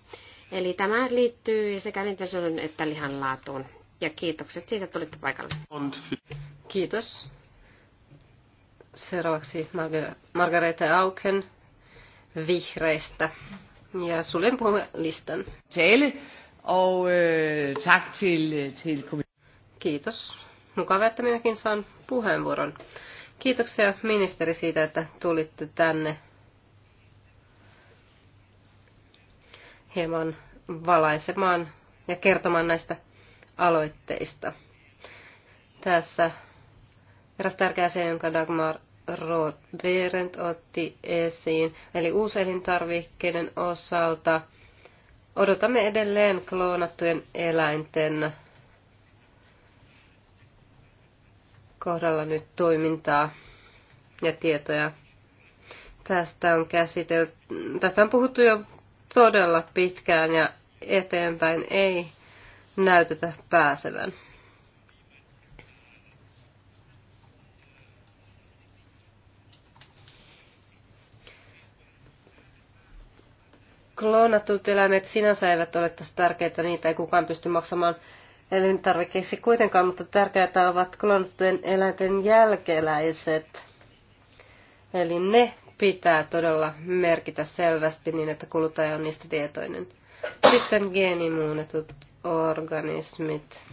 Eli tämä liittyy sekä elintasoon että lihan laatuun. Ja kiitokset siitä, että tulitte paikalle. Kiitos. Seuraavaksi Margar- Margareta Auken vihreistä. Ja suljen listan. Tale, og øh, tak til, øh, til Kiitos. Mukava, että minäkin saan puheenvuoron. Kiitoksia ministeri siitä, että tulitte tänne hieman valaisemaan ja kertomaan näistä aloitteista. Tässä eräs tärkeä asia, jonka Dagmar Roth Berendt otti esiin, eli uuselintarvikkeiden osalta odotamme edelleen kloonattujen eläinten kohdalla nyt toimintaa ja tietoja. Tästä on, käsitelty, tästä on puhuttu jo todella pitkään ja eteenpäin ei näytetä pääsevän. kloonatut eläimet sinänsä eivät ole tässä tärkeitä, niitä ei kukaan pysty maksamaan elintarvikkeiksi kuitenkaan, mutta tärkeitä ovat kloonattujen eläinten jälkeläiset. Eli ne pitää todella merkitä selvästi niin, että kuluttaja on niistä tietoinen. Sitten geenimuunnetut organismit.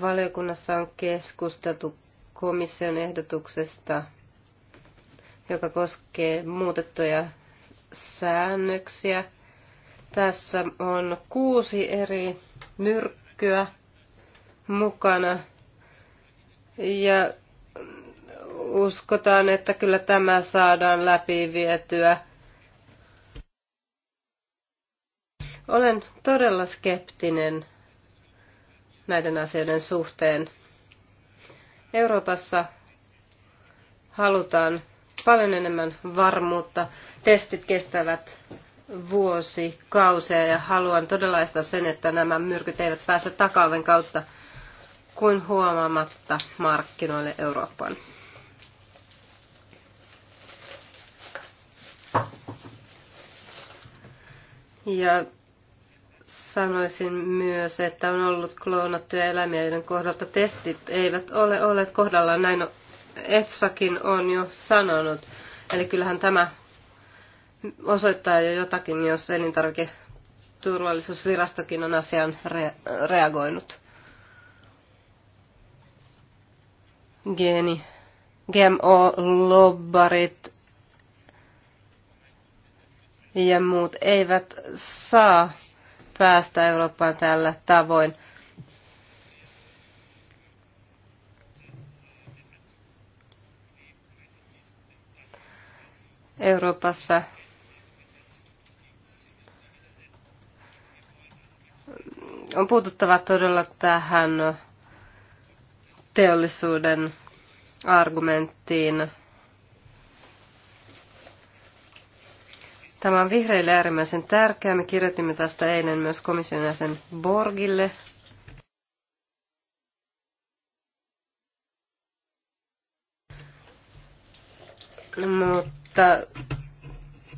Valiokunnassa on keskusteltu komission ehdotuksesta, joka koskee muutettuja säännöksiä – tässä on kuusi eri myrkkyä mukana ja uskotaan, että kyllä tämä saadaan läpi vietyä. Olen todella skeptinen näiden asioiden suhteen. Euroopassa halutaan paljon enemmän varmuutta. Testit kestävät vuosikausia ja haluan todella sen, että nämä myrkyt eivät pääse takaoven kautta kuin huomaamatta markkinoille Eurooppaan. Ja sanoisin myös, että on ollut kloonattuja eläimiä, joiden kohdalta testit eivät ole olleet kohdallaan. Näin EFSAkin on jo sanonut. Eli kyllähän tämä osoittaa jo jotakin, jos elintarviketurvallisuusvirastokin on asian re- reagoinut. Geeni, GMO-lobbarit ja muut eivät saa päästä Eurooppaan tällä tavoin. Euroopassa On puututtava todella tähän teollisuuden argumenttiin. Tämä on vihreille äärimmäisen tärkeää. Me kirjoitimme tästä eilen myös komission jäsen Borgille. Mutta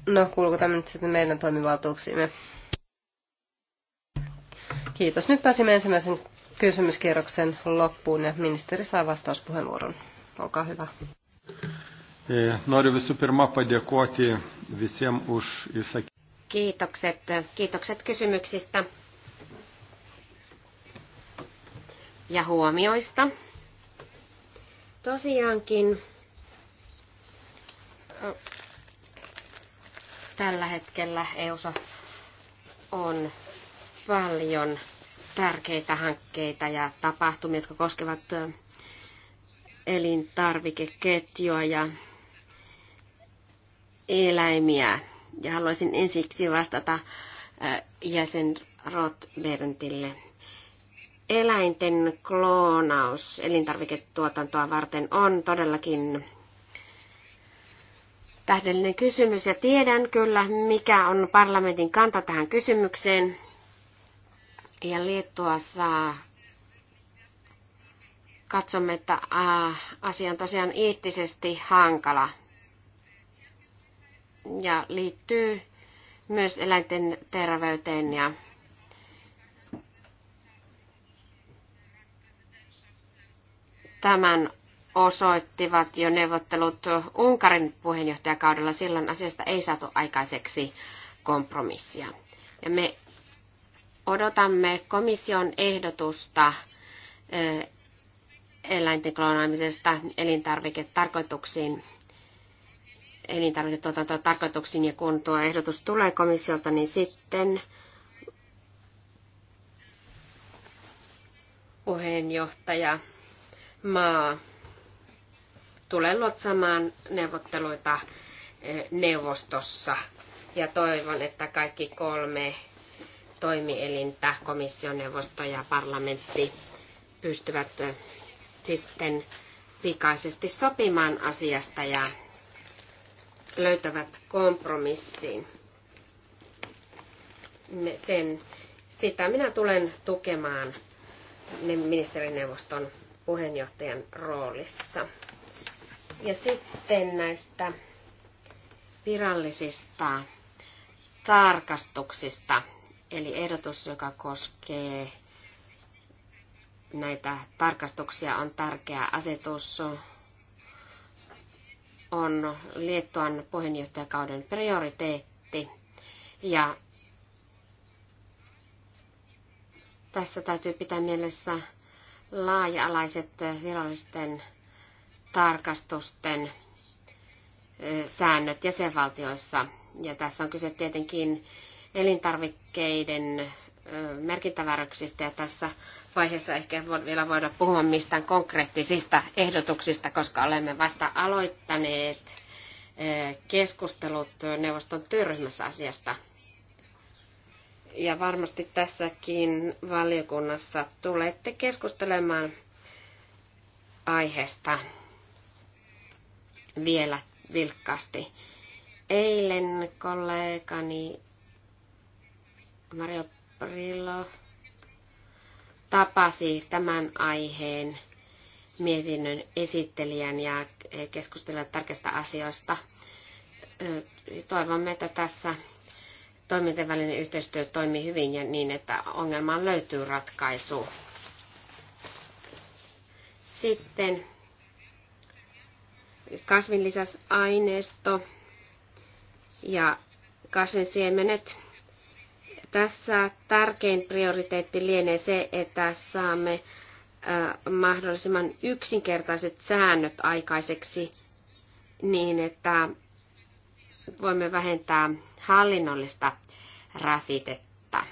no kuuluuko tämä nyt sitten meidän toimivaltuuksiimme? Kiitos. Nyt pääsimme ensimmäisen kysymyskierroksen loppuun ja ministeri saa vastauspuheenvuoron. Olkaa hyvä. E, noriu visų pirma padėkoti visiems už įsakymą. Kiitokset, kiitokset kysymyksistä ja huomioista. Tosiaankin tällä hetkellä EUSA on paljon tärkeitä hankkeita ja tapahtumia, jotka koskevat elintarvikeketjua ja eläimiä. Ja haluaisin ensiksi vastata jäsen Rotbertille. Eläinten kloonaus elintarviketuotantoa varten on todellakin tähdellinen kysymys ja tiedän kyllä, mikä on parlamentin kanta tähän kysymykseen ja Liettuassa katsomme, että asia on tosiaan eettisesti hankala ja liittyy myös eläinten terveyteen ja tämän osoittivat jo neuvottelut Unkarin puheenjohtajakaudella. Silloin asiasta ei saatu aikaiseksi kompromissia. Ja me odotamme komission ehdotusta eläinten kloonaamisesta elintarviketarkoituksiin elintarviketuotantotarkoituksiin ja kun tuo ehdotus tulee komissiolta, niin sitten puheenjohtaja maa tulee luotsamaan neuvotteluita neuvostossa ja toivon, että kaikki kolme toimielintä, komission neuvosto ja parlamentti pystyvät eh, sitten pikaisesti sopimaan asiasta ja löytävät kompromissiin. Sen, sitä minä tulen tukemaan ministerineuvoston puheenjohtajan roolissa. Ja sitten näistä virallisista tarkastuksista Eli ehdotus, joka koskee näitä tarkastuksia, on tärkeä asetus. On Liettuan puheenjohtajakauden prioriteetti. Ja tässä täytyy pitää mielessä laaja-alaiset virallisten tarkastusten eh, säännöt jäsenvaltioissa. Ja tässä on kyse tietenkin elintarvikkeiden merkintävääräyksistä ja tässä vaiheessa ehkä vielä voida puhua mistään konkreettisista ehdotuksista, koska olemme vasta aloittaneet keskustelut neuvoston työryhmässä asiasta. Ja varmasti tässäkin valiokunnassa tulette keskustelemaan aiheesta vielä vilkkaasti. Eilen kollegani Mario Brillo tapasi tämän aiheen mietinnön esittelijän ja keskustella tärkeistä asioista. Toivomme, että tässä toimintavälinen yhteistyö toimii hyvin ja niin, että ongelmaan löytyy ratkaisu. Sitten kasvinlisäsaineisto ja kasvinsiemenet. Tässä tärkein prioriteetti lienee se, että saamme mahdollisimman yksinkertaiset säännöt aikaiseksi niin, että voimme vähentää hallinnollista rasitetta.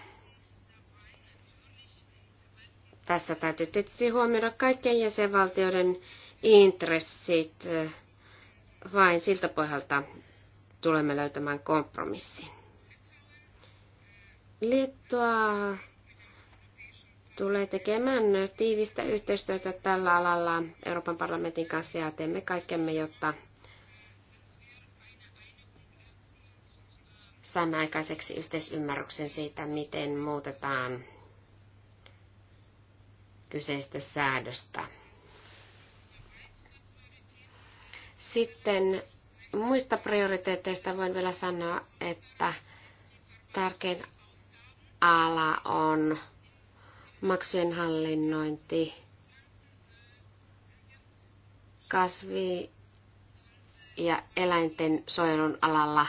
Tässä täytyy tietysti huomioida kaikkien jäsenvaltioiden intressit. Vain siltä pohjalta tulemme löytämään kompromissin. Liittoa tulee tekemään tiivistä yhteistyötä tällä alalla Euroopan parlamentin kanssa ja teemme kaikkemme, jotta saamme aikaiseksi yhteisymmärryksen siitä, miten muutetaan kyseistä säädöstä. Sitten muista prioriteeteista voin vielä sanoa, että tärkein ala on maksujen hallinnointi, kasvi- ja eläinten suojelun alalla.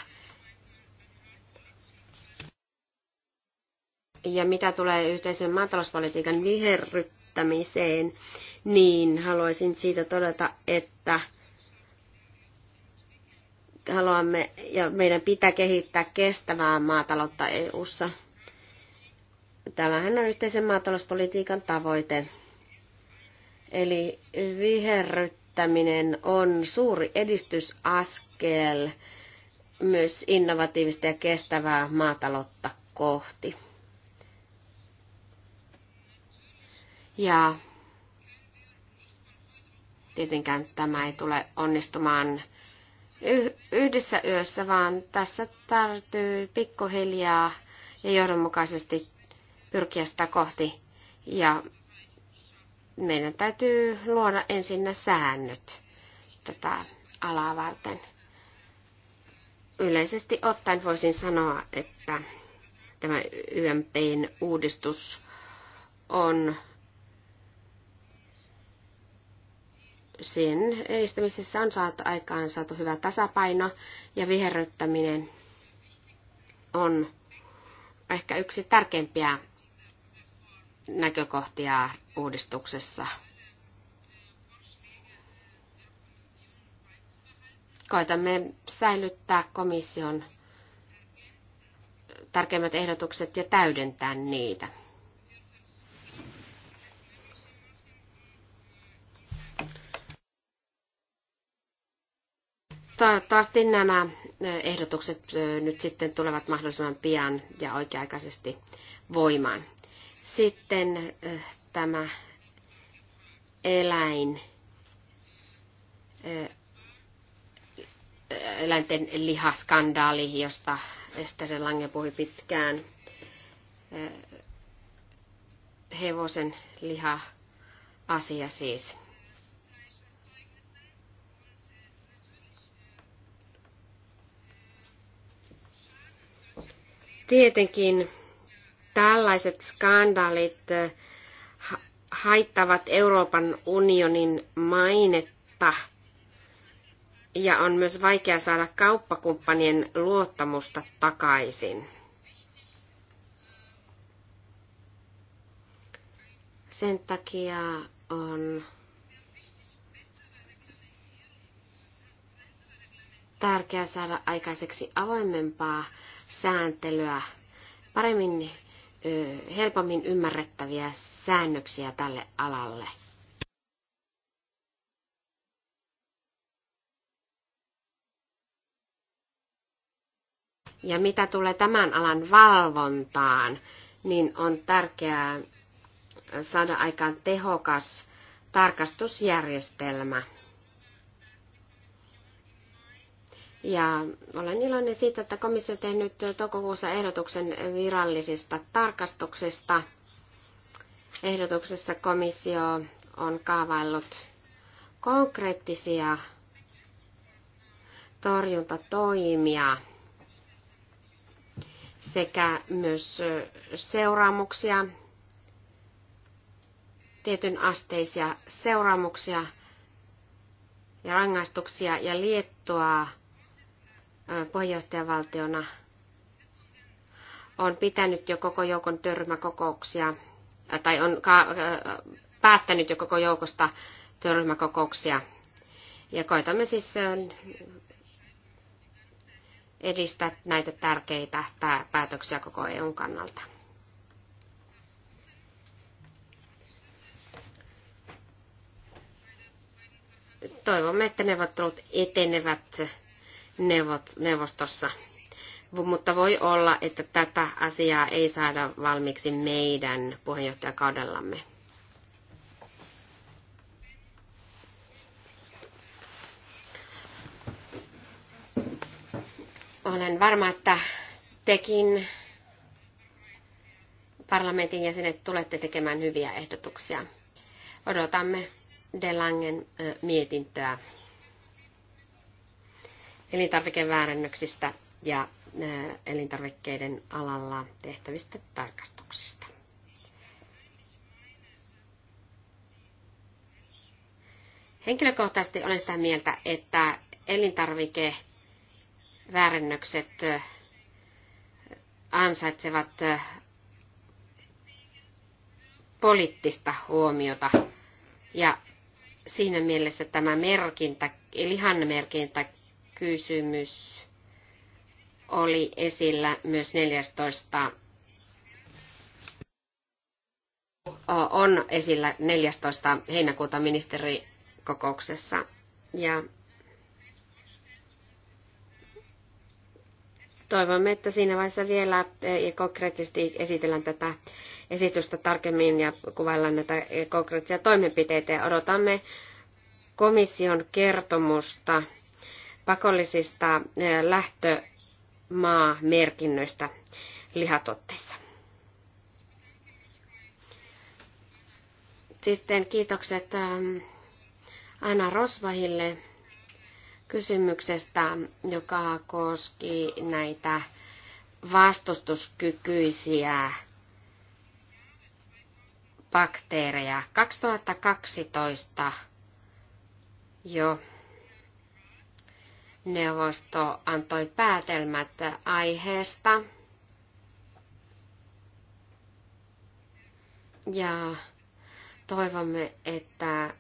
Ja mitä tulee yhteisen maatalouspolitiikan viherryttämiseen, niin haluaisin siitä todeta, että haluamme ja meidän pitää kehittää kestävää maataloutta EU:ssa. Tämähän on yhteisen maatalouspolitiikan tavoite. Eli viherryttäminen on suuri edistysaskel myös innovatiivista ja kestävää maataloutta kohti. Ja tietenkään tämä ei tule onnistumaan yhdessä yössä, vaan tässä täytyy pikkuhiljaa ja johdonmukaisesti pyrkiä sitä kohti. Ja meidän täytyy luoda ensin ne säännöt tätä alaa varten. Yleisesti ottaen voisin sanoa, että tämä YMPn uudistus on sen edistämisessä on saatu aikaan saatu hyvä tasapaino ja viherryttäminen on ehkä yksi tärkeimpiä näkökohtia uudistuksessa. Koitamme säilyttää komission tärkeimmät ehdotukset ja täydentää niitä. Toivottavasti nämä ehdotukset nyt sitten tulevat mahdollisimman pian ja oikea-aikaisesti voimaan. Sitten tämä eläin, eläinten lihaskandaali, josta Ester Lange puhui pitkään. Hevosen liha asia siis. Tietenkin Tällaiset skandaalit eh, haittavat Euroopan unionin mainetta ja on myös vaikea saada kauppakumppanien luottamusta takaisin. Sen takia on tärkeää saada aikaiseksi avoimempaa sääntelyä, paremmin helpommin ymmärrettäviä säännöksiä tälle alalle. Ja mitä tulee tämän alan valvontaan, niin on tärkeää saada aikaan tehokas tarkastusjärjestelmä – Ja olen iloinen siitä, että komissio on tehnyt toukokuussa ehdotuksen virallisista tarkastuksista. Ehdotuksessa komissio on kaavaillut konkreettisia torjuntatoimia sekä myös seuraamuksia, tietyn asteisia seuraamuksia ja rangaistuksia ja liettua puheenjohtajavaltiona on pitänyt jo koko joukon työryhmäkokouksia, tai on päättänyt jo koko joukosta työryhmäkokouksia. Ja koitamme siis edistää näitä tärkeitä päätöksiä koko EUn kannalta. Toivomme, että neuvottelut etenevät neuvostossa. Mutta voi olla, että tätä asiaa ei saada valmiiksi meidän puheenjohtajakaudellamme. Olen varma, että tekin parlamentin jäsenet tulette tekemään hyviä ehdotuksia. Odotamme Delangen mietintöä elintarvikeväärennöksistä ja äh, elintarvikkeiden alalla tehtävistä tarkastuksista. Henkilökohtaisesti olen sitä mieltä, että elintarvikeväärennökset äh, ansaitsevat äh, poliittista huomiota. Ja siinä mielessä tämä merkintä, lihan merkintä kysymys oli esillä myös 14. on esillä 14. heinäkuuta ministerikokouksessa. Ja toivomme, että siinä vaiheessa vielä e, ja konkreettisesti esitellään tätä esitystä tarkemmin ja kuvaillaan näitä e, konkreettisia toimenpiteitä ja odotamme komission kertomusta pakollisista eh, lähtömaamerkinnöistä lihatotteissa. Sitten kiitokset eh, Anna Rosvahille kysymyksestä, joka koski näitä vastustuskykyisiä bakteereja. 2012 jo neuvosto antoi päätelmät aiheesta. Ja toivomme, että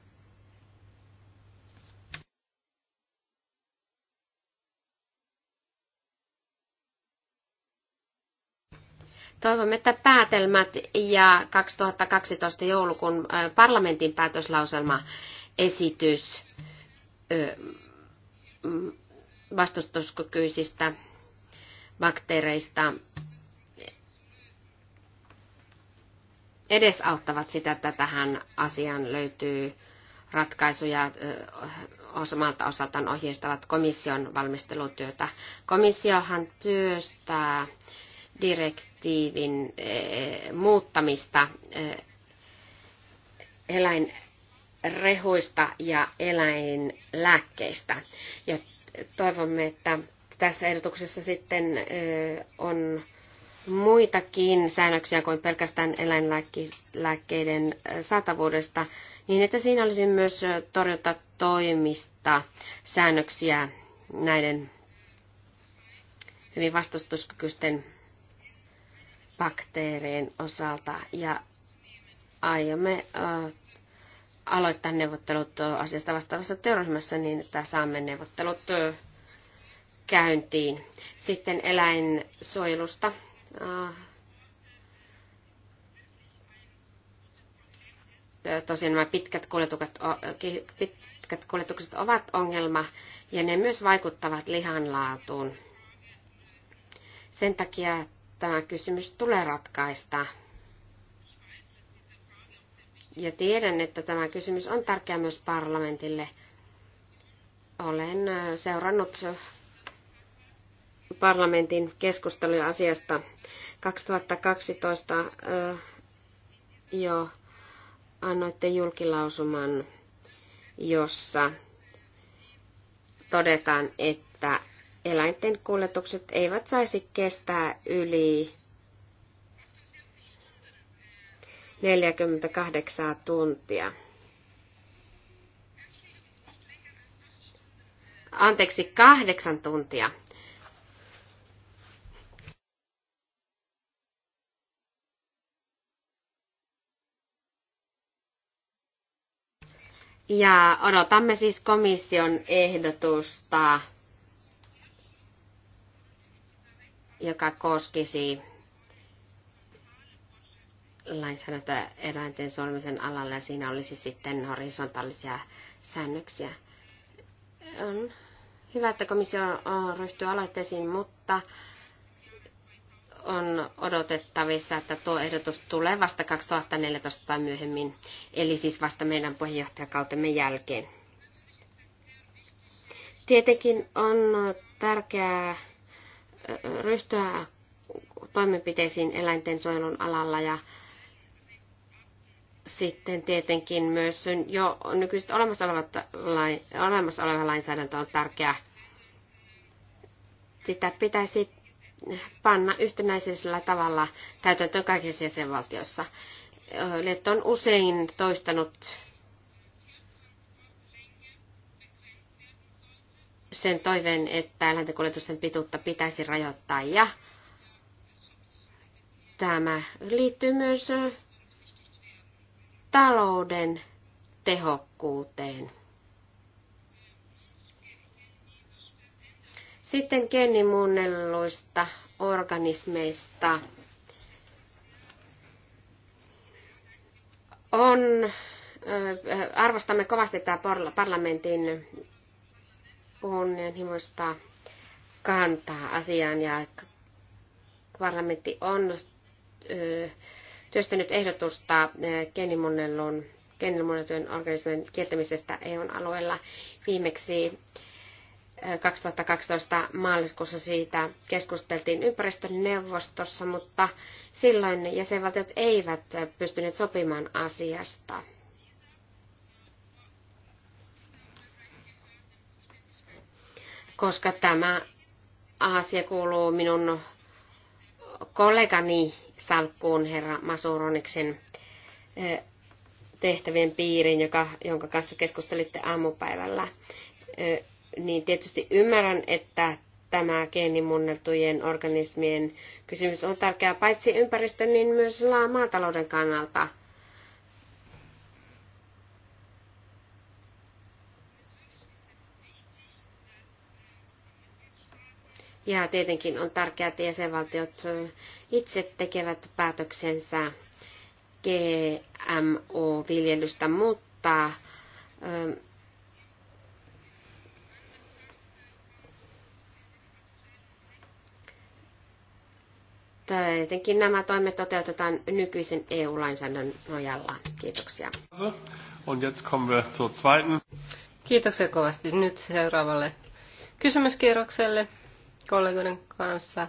Toivomme, että päätelmät ja 2012 joulukuun parlamentin päätöslauselma esitys vastustuskykyisistä bakteereista edesauttavat sitä, että tähän asiaan löytyy ratkaisuja omalta osaltaan ohjeistavat komission valmistelutyötä. Komissiohan työstää direktiivin e, muuttamista e, eläinrehuista ja eläinlääkkeistä. Ja toivomme, että tässä ehdotuksessa sitten on muitakin säännöksiä kuin pelkästään eläinlääkkeiden saatavuudesta, niin että siinä olisi myös torjuta toimista säännöksiä näiden hyvin vastustuskykyisten bakteerien osalta. Ja aiomme aloittaa neuvottelut asiasta vastaavassa työryhmässä niin, että saamme neuvottelut käyntiin. Sitten eläinsuojelusta. Tosiaan nämä pitkät kuljetukset, pitkät kuljetukset ovat ongelma ja ne myös vaikuttavat lihanlaatuun. Sen takia tämä kysymys tulee ratkaista. Ja tiedän, että tämä kysymys on tärkeä myös parlamentille. Olen seurannut parlamentin keskusteluja asiasta 2012 jo annoitte julkilausuman, jossa todetaan, että eläinten kuljetukset eivät saisi kestää yli 48 tuntia. Anteeksi, kahdeksan tuntia. Ja odotamme siis komission ehdotusta, joka koskisi lainsäädäntö eläinten solmisen alalla ja siinä olisi sitten horisontaalisia säännöksiä. On hyvä, että komissio ryhtyy aloitteisiin, mutta on odotettavissa, että tuo ehdotus tulee vasta 2014 tai myöhemmin, eli siis vasta meidän puheenjohtajakautemme jälkeen. Tietenkin on tärkeää ryhtyä toimenpiteisiin eläinten suojelun alalla ja sitten tietenkin myös jo nykyiset olemassa, olevat, olemassa oleva lainsäädäntö on tärkeää. Sitä pitäisi panna yhtenäisellä tavalla täytäntöön kaikissa jäsenvaltioissa. Liitto on usein toistanut sen toiveen, että eläintenkuljetusten pituutta pitäisi rajoittaa ja tämä liittyy myös talouden tehokkuuteen. Sitten geenimuunnelluista organismeista on, äh, arvostamme kovasti tämä parlamentin kunnianhimoista kantaa asiaan ja parlamentti on äh, työstänyt ehdotusta eh, geenimuunnellun geenimuunneltujen organismien kieltämisestä EUn alueella viimeksi 2012 eh, maaliskuussa siitä keskusteltiin ympäristöneuvostossa, mutta silloin jäsenvaltiot eivät pystyneet sopimaan asiasta. Koska tämä asia kuuluu minun kollegani salkkuun herra Masuroniksen tehtävien piiriin, joka, jonka kanssa keskustelitte aamupäivällä, niin tietysti ymmärrän, että tämä geenimunneltujen organismien kysymys on tärkeä paitsi ympäristön, niin myös maatalouden kannalta. Ja tietenkin on tärkeää, että jäsenvaltiot itse tekevät päätöksensä GMO-viljelystä, mutta Tietenkin nämä toimet toteutetaan nykyisen EU-lainsäädännön nojalla. Kiitoksia. Und jetzt kommen wir zur zweiten. Kiitoksia kovasti nyt seuraavalle kysymyskierrokselle kollegoiden kanssa.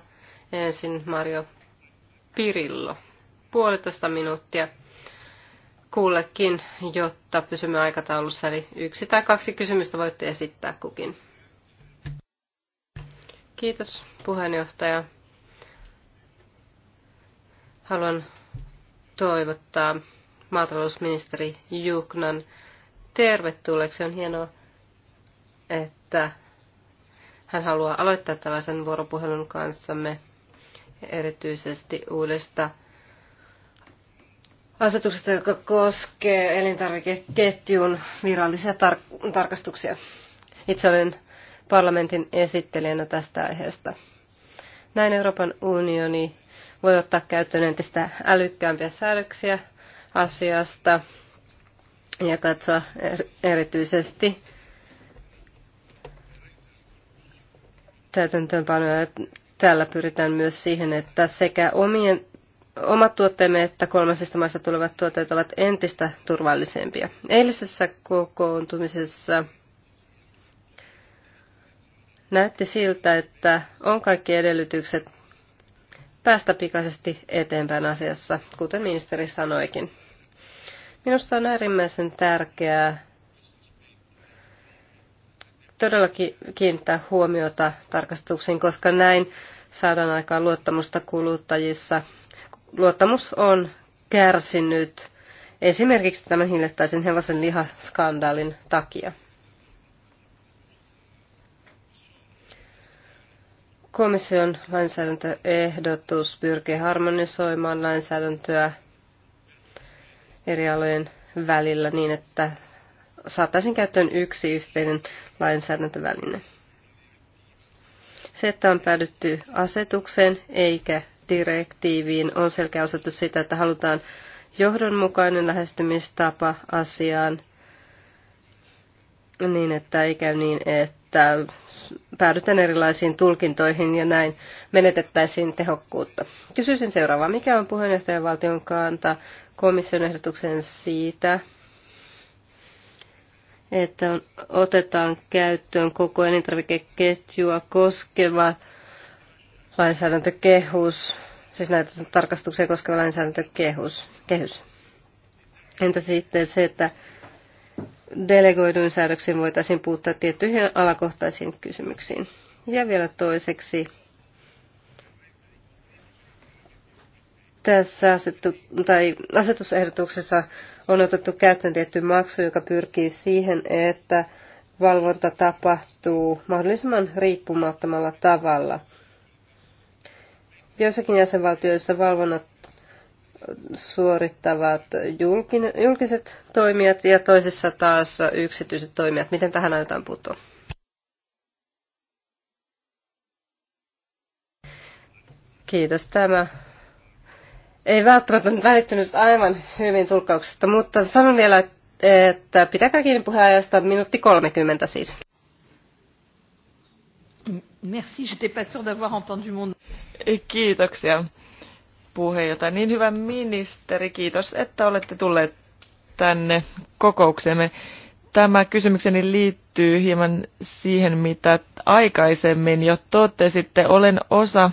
Ensin Mario Pirillo. Puolitoista minuuttia kullekin, jotta pysymme aikataulussa. Eli yksi tai kaksi kysymystä voitte esittää kukin. Kiitos puheenjohtaja. Haluan toivottaa maatalousministeri Juknan tervetulleeksi. On hienoa, että hän haluaa aloittaa tällaisen vuoropuhelun kanssamme erityisesti uudesta asetuksesta, joka koskee elintarvikeketjun virallisia tar- tarkastuksia. Itse olen parlamentin esittelijänä tästä aiheesta. Näin Euroopan unioni voi ottaa käyttöön entistä älykkäämpiä säädöksiä asiasta ja katsoa er- erityisesti täytäntöönpanoja. Tällä pyritään myös siihen, että sekä omien, omat tuotteemme että kolmansista maista tulevat tuotteet ovat entistä turvallisempia. Eilisessä kokoontumisessa näytti siltä, että on kaikki edellytykset päästä pikaisesti eteenpäin asiassa, kuten ministeri sanoikin. Minusta on äärimmäisen tärkeää todellakin kiinnittää huomiota tarkastuksiin, koska näin saadaan aikaan luottamusta kuluttajissa. Luottamus on kärsinyt esimerkiksi tämän hiljattaisen hevosen lihaskandaalin takia. Komission lainsäädäntöehdotus pyrkii harmonisoimaan lainsäädäntöä eri alojen välillä niin, että saataisiin käyttöön yksi yhteinen lainsäädäntöväline. Se, että on päädytty asetukseen eikä direktiiviin, on selkeä osoitus sitä, että halutaan johdonmukainen lähestymistapa asiaan niin, että ei käy niin, että päädytään erilaisiin tulkintoihin ja näin menetettäisiin tehokkuutta. Kysyisin seuraavaa, mikä on puheenjohtajavaltion kanta komission ehdotuksen siitä, että otetaan käyttöön koko elintarvikeketjua koskeva lainsäädäntökehus, siis näitä tarkastuksia koskeva lainsäädäntökehus. Kehys. Entä sitten se, että delegoiduin säädöksiin voitaisiin puuttua tiettyihin alakohtaisiin kysymyksiin. Ja vielä toiseksi Tässä asettu, tai asetusehdotuksessa on otettu käyttöön tietty maksu, joka pyrkii siihen, että valvonta tapahtuu mahdollisimman riippumattomalla tavalla. Joissakin jäsenvaltioissa valvonnat suorittavat julkiset toimijat ja toisissa taas yksityiset toimijat. Miten tähän aiotaan puuttua? Kiitos. Tämä ei välttämättä välittynyt aivan hyvin tulkauksesta, mutta sanon vielä, että pitäkää kiinni puheenajasta minuutti 30 siis. Merci, j'étais pas sûr d'avoir entendu mon... Kiitoksia puheenjohtaja. Niin hyvä ministeri, kiitos, että olette tulleet tänne kokoukseemme. Tämä kysymykseni liittyy hieman siihen, mitä aikaisemmin jo totesitte. Olen osa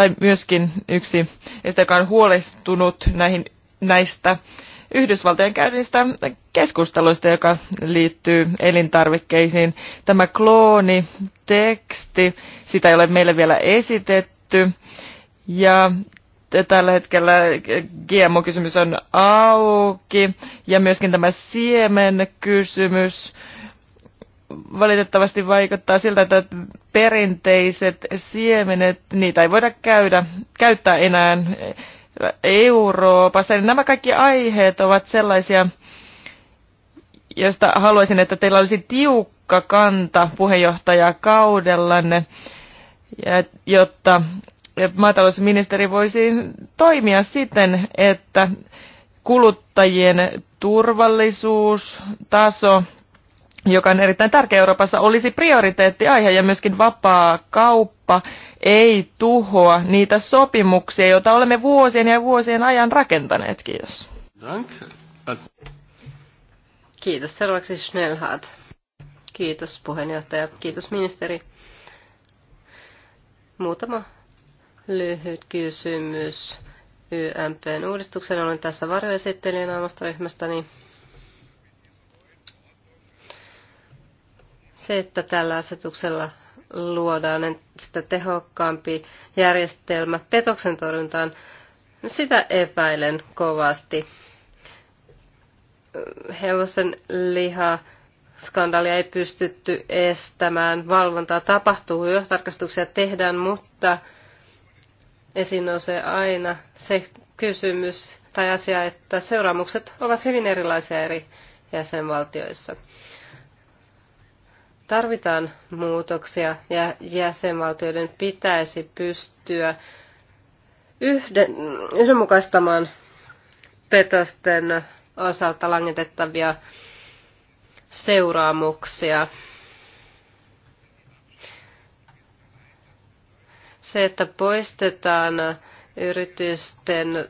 tai myöskin yksi, joka on huolestunut näihin, näistä Yhdysvaltojen käynnistä keskusteluista, joka liittyy elintarvikkeisiin. Tämä klooni, teksti, sitä ei ole meille vielä esitetty. Ja tällä hetkellä GMO-kysymys on auki ja myöskin tämä siemenkysymys valitettavasti vaikuttaa siltä, että perinteiset siemenet, niitä ei voida käydä, käyttää enää Euroopassa. Eli nämä kaikki aiheet ovat sellaisia, josta haluaisin, että teillä olisi tiukka kanta puheenjohtajakaudellanne, jotta maatalousministeri voisi toimia siten, että kuluttajien turvallisuus taso joka on erittäin tärkeä Euroopassa, olisi prioriteettiaihe ja myöskin vapaa kauppa ei tuhoa niitä sopimuksia, joita olemme vuosien ja vuosien ajan rakentaneet. Kiitos. Kiitos. Seuraavaksi Schnellhardt. Kiitos puheenjohtaja. Kiitos ministeri. Muutama lyhyt kysymys YMPn uudistuksen. Olen tässä varjoesittelijänä omasta ryhmästäni. Niin se, että tällä asetuksella luodaan sitä tehokkaampi järjestelmä petoksen torjuntaan, sitä epäilen kovasti. Hevosen liha skandaalia ei pystytty estämään. Valvontaa tapahtuu, jo tarkastuksia tehdään, mutta esiin nousee aina se kysymys tai asia, että seuraamukset ovat hyvin erilaisia eri jäsenvaltioissa tarvitaan muutoksia ja jäsenvaltioiden pitäisi pystyä yhden, yhdenmukaistamaan petosten osalta langetettavia seuraamuksia. Se, että poistetaan yritysten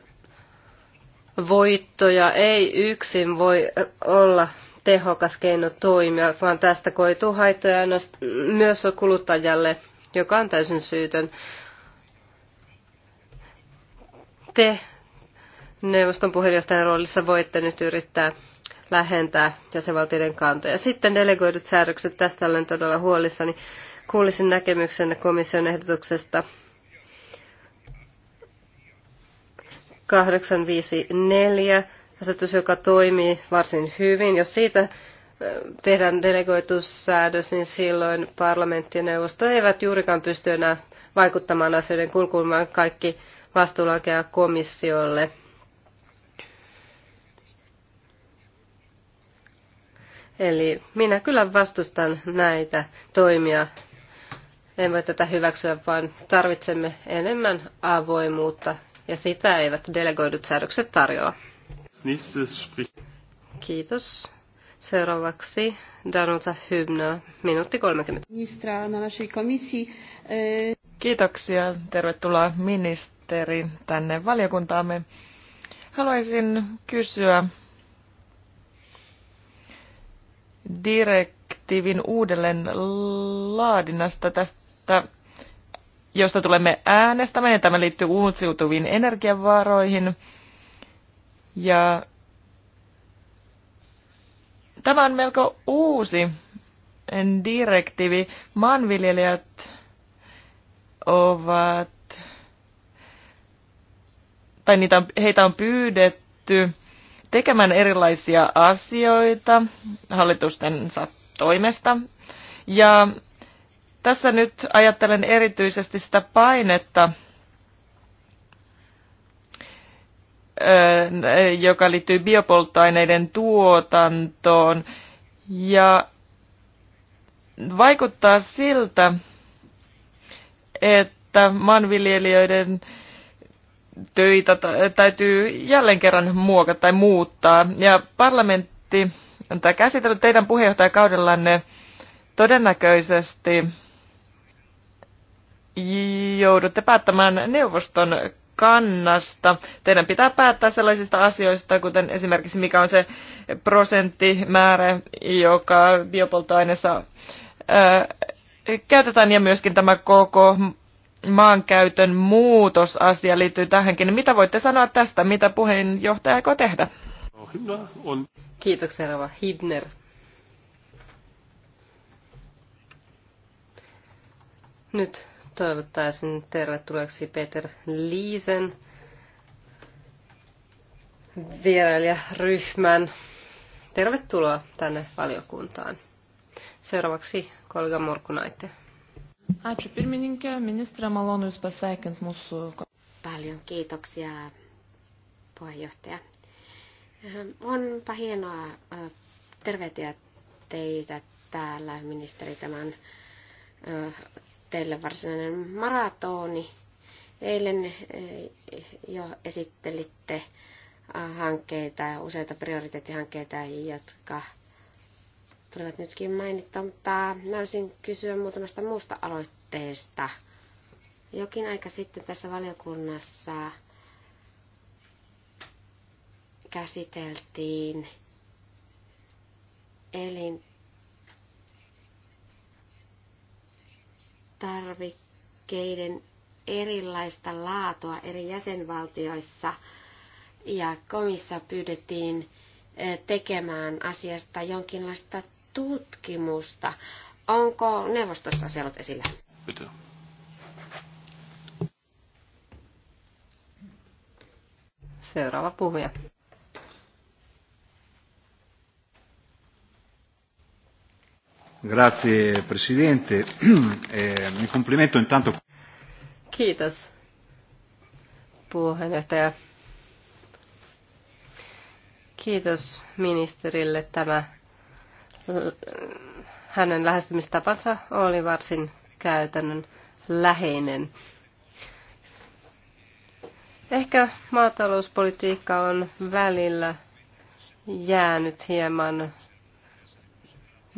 voittoja, ei yksin voi olla tehokas keino toimia, vaan tästä koituu haittoja myös kuluttajalle, joka on täysin syytön. Te neuvoston puheenjohtajan roolissa voitte nyt yrittää lähentää jäsenvaltioiden kantoja. Sitten delegoidut säädökset, tästä olen todella huolissani. Kuulisin näkemyksenne komission ehdotuksesta 854 asetus, joka toimii varsin hyvin. Jos siitä tehdään delegoitussäädös, niin silloin parlamentti ja neuvosto eivät juurikaan pysty enää vaikuttamaan asioiden kulkuun, vaan kaikki vastuulla komissiolle. Eli minä kyllä vastustan näitä toimia. En voi tätä hyväksyä, vaan tarvitsemme enemmän avoimuutta, ja sitä eivät delegoidut säädökset tarjoa. Kiitos. Seuraavaksi Danuta Hymnä, minuutti 30. E, Kiitoksia. Tervetuloa ministeri tänne valiokuntaamme. Haluaisin kysyä direktiivin uudelleen laadinnasta tästä, josta tulemme äänestämään. Tämä liittyy uusiutuviin energiavaroihin. Ja tämä on melko uusi direktiivi. Maanviljelijät ovat, tai niitä on, heitä on pyydetty tekemään erilaisia asioita hallitustensa toimesta. Ja tässä nyt ajattelen erityisesti sitä painetta, joka liittyy biopolttoaineiden tuotantoon. Ja vaikuttaa siltä, että maanviljelijöiden töitä täytyy jälleen kerran muokata tai muuttaa. Ja parlamentti on tämä käsitellyt teidän puheenjohtajakaudellanne todennäköisesti joudutte päättämään neuvoston kannasta. Teidän pitää päättää sellaisista asioista, kuten esimerkiksi mikä on se prosenttimäärä, joka biopolttoaineessa käytetään ja myöskin tämä koko maankäytön muutosasia liittyy tähänkin. Mitä voitte sanoa tästä? Mitä puheenjohtaja aikoo tehdä? Kiitoksia, Rava Hidner. Nyt toivottaisin tervetulleeksi Peter Liisen vierailijaryhmän. Tervetuloa tänne valiokuntaan. Seuraavaksi kollega Morkunaite. Ačiū pirmininkė, ministrė malonu jūs pasveikint mūsų. Paljon kiitoksia puheenjohtaja. Ehm, Onpa hienoa tervehtiä teitä täällä ministeri tämän teille varsinainen maratoni. Eilen eh, jo esittelitte hankkeita ja useita prioriteettihankkeita, jotka tulivat nytkin mainittua, mutta mä olisin kysyä muutamasta muusta aloitteesta. Jokin aika sitten tässä valiokunnassa käsiteltiin elin tarvikkeiden erilaista laatua eri jäsenvaltioissa ja komissa pyydettiin eh, tekemään asiasta jonkinlaista tutkimusta. Onko neuvostossa se ollut esillä? Bitte. Seuraava puhuja. Grazie Presidente. Eh, mi complimento intanto. Kiitos puheenjohtaja. Kiitos ministerille. Tämä hänen lähestymistapansa oli varsin käytännön läheinen. Ehkä maatalouspolitiikka on välillä jäänyt hieman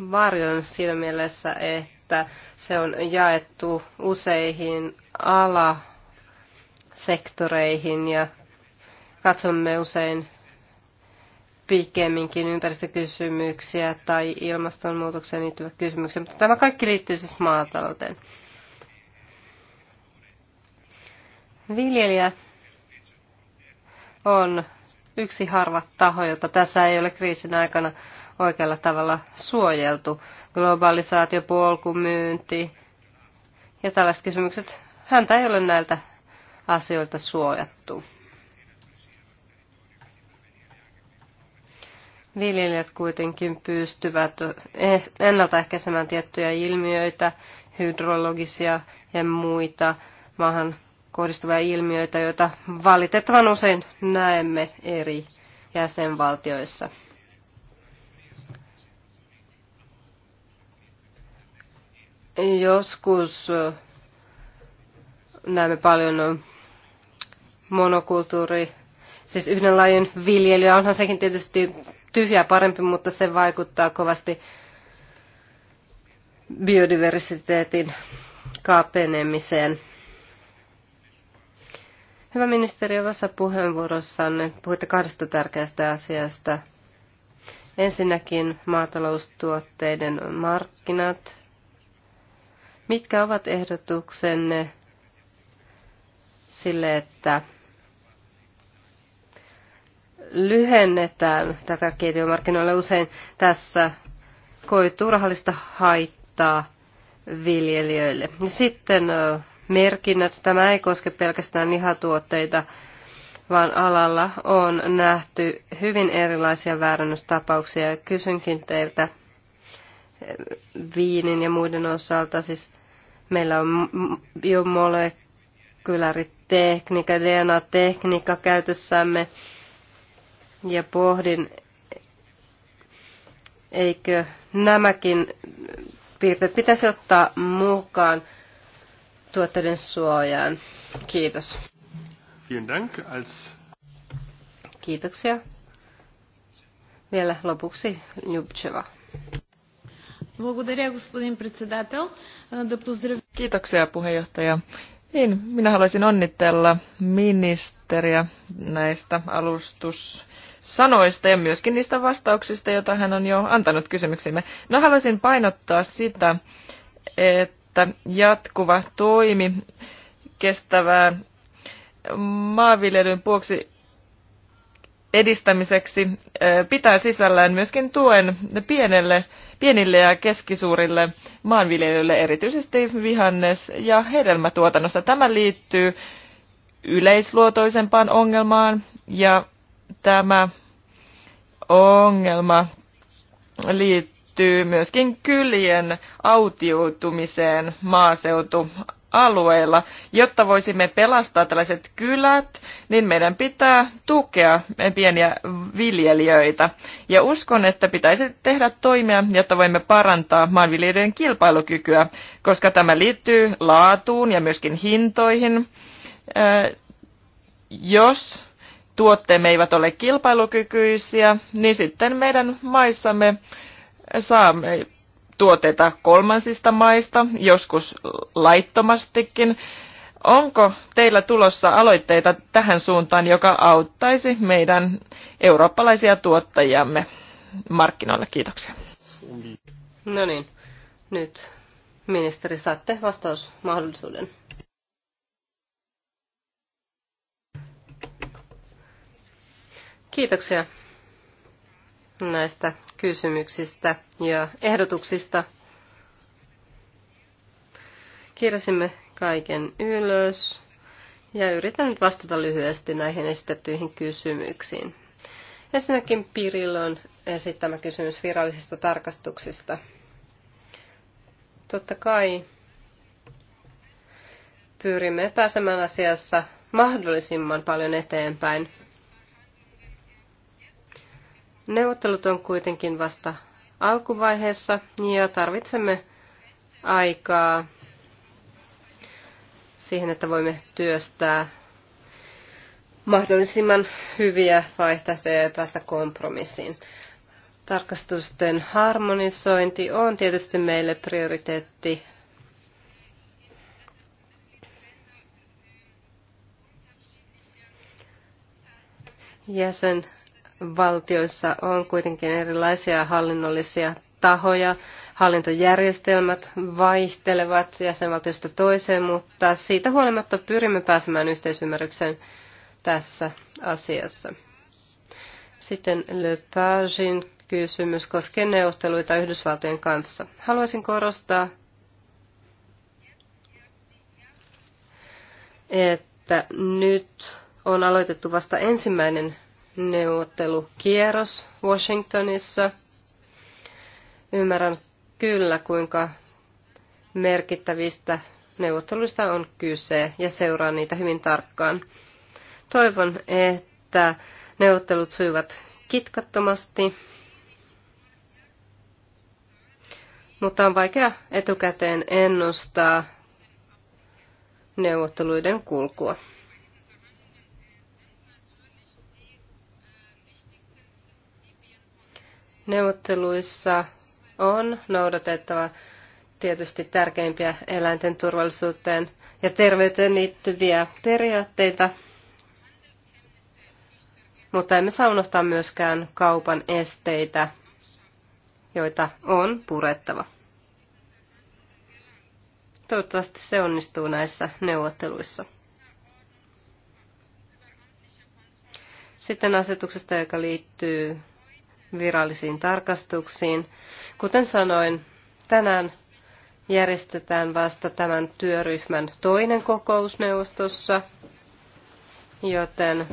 varjon siinä mielessä, että se on jaettu useihin alasektoreihin ja katsomme usein pikemminkin ympäristökysymyksiä tai ilmastonmuutokseen liittyviä kysymyksiä, mutta tämä kaikki liittyy siis maatalouteen. Viljelijä on yksi harva taho, jota tässä ei ole kriisin aikana oikealla tavalla suojeltu. Globalisaatio, myynti ja tällaiset kysymykset, häntä ei ole näiltä asioilta suojattu. Viljelijät kuitenkin pystyvät eh, ennaltaehkäisemään tiettyjä ilmiöitä, hydrologisia ja muita maahan kohdistuvia ilmiöitä, joita valitettavan usein näemme eri jäsenvaltioissa. Joskus näemme paljon monokulttuuri, siis yhden lajin viljelyä. Onhan sekin tietysti tyhjää parempi, mutta se vaikuttaa kovasti biodiversiteetin kapenemiseen. Hyvä ministeri, omassa puheenvuorossanne puhuitte kahdesta tärkeästä asiasta. Ensinnäkin maataloustuotteiden markkinat Mitkä ovat ehdotuksenne sille, että lyhennetään tätä ketjumarkkinoille usein tässä koi turhallista haittaa viljelijöille. Sitten merkinnät. Tämä ei koske pelkästään lihatuotteita, vaan alalla on nähty hyvin erilaisia väärännystapauksia. Kysynkin teiltä, viinin ja muiden osalta, siis meillä on biomolekyläritekniikka, DNA-tekniikka käytössämme ja pohdin, eikö nämäkin piirteet pitäisi ottaa mukaan tuotteiden suojaan. Kiitos. Vielen Dank. Als... Kiitoksia. Vielä lopuksi Ljubcheva. Kiitoksia puheenjohtaja. Niin, minä haluaisin onnitella ministeriä näistä alustussanoista ja myöskin niistä vastauksista, joita hän on jo antanut kysymyksimme. No haluaisin painottaa sitä, että jatkuva toimi kestävää maanviljelyn vuoksi edistämiseksi pitää sisällään myöskin tuen pienelle, pienille ja keskisuurille maanviljelijöille, erityisesti vihannes- ja hedelmätuotannossa. Tämä liittyy yleisluotoisempaan ongelmaan ja tämä ongelma liittyy myöskin kylien autiutumiseen maaseutu alueilla. Jotta voisimme pelastaa tällaiset kylät, niin meidän pitää tukea pieniä viljelijöitä. Ja uskon, että pitäisi tehdä toimia, jotta voimme parantaa maanviljelijöiden kilpailukykyä, koska tämä liittyy laatuun ja myöskin hintoihin. Äh, jos tuotteemme eivät ole kilpailukykyisiä, niin sitten meidän maissamme saamme tuotteita kolmansista maista, joskus laittomastikin. Onko teillä tulossa aloitteita tähän suuntaan, joka auttaisi meidän eurooppalaisia tuottajiamme markkinoilla? Kiitoksia. No niin, nyt ministeri saatte vastausmahdollisuuden. Kiitoksia näistä kysymyksistä ja ehdotuksista. Kirsimme kaiken ylös ja yritän nyt vastata lyhyesti näihin esitettyihin kysymyksiin. Ensinnäkin on esittämä kysymys virallisista tarkastuksista. Totta kai pyrimme pääsemään asiassa mahdollisimman paljon eteenpäin Neuvottelut on kuitenkin vasta alkuvaiheessa ja tarvitsemme aikaa siihen, että voimme työstää mahdollisimman hyviä vaihtoehtoja ja päästä kompromissiin. Tarkastusten harmonisointi on tietysti meille prioriteetti. Jäsen valtioissa on kuitenkin erilaisia hallinnollisia tahoja. Hallintojärjestelmät vaihtelevat jäsenvaltiosta toiseen, mutta siitä huolimatta pyrimme pääsemään yhteisymmärrykseen tässä asiassa. Sitten Pagin kysymys koskee neuvotteluita Yhdysvaltojen kanssa. Haluaisin korostaa, että nyt on aloitettu vasta ensimmäinen neuvottelukierros Washingtonissa. Ymmärrän kyllä, kuinka merkittävistä neuvotteluista on kyse ja seuraan niitä hyvin tarkkaan. Toivon, että neuvottelut sujuvat kitkattomasti, mutta on vaikea etukäteen ennustaa neuvotteluiden kulkua. Neuvotteluissa on noudatettava tietysti tärkeimpiä eläinten turvallisuuteen ja terveyteen liittyviä periaatteita, mutta emme saa unohtaa myöskään kaupan esteitä, joita on purettava. Toivottavasti se onnistuu näissä neuvotteluissa. Sitten asetuksesta, joka liittyy virallisiin tarkastuksiin. Kuten sanoin, tänään järjestetään vasta tämän työryhmän toinen kokous neuvostossa, joten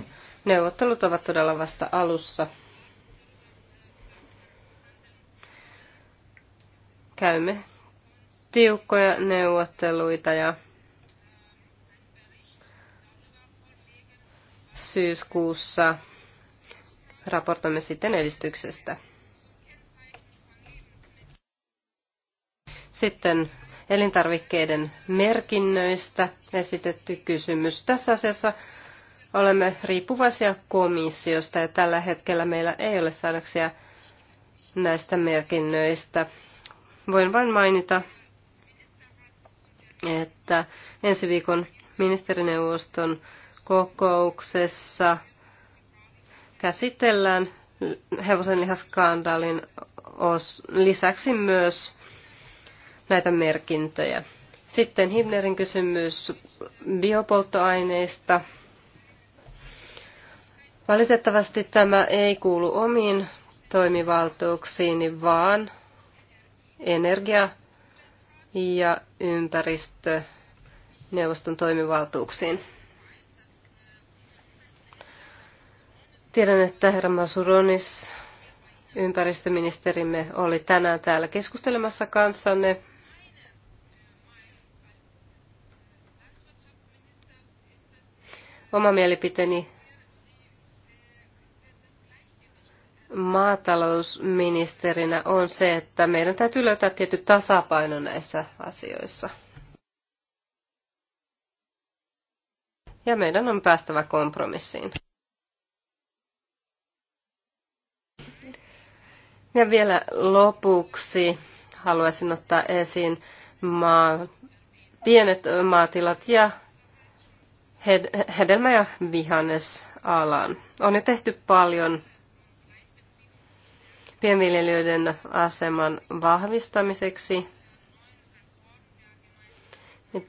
neuvottelut ovat todella vasta alussa. Käymme tiukkoja neuvotteluita ja syyskuussa raportoimme sitten edistyksestä. Sitten elintarvikkeiden merkinnöistä esitetty kysymys. Tässä asiassa olemme riippuvaisia komissiosta ja tällä hetkellä meillä ei ole säädöksiä näistä merkinnöistä. Voin vain mainita, että ensi viikon ministerineuvoston kokouksessa käsitellään hevosenlihaskandaalin os, lisäksi myös näitä merkintöjä. Sitten Himnerin kysymys biopolttoaineista. Valitettavasti tämä ei kuulu omiin toimivaltuuksiini, vaan energia- ja ympäristöneuvoston toimivaltuuksiin. Tiedän, että herra Masuronis, ympäristöministerimme, oli tänään täällä keskustelemassa kanssanne. Oma mielipiteeni maatalousministerinä on se, että meidän täytyy löytää tietty tasapaino näissä asioissa. Ja meidän on päästävä kompromissiin. Ja vielä lopuksi haluaisin ottaa esiin maa, pienet maatilat ja hed, hedelmä- ja vihannesalan. On jo tehty paljon pienviljelijöiden aseman vahvistamiseksi.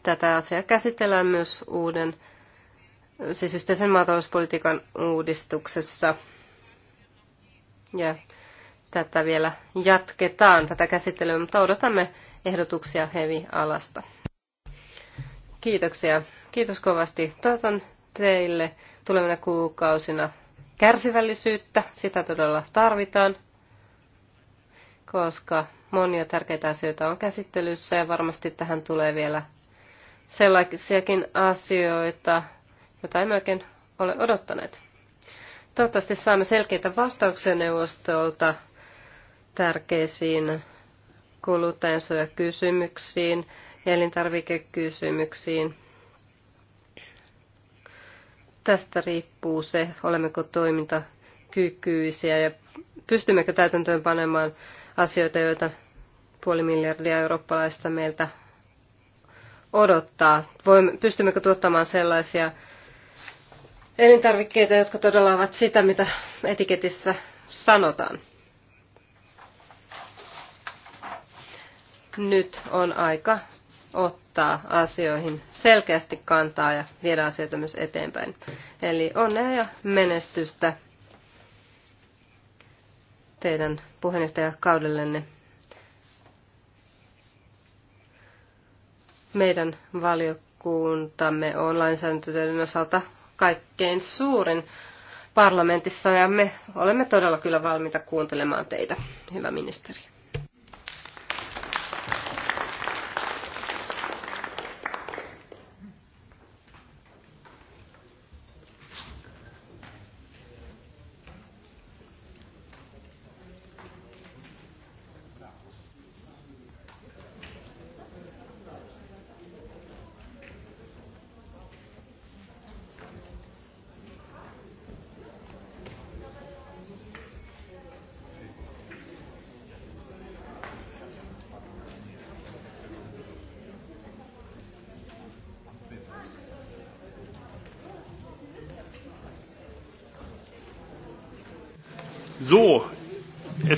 Tätä asiaa käsitellään myös uuden, siis yhteisen maatalouspolitiikan uudistuksessa. Ja tätä vielä jatketaan, tätä käsittelyä, mutta odotamme ehdotuksia hevi-alasta. Kiitoksia. Kiitos kovasti. Toivotan teille tulevina kuukausina kärsivällisyyttä. Sitä todella tarvitaan, koska monia tärkeitä asioita on käsittelyssä ja varmasti tähän tulee vielä sellaisiakin asioita, joita emme oikein ole odottaneet. Toivottavasti saamme selkeitä vastauksia neuvostolta tärkeisiin kuluttajansuojakysymyksiin, elintarvikekysymyksiin. Tästä riippuu se, olemmeko toimintakykyisiä ja pystymmekö täytäntöön panemaan asioita, joita puoli miljardia eurooppalaista meiltä odottaa. Voimme, pystymmekö tuottamaan sellaisia elintarvikkeita, jotka todella ovat sitä, mitä etiketissä sanotaan. Nyt on aika ottaa asioihin selkeästi kantaa ja viedä asioita myös eteenpäin. Eli onnea ja menestystä teidän puheenjohtajakaudellenne. Meidän valiokuntamme on lainsäädäntötyön osalta kaikkein suurin parlamentissa ja me olemme todella kyllä valmiita kuuntelemaan teitä, hyvä ministeri.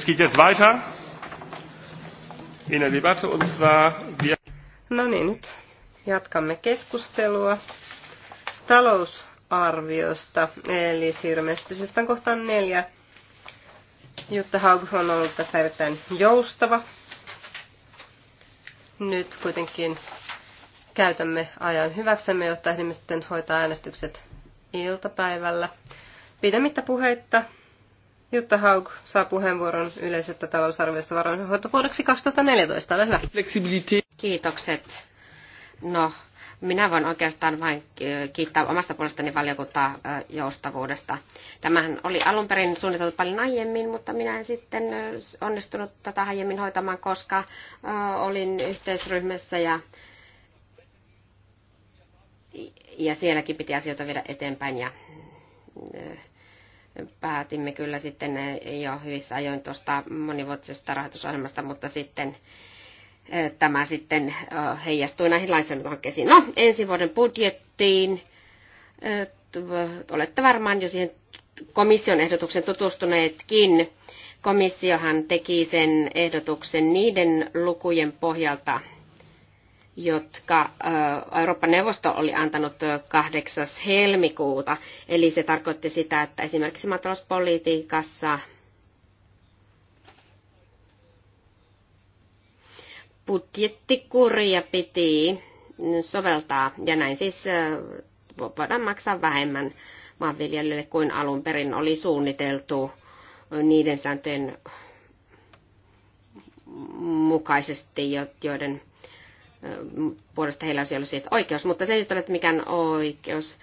geht jetzt weiter in der Debatte und zwar wir No niin, nyt jatkamme keskustelua talousarviosta, eli siirrymme esitysestään kohtaan neljä. Jutta Haugus on ollut tässä erittäin joustava. Nyt kuitenkin käytämme ajan hyväksemme, jotta ehdimme sitten hoitaa äänestykset iltapäivällä. Pidemmittä puheitta Jutta Haug saa puheenvuoron yleisestä talousarviosta varainhoitovuodeksi 2014. Ole hyvä. Flexibility. Kiitokset. No, minä voin oikeastaan vain kiittää omasta puolestani valiokuntaa joustavuudesta. Tämähän oli alun perin suunniteltu paljon aiemmin, mutta minä en sitten onnistunut tätä aiemmin hoitamaan, koska olin yhteisryhmässä ja, ja sielläkin piti asioita viedä eteenpäin ja päätimme kyllä sitten jo hyvissä ajoin tuosta monivuotisesta rahoitusohjelmasta, mutta sitten tämä sitten heijastui näihin lainsäädäntöhankkeisiin. No, ensi vuoden budjettiin. Olette varmaan jo siihen komission ehdotuksen tutustuneetkin. Komissiohan teki sen ehdotuksen niiden lukujen pohjalta, jotka Euroopan neuvosto oli antanut 8. helmikuuta. Eli se tarkoitti sitä, että esimerkiksi maatalouspolitiikassa budjettikuria piti soveltaa, ja näin siis voidaan maksaa vähemmän maanviljelijöille kuin alun perin oli suunniteltu niiden sääntöjen mukaisesti, joiden puolesta heillä olisi ollut siitä oikeus, mutta se ei nyt ole mikään oikeus,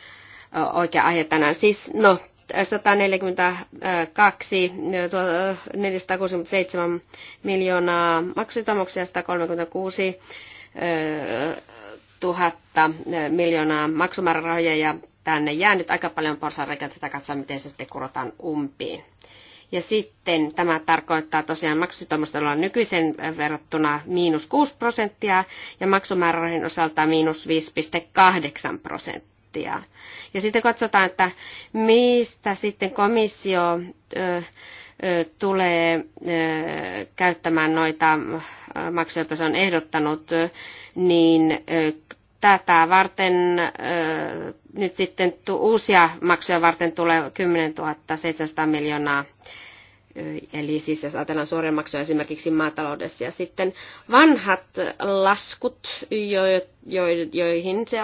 oikea aihe tänään. Siis no, 142, 467 miljoonaa maksutomuksia, 136 000 miljoonaa maksumäärärahoja ja tänne nyt aika paljon porsareikä, tätä katsoa, miten se sitten kurotaan umpiin. Ja sitten tämä tarkoittaa tosiaan maksusitoumustolla nykyisen verrattuna miinus 6 prosenttia ja maksumäärärahojen osalta miinus 5,8 prosenttia. Ja sitten katsotaan, että mistä sitten komissio ö, tulee käyttämään noita maksuja, joita se on ehdottanut, niin tätä varten nyt sitten uusia maksuja varten tulee 10 700 miljoonaa. Eli siis jos ajatellaan suoria maksuja esimerkiksi maataloudessa ja sitten vanhat laskut, jo, jo, joihin se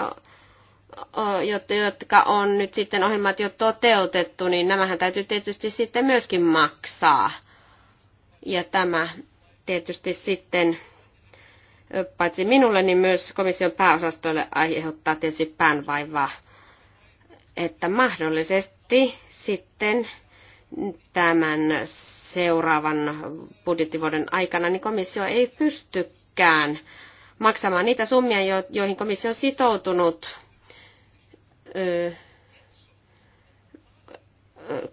jotka on nyt sitten ohjelmat jo toteutettu, niin nämähän täytyy tietysti sitten myöskin maksaa. Ja tämä tietysti sitten paitsi minulle, niin myös komission pääosastoille aiheuttaa tietysti päänvaivaa, että mahdollisesti sitten tämän seuraavan budjettivuoden aikana niin komissio ei pystykään maksamaan niitä summia, joihin komissio on sitoutunut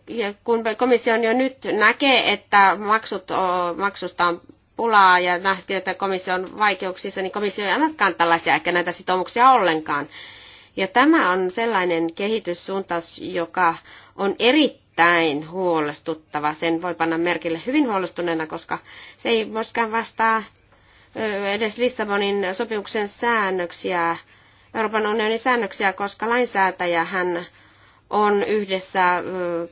ja kun komissio jo nyt näkee, että maksut, maksusta on pulaa ja nähtiin, että komissio on vaikeuksissa, niin komissio ei annakaan tällaisia ehkä näitä sitoumuksia ollenkaan. Ja tämä on sellainen kehityssuuntaus, joka on erittäin huolestuttava. Sen voi panna merkille hyvin huolestuneena, koska se ei myöskään vastaa edes Lissabonin sopimuksen säännöksiä, Euroopan unionin säännöksiä, koska lainsäätäjä hän on yhdessä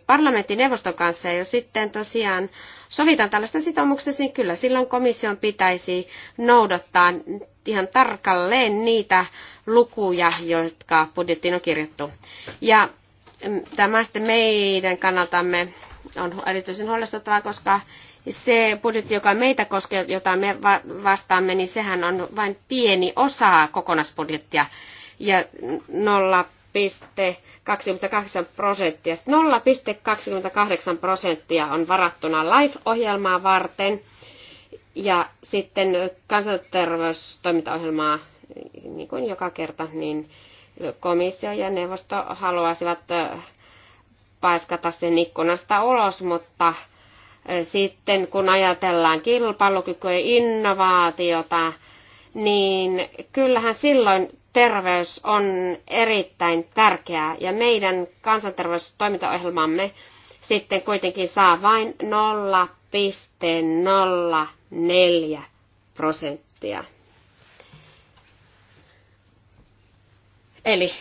parlamenttineuvoston kanssa, ja jos sitten tosiaan sovitaan tällaista sitoumuksesta, niin kyllä silloin komission pitäisi noudattaa ihan tarkalleen niitä lukuja, jotka budjettiin on kirjattu. Ja mm, tämä sitten meidän kannaltamme on erityisen huolestuttavaa, koska se budjetti, joka meitä koskee, jota me vastaamme, niin sehän on vain pieni osa kokonaisbudjettia. Ja nolla 0,28 prosenttia. 0,28 prosenttia on varattuna LIFE-ohjelmaa varten ja sitten kansanterveystoimintaohjelmaa, niin kuin joka kerta, niin komissio ja neuvosto haluaisivat äh, paiskata sen ikkunasta ulos, mutta äh, sitten kun ajatellaan kilpailukykyä ja innovaatiota, niin kyllähän silloin terveys on erittäin tärkeää ja meidän kansanterveystoimintaohjelmamme sitten kuitenkin saa vain 0,04 prosenttia. Eli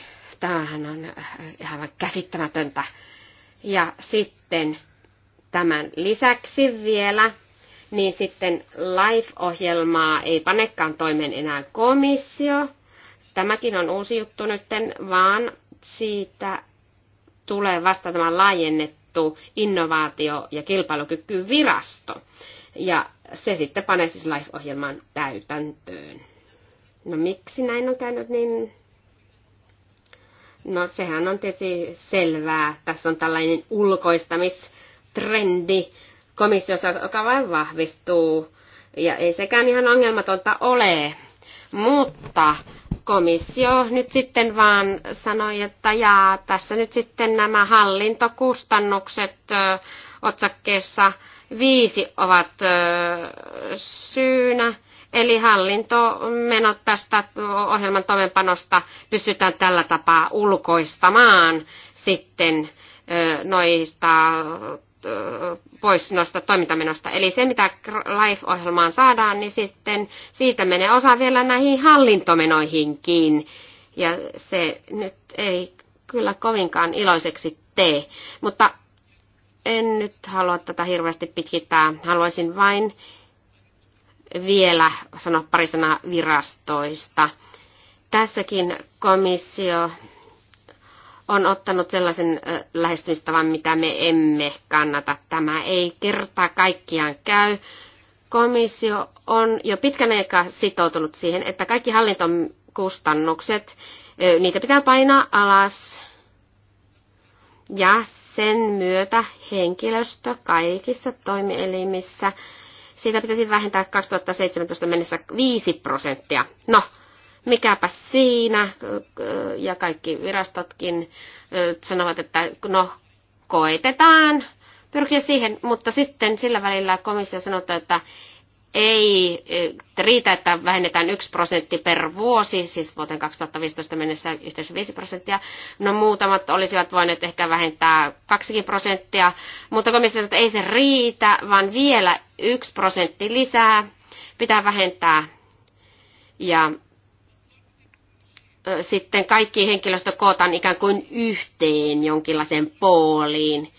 tämähän on äh, ihan käsittämätöntä. Ja sitten tämän lisäksi vielä, niin sitten live ohjelmaa ei panekaan toimeen enää komissio, tämäkin on uusi juttu nytten, vaan siitä tulee vasta tämä laajennettu innovaatio- ja kilpailukykyvirasto. Ja se sitten panee siis LIFE-ohjelman täytäntöön. No miksi näin on käynyt, niin no sehän on tietysti selvää. Tässä on tällainen ulkoistamistrendi komissiossa, joka vain vahvistuu. Ja ei sekään ihan ongelmatonta ole. Mutta komissio nyt sitten vaan sanoi, että jaa, tässä nyt sitten nämä hallintokustannukset ö, otsakkeessa viisi ovat ö, syynä. Eli hallintomenot tästä ohjelman toimenpanosta pystytään tällä tapaa ulkoistamaan sitten noista pois noista toimintamenosta. Eli se, mitä life ohjelmaan saadaan, niin sitten siitä menee osa vielä näihin hallintomenoihinkin. Ja se nyt ei kyllä kovinkaan iloiseksi tee. Mutta en nyt halua tätä hirveästi pitkittää. Haluaisin vain vielä sanoa pari sanaa virastoista. Tässäkin komissio on ottanut sellaisen lähestymistavan, mitä me emme kannata. Tämä ei kertaa kaikkiaan käy. Komissio on jo pitkän aikaa sitoutunut siihen, että kaikki hallintokustannukset, niitä pitää painaa alas. Ja sen myötä henkilöstö kaikissa toimielimissä, siitä pitäisi vähentää 2017 mennessä 5 prosenttia. No, mikäpä siinä, ja kaikki virastotkin sanovat, että no, koetetaan pyrkiä siihen, mutta sitten sillä välillä komissio sanoo, että ei riitä, että vähennetään 1 prosentti per vuosi, siis vuoteen 2015 mennessä yhteensä 5 prosenttia. No muutamat olisivat voineet ehkä vähentää 2 prosenttia, mutta komissio että ei se riitä, vaan vielä 1 prosentti lisää pitää vähentää. Ja sitten kaikki henkilöstö kootaan ikään kuin yhteen jonkinlaiseen pooliin.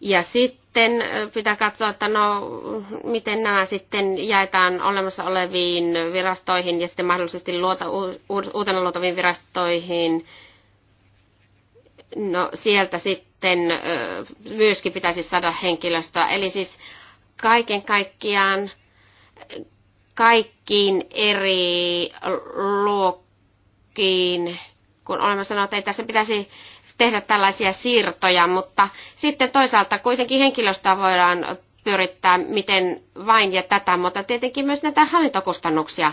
Ja sitten pitää katsoa, että no, miten nämä sitten jaetaan olemassa oleviin virastoihin ja sitten mahdollisesti luota, uutena luotaviin virastoihin. No sieltä sitten myöskin pitäisi saada henkilöstöä. Eli siis kaiken kaikkiaan kaikkiin eri luokkaan shokkiin, kun olemme sanoneet, että tässä pitäisi tehdä tällaisia siirtoja, mutta sitten toisaalta kuitenkin henkilöstöä voidaan pyörittää miten vain ja tätä, mutta tietenkin myös näitä hallintokustannuksia.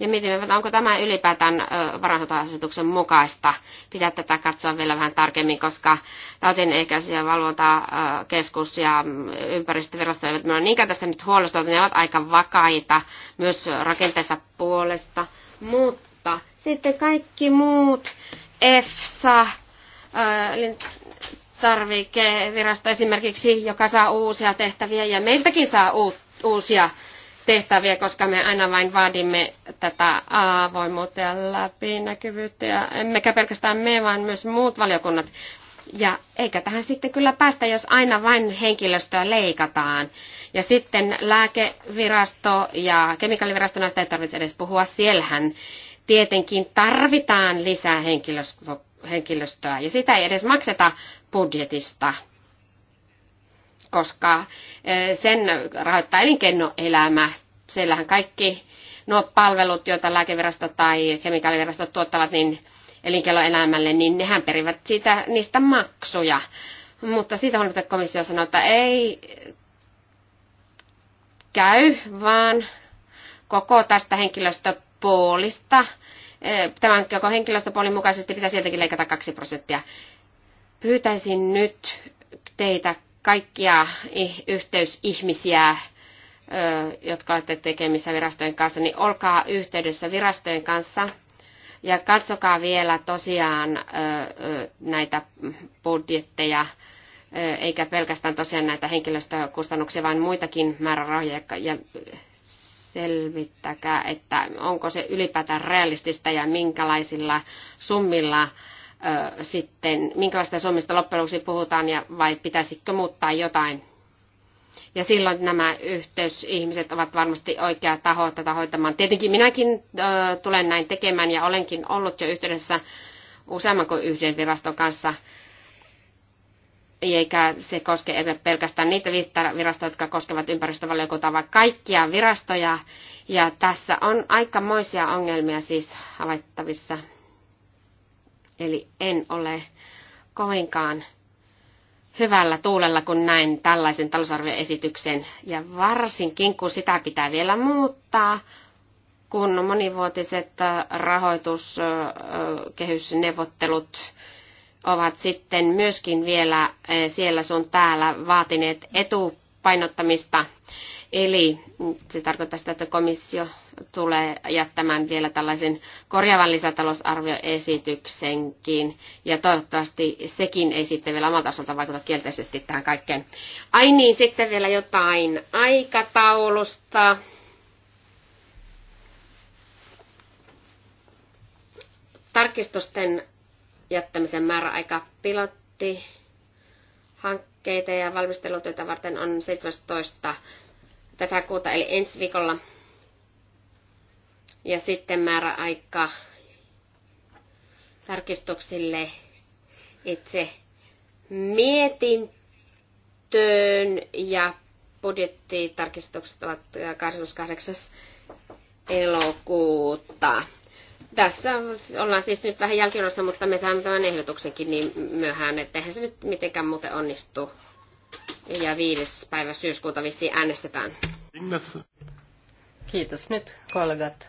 Ja mietimme, onko tämä ylipäätään varainhoitoasetuksen mukaista. Pitää tätä katsoa vielä vähän tarkemmin, koska tautinekäisiä valvontakeskus ja mm, ympäristövirasto eivät ole niinkään tässä nyt huolestuneita. Ne ovat aika vakaita myös rakenteensa puolesta, mutta sitten kaikki muut EFSA, tarvikevirasto esimerkiksi, joka saa uusia tehtäviä ja meiltäkin saa uusia tehtäviä, koska me aina vain vaadimme tätä avoimuutta ja läpinäkyvyyttä, ja emmekä pelkästään me, vaan myös muut valiokunnat. Ja eikä tähän sitten kyllä päästä, jos aina vain henkilöstöä leikataan. Ja sitten lääkevirasto ja kemikaalivirasto, näistä ei tarvitse edes puhua, siellähän tietenkin tarvitaan lisää henkilöstöä ja sitä ei edes makseta budjetista, koska eh, sen rahoittaa elinkeinoelämä. Siellähän kaikki nuo palvelut, joita lääkevirasto tai kemikaalivirasto tuottavat, niin elinkeinoelämälle, niin nehän perivät siitä, niistä maksuja. Mutta siitä huolimatta komissio sanoi, että ei käy, vaan koko tästä henkilöstö poolista, eh, tämän koko henkilöstöpoolin mukaisesti pitää sieltäkin leikata 2 prosenttia. Pyytäisin nyt teitä kaikkia yhteysihmisiä, jotka olette tekemissä virastojen kanssa, niin olkaa yhteydessä virastojen kanssa ja katsokaa vielä tosiaan näitä budjetteja, eikä pelkästään tosiaan näitä henkilöstökustannuksia, vaan muitakin määrärahoja ja selvittäkää, että onko se ylipäätään realistista ja minkälaisilla summilla ö, sitten, minkälaista summista loppujen lopuksi puhutaan ja vai pitäisikö muuttaa jotain. Ja silloin nämä yhteysihmiset ovat varmasti oikea taho tätä hoitamaan. Tietenkin minäkin ö, tulen näin tekemään ja olenkin ollut jo yhteydessä useamman kuin yhden viraston kanssa eikä se koske pelkästään niitä virastoja, jotka koskevat ympäristövaliokuntaa, vaan kaikkia virastoja. Ja tässä on aikamoisia ongelmia siis havaittavissa. Eli en ole kovinkaan hyvällä tuulella, kun näin tällaisen talousarvioesityksen. Ja varsinkin, kun sitä pitää vielä muuttaa, kun monivuotiset äh, rahoituskehysneuvottelut ovat sitten myöskin vielä eh, siellä sun täällä vaatineet etupainottamista. Eli se tarkoittaa sitä, että komissio tulee jättämään vielä tällaisen korjaavan lisätalousarvioesityksenkin. Ja toivottavasti sekin ei sitten vielä omalta osalta vaikuta kielteisesti tähän kaikkeen. Ai niin, sitten vielä jotain aikataulusta. Tarkistusten jättämisen määräaika pilotti hankkeita ja valmistelutyötä varten on 17. tätä kuuta, eli ensi viikolla. Ja sitten määräaika tarkistuksille itse mietintöön ja budjettitarkistukset ovat 28. elokuuta. Tässä ollaan siis nyt vähän jälkijunassa, mutta me saamme tämän ehdotuksenkin niin myöhään, että eihän se nyt mitenkään muuten onnistu. Ja viides päivä syyskuuta vissiin äänestetään. Kiitos. Nyt kollegat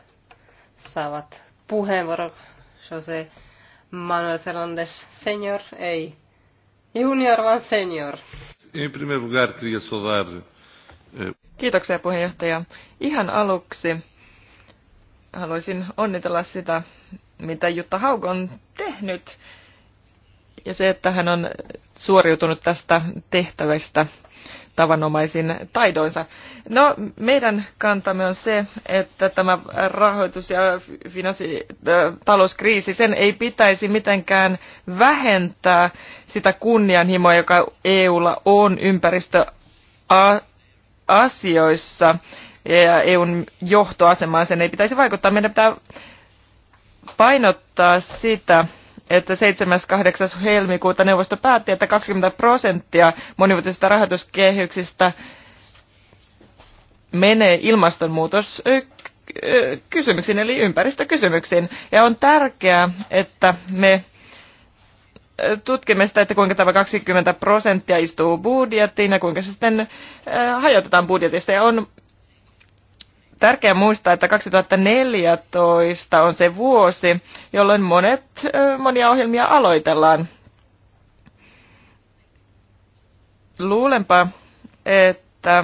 saavat puheenvuoron. Jose Manuel Fernandes senior, ei junior vaan senior. En primer lugar quería eh, Kiitoksia puheenjohtaja. Ihan aluksi haluaisin onnitella sitä, mitä Jutta Haug on tehnyt. Ja se, että hän on suoriutunut tästä tehtävästä tavanomaisin taidoinsa. No, meidän kantamme on se, että tämä rahoitus- ja finanssi- äh, talouskriisi, sen ei pitäisi mitenkään vähentää sitä kunnianhimoa, joka EUlla on ympäristöasioissa ja EUn johtoasemaan sen ei pitäisi vaikuttaa. Meidän pitää painottaa sitä, että 7.8. helmikuuta neuvosto päätti, että 20 prosenttia monivuotisista rahoituskehyksistä menee ilmastonmuutos kysymyksiin eli ympäristökysymyksiin. Ja on tärkeää, että me tutkimme sitä, että kuinka tämä 20 prosenttia istuu budjettiin ja kuinka se sitten hajotetaan budjetista. Ja on tärkeää muistaa, että 2014 on se vuosi, jolloin monet, monia ohjelmia aloitellaan. Luulenpa, että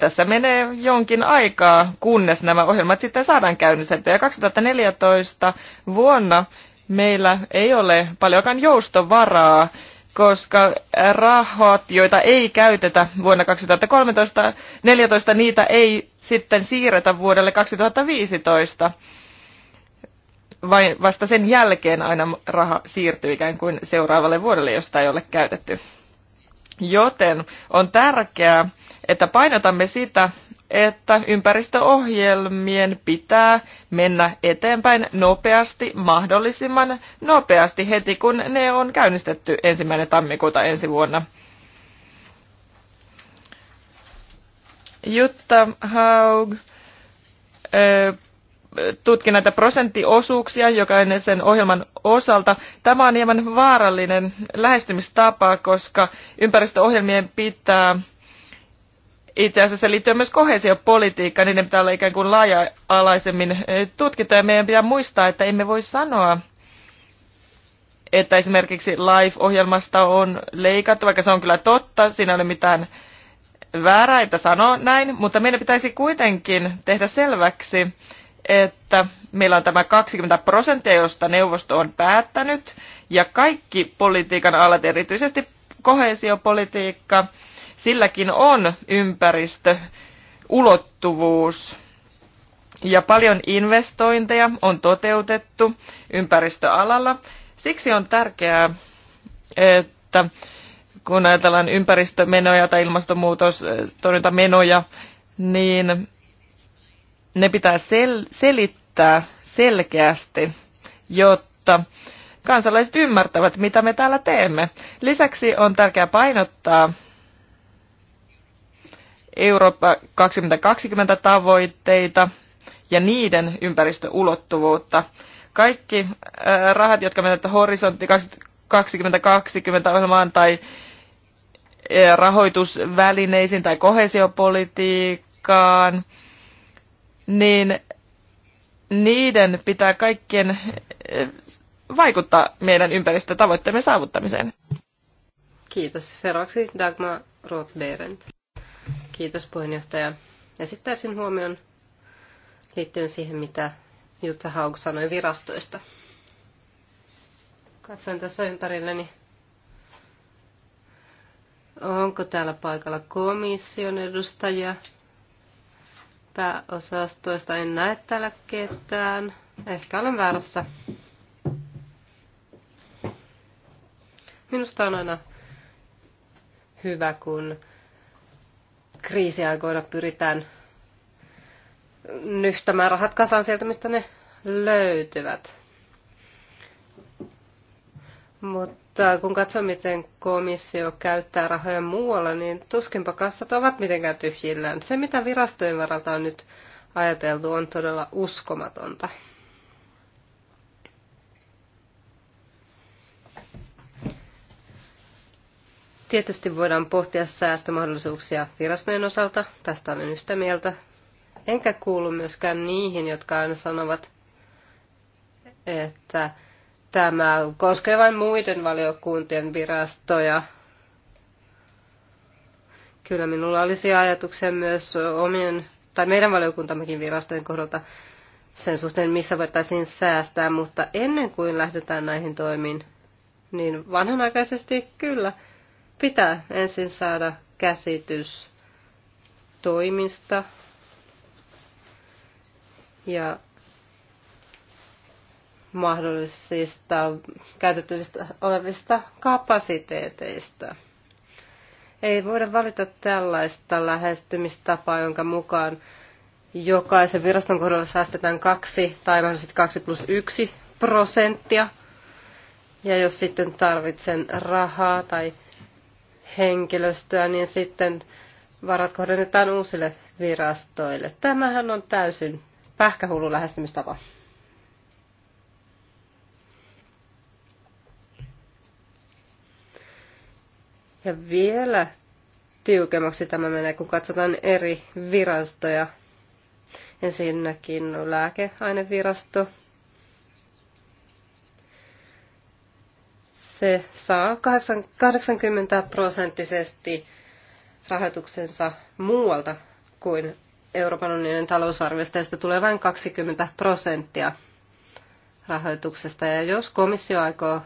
tässä menee jonkin aikaa, kunnes nämä ohjelmat sitten saadaan käynnistettyä. Ja 2014 vuonna meillä ei ole paljonkaan joustovaraa koska rahat, joita ei käytetä vuonna 2013-2014, niitä ei sitten siirretä vuodelle 2015, vai vasta sen jälkeen aina raha siirtyy ikään kuin seuraavalle vuodelle, josta ei ole käytetty. Joten on tärkeää, että painotamme sitä, että ympäristöohjelmien pitää mennä eteenpäin nopeasti, mahdollisimman nopeasti heti kun ne on käynnistetty ensimmäinen tammikuuta ensi vuonna. Jutta Haug tutki näitä prosenttiosuuksia jokaisen ohjelman osalta. Tämä on hieman vaarallinen lähestymistapa, koska ympäristöohjelmien pitää itse asiassa liittyy myös kohesiopolitiikkaan, niin ne pitää olla ikään kuin laaja-alaisemmin eh, tutkittu. Ja meidän pitää muistaa, että emme voi sanoa, että esimerkiksi live-ohjelmasta on leikattu, vaikka se on kyllä totta, siinä ei ole mitään väärää, että sanoo näin, mutta meidän pitäisi kuitenkin tehdä selväksi, että meillä on tämä 20 prosenttia, josta neuvosto on päättänyt, ja kaikki politiikan alat, erityisesti kohesiopolitiikka, silläkin on ympäristöulottuvuus. Ja paljon investointeja on toteutettu ympäristöalalla. Siksi on tärkeää, että kun ajatellaan ympäristömenoja tai ilmastonmuutostorjuntamenoja, eh, niin ne pitää sel- selittää selkeästi, jotta kansalaiset ymmärtävät, mitä me täällä teemme. Lisäksi on tärkeää painottaa Eurooppa 2020 tavoitteita ja niiden ympäristöulottuvuutta. Kaikki äh, rahat, jotka menevät horisontti 2020 ohjelmaan tai äh, rahoitusvälineisiin tai kohesiopolitiikkaan, niin niiden pitää kaikkien äh, vaikuttaa meidän ympäristötavoitteemme saavuttamiseen. Kiitos. Seuraavaksi Dagmar Rothberent. Kiitos puheenjohtaja. Esittäisin huomion liittyen siihen, mitä Jutta Haug sanoi virastoista. Katsoin tässä ympärilleni. Onko täällä paikalla komission edustajia? Pääosastoista en näe täällä ketään. Ehkä olen väärässä. Minusta on aina hyvä, kun kriisiaikoina pyritään nyhtämään rahat kasaan sieltä, mistä ne löytyvät. Mutta kun katsoo, miten komissio käyttää rahoja muualla, niin tuskinpa kassat ovat mitenkään tyhjillään. Se, mitä virastojen varalta on nyt ajateltu, on todella uskomatonta. Tietysti voidaan pohtia säästömahdollisuuksia virastojen osalta, tästä olen yhtä mieltä. Enkä kuulu myöskään niihin, jotka aina sanovat, että tämä koskee vain muiden valiokuntien virastoja. Kyllä minulla olisi ajatuksia myös omien, tai meidän valiokuntammekin virastojen kohdalta sen suhteen, missä voitaisiin säästää, mutta ennen kuin lähdetään näihin toimiin, niin vanhanaikaisesti kyllä – Pitää ensin saada käsitys toimista ja mahdollisista käytettävistä olevista kapasiteeteista. Ei voida valita tällaista lähestymistapaa, jonka mukaan jokaisen viraston kohdalla säästetään kaksi tai mahdollisesti kaksi plus yksi prosenttia. Ja jos sitten tarvitsen rahaa tai henkilöstöä, niin sitten varat kohdennetaan uusille virastoille. Tämähän on täysin pähkähullu lähestymistapa. Ja vielä tiukemmaksi tämä menee, kun katsotaan eri virastoja. Ensinnäkin lääkeainevirasto, se saa 80 prosenttisesti rahoituksensa muualta kuin Euroopan unionin talousarviosta, josta tulee vain 20 prosenttia rahoituksesta. Ja jos komissio aikoo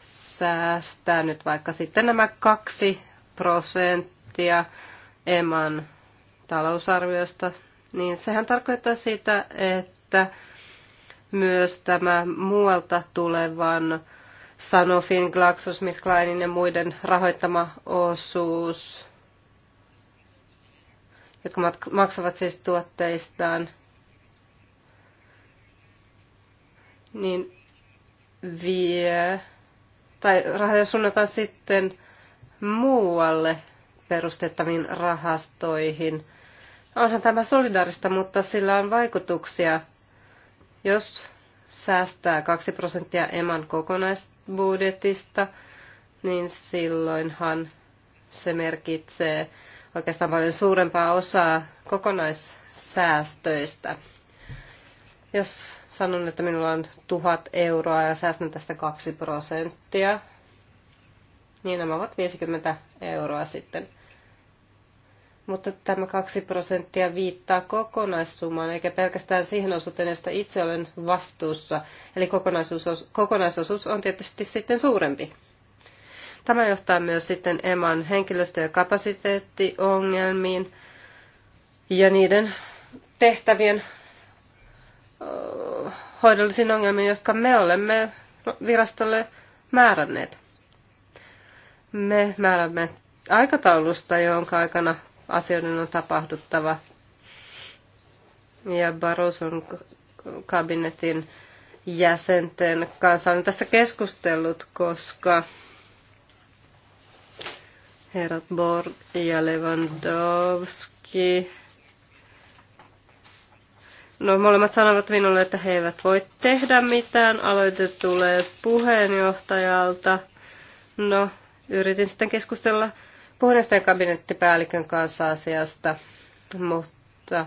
säästää nyt vaikka sitten nämä kaksi prosenttia EMAN talousarviosta, niin sehän tarkoittaa sitä, että myös tämä muualta tulevan Sanofin, GlaxoSmithKlinein ja muiden rahoittama osuus, jotka maksavat siis tuotteistaan, niin vie tai rahoja suunnataan sitten muualle perustettaviin rahastoihin. Onhan tämä solidaarista, mutta sillä on vaikutuksia, jos säästää 2 prosenttia eman kokonaista budjetista, niin silloinhan se merkitsee oikeastaan paljon suurempaa osaa kokonaissäästöistä. Jos sanon, että minulla on tuhat euroa ja säästän tästä 2 prosenttia, niin nämä ovat 50 euroa sitten mutta tämä kaksi prosenttia viittaa kokonaissummaan, eikä pelkästään siihen osuuteen, josta itse olen vastuussa. Eli kokonaisuus, kokonaisosuus on tietysti sitten suurempi. Tämä johtaa myös sitten EMAn henkilöstö- ja kapasiteettiongelmiin ja niiden tehtävien hoidollisiin ongelmiin, jotka me olemme virastolle määränneet. Me määrämme aikataulusta, jonka aikana asioiden on tapahduttava. Ja Barroson kabinetin jäsenten kanssa olen tästä keskustellut, koska herrat Borg ja Lewandowski. No molemmat sanovat minulle, että he eivät voi tehdä mitään. Aloite tulee puheenjohtajalta. No, yritin sitten keskustella puheenjohtajan kabinettipäällikön kanssa asiasta, mutta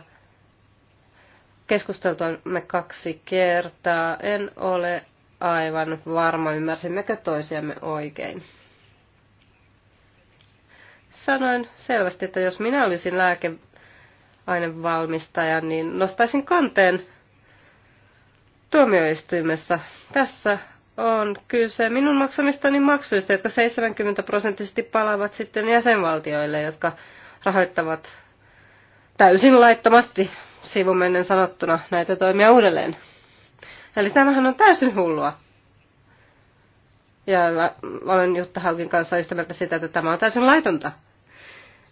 me kaksi kertaa. En ole aivan varma, ymmärsimmekö toisiamme oikein. Sanoin selvästi, että jos minä olisin lääkeainevalmistaja, niin nostaisin kanteen tuomioistuimessa. Tässä on kyse minun maksamistani maksuista, jotka 70 prosenttisesti palaavat sitten jäsenvaltioille, jotka rahoittavat täysin laittomasti sivumennen sanottuna näitä toimia uudelleen. Eli tämähän on täysin hullua. Ja mä olen Jutta Haukin kanssa yhtä mieltä sitä, että tämä on täysin laitonta.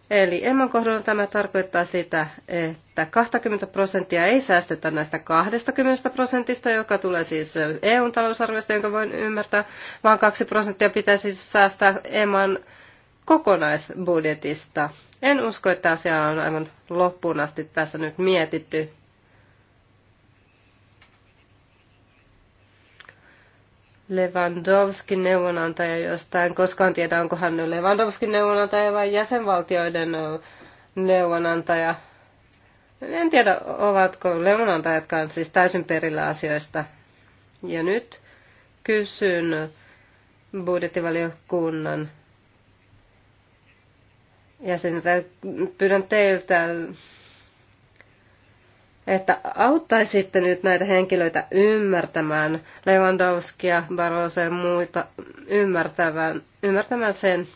Eli emman kohdalla tämä tarkoittaa sitä, että 20 prosenttia ei säästetä näistä 20 prosentista, joka tulee siis EUn talousarviosta, jonka voin ymmärtää, vaan 2 prosenttia pitäisi siis säästää emman kokonaisbudjetista. En usko, että asia on aivan loppuun asti tässä nyt mietitty. Lewandowskin neuvonantaja jostain. Koskaan tiedä, onko hän Lewandowskin neuvonantaja vai jäsenvaltioiden neuvonantaja. En tiedä, ovatko neuvonantajatkaan siis täysin perillä asioista. Ja nyt kysyn budjettivaliokunnan jäseniltä. Pyydän teiltä että auttaisitte nyt näitä henkilöitä ymmärtämään Lewandowskia, Barroso ja muita ymmärtämään, ymmärtämään sen,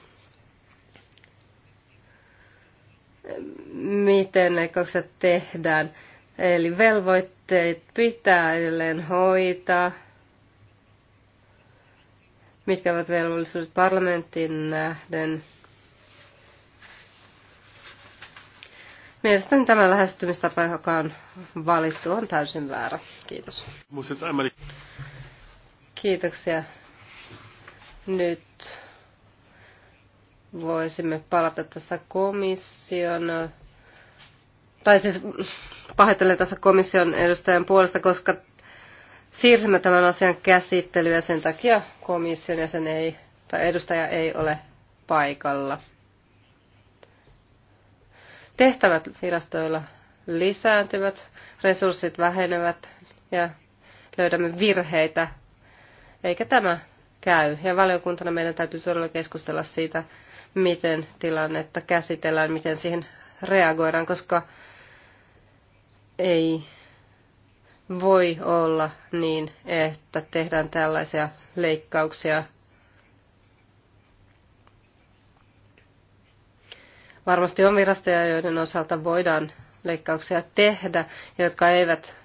miten leikkaukset tehdään. Eli velvoitteet pitää edelleen hoitaa, mitkä ovat velvollisuudet parlamenttiin nähden – Mielestäni tämä lähestymistapa, joka on valittu, on täysin väärä. Kiitos. Kiitoksia. Nyt voisimme palata tässä komission, tai siis pahoittelen tässä komission edustajan puolesta, koska siirsimme tämän asian käsittelyä sen takia komission ja sen ei, tai edustaja ei ole paikalla. Tehtävät virastoilla lisääntyvät, resurssit vähenevät ja löydämme virheitä, eikä tämä käy. Ja valiokuntana meidän täytyy todella keskustella siitä, miten tilannetta käsitellään, miten siihen reagoidaan, koska ei voi olla niin, että tehdään tällaisia leikkauksia Varmasti on virastoja, joiden osalta voidaan leikkauksia tehdä, jotka eivät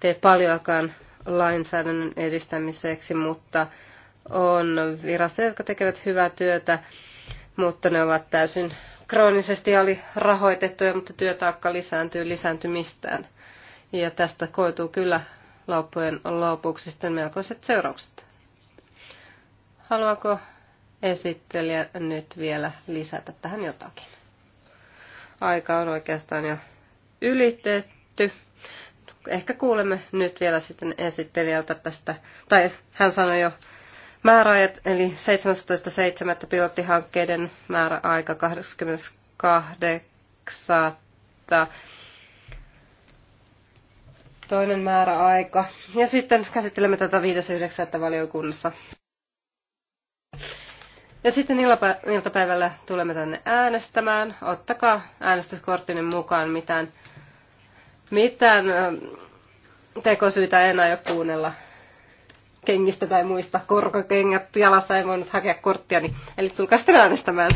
tee paljoakaan lainsäädännön edistämiseksi, mutta on virastoja, jotka tekevät hyvää työtä, mutta ne ovat täysin kroonisesti alirahoitettuja, mutta työtaakka lisääntyy lisääntymistään. Ja tästä koituu kyllä loppujen lopuksi sitten melkoiset seuraukset. Haluaako esittelijä nyt vielä lisätä tähän jotakin? aika on oikeastaan jo ylitetty. Ehkä kuulemme nyt vielä sitten esittelijältä tästä, tai hän sanoi jo määräajat, eli 17.7. pilottihankkeiden määräaika 28. Toinen määräaika. Ja sitten käsittelemme tätä 5.9. valiokunnassa. Ja sitten iltapäivällä tulemme tänne äänestämään. Ottakaa äänestyskorttinen mukaan mitään, mitään tekosyitä en aio kuunnella kengistä tai muista. Korkokengät jalassa ei voinut hakea korttia, eli tulkaa sitten äänestämään.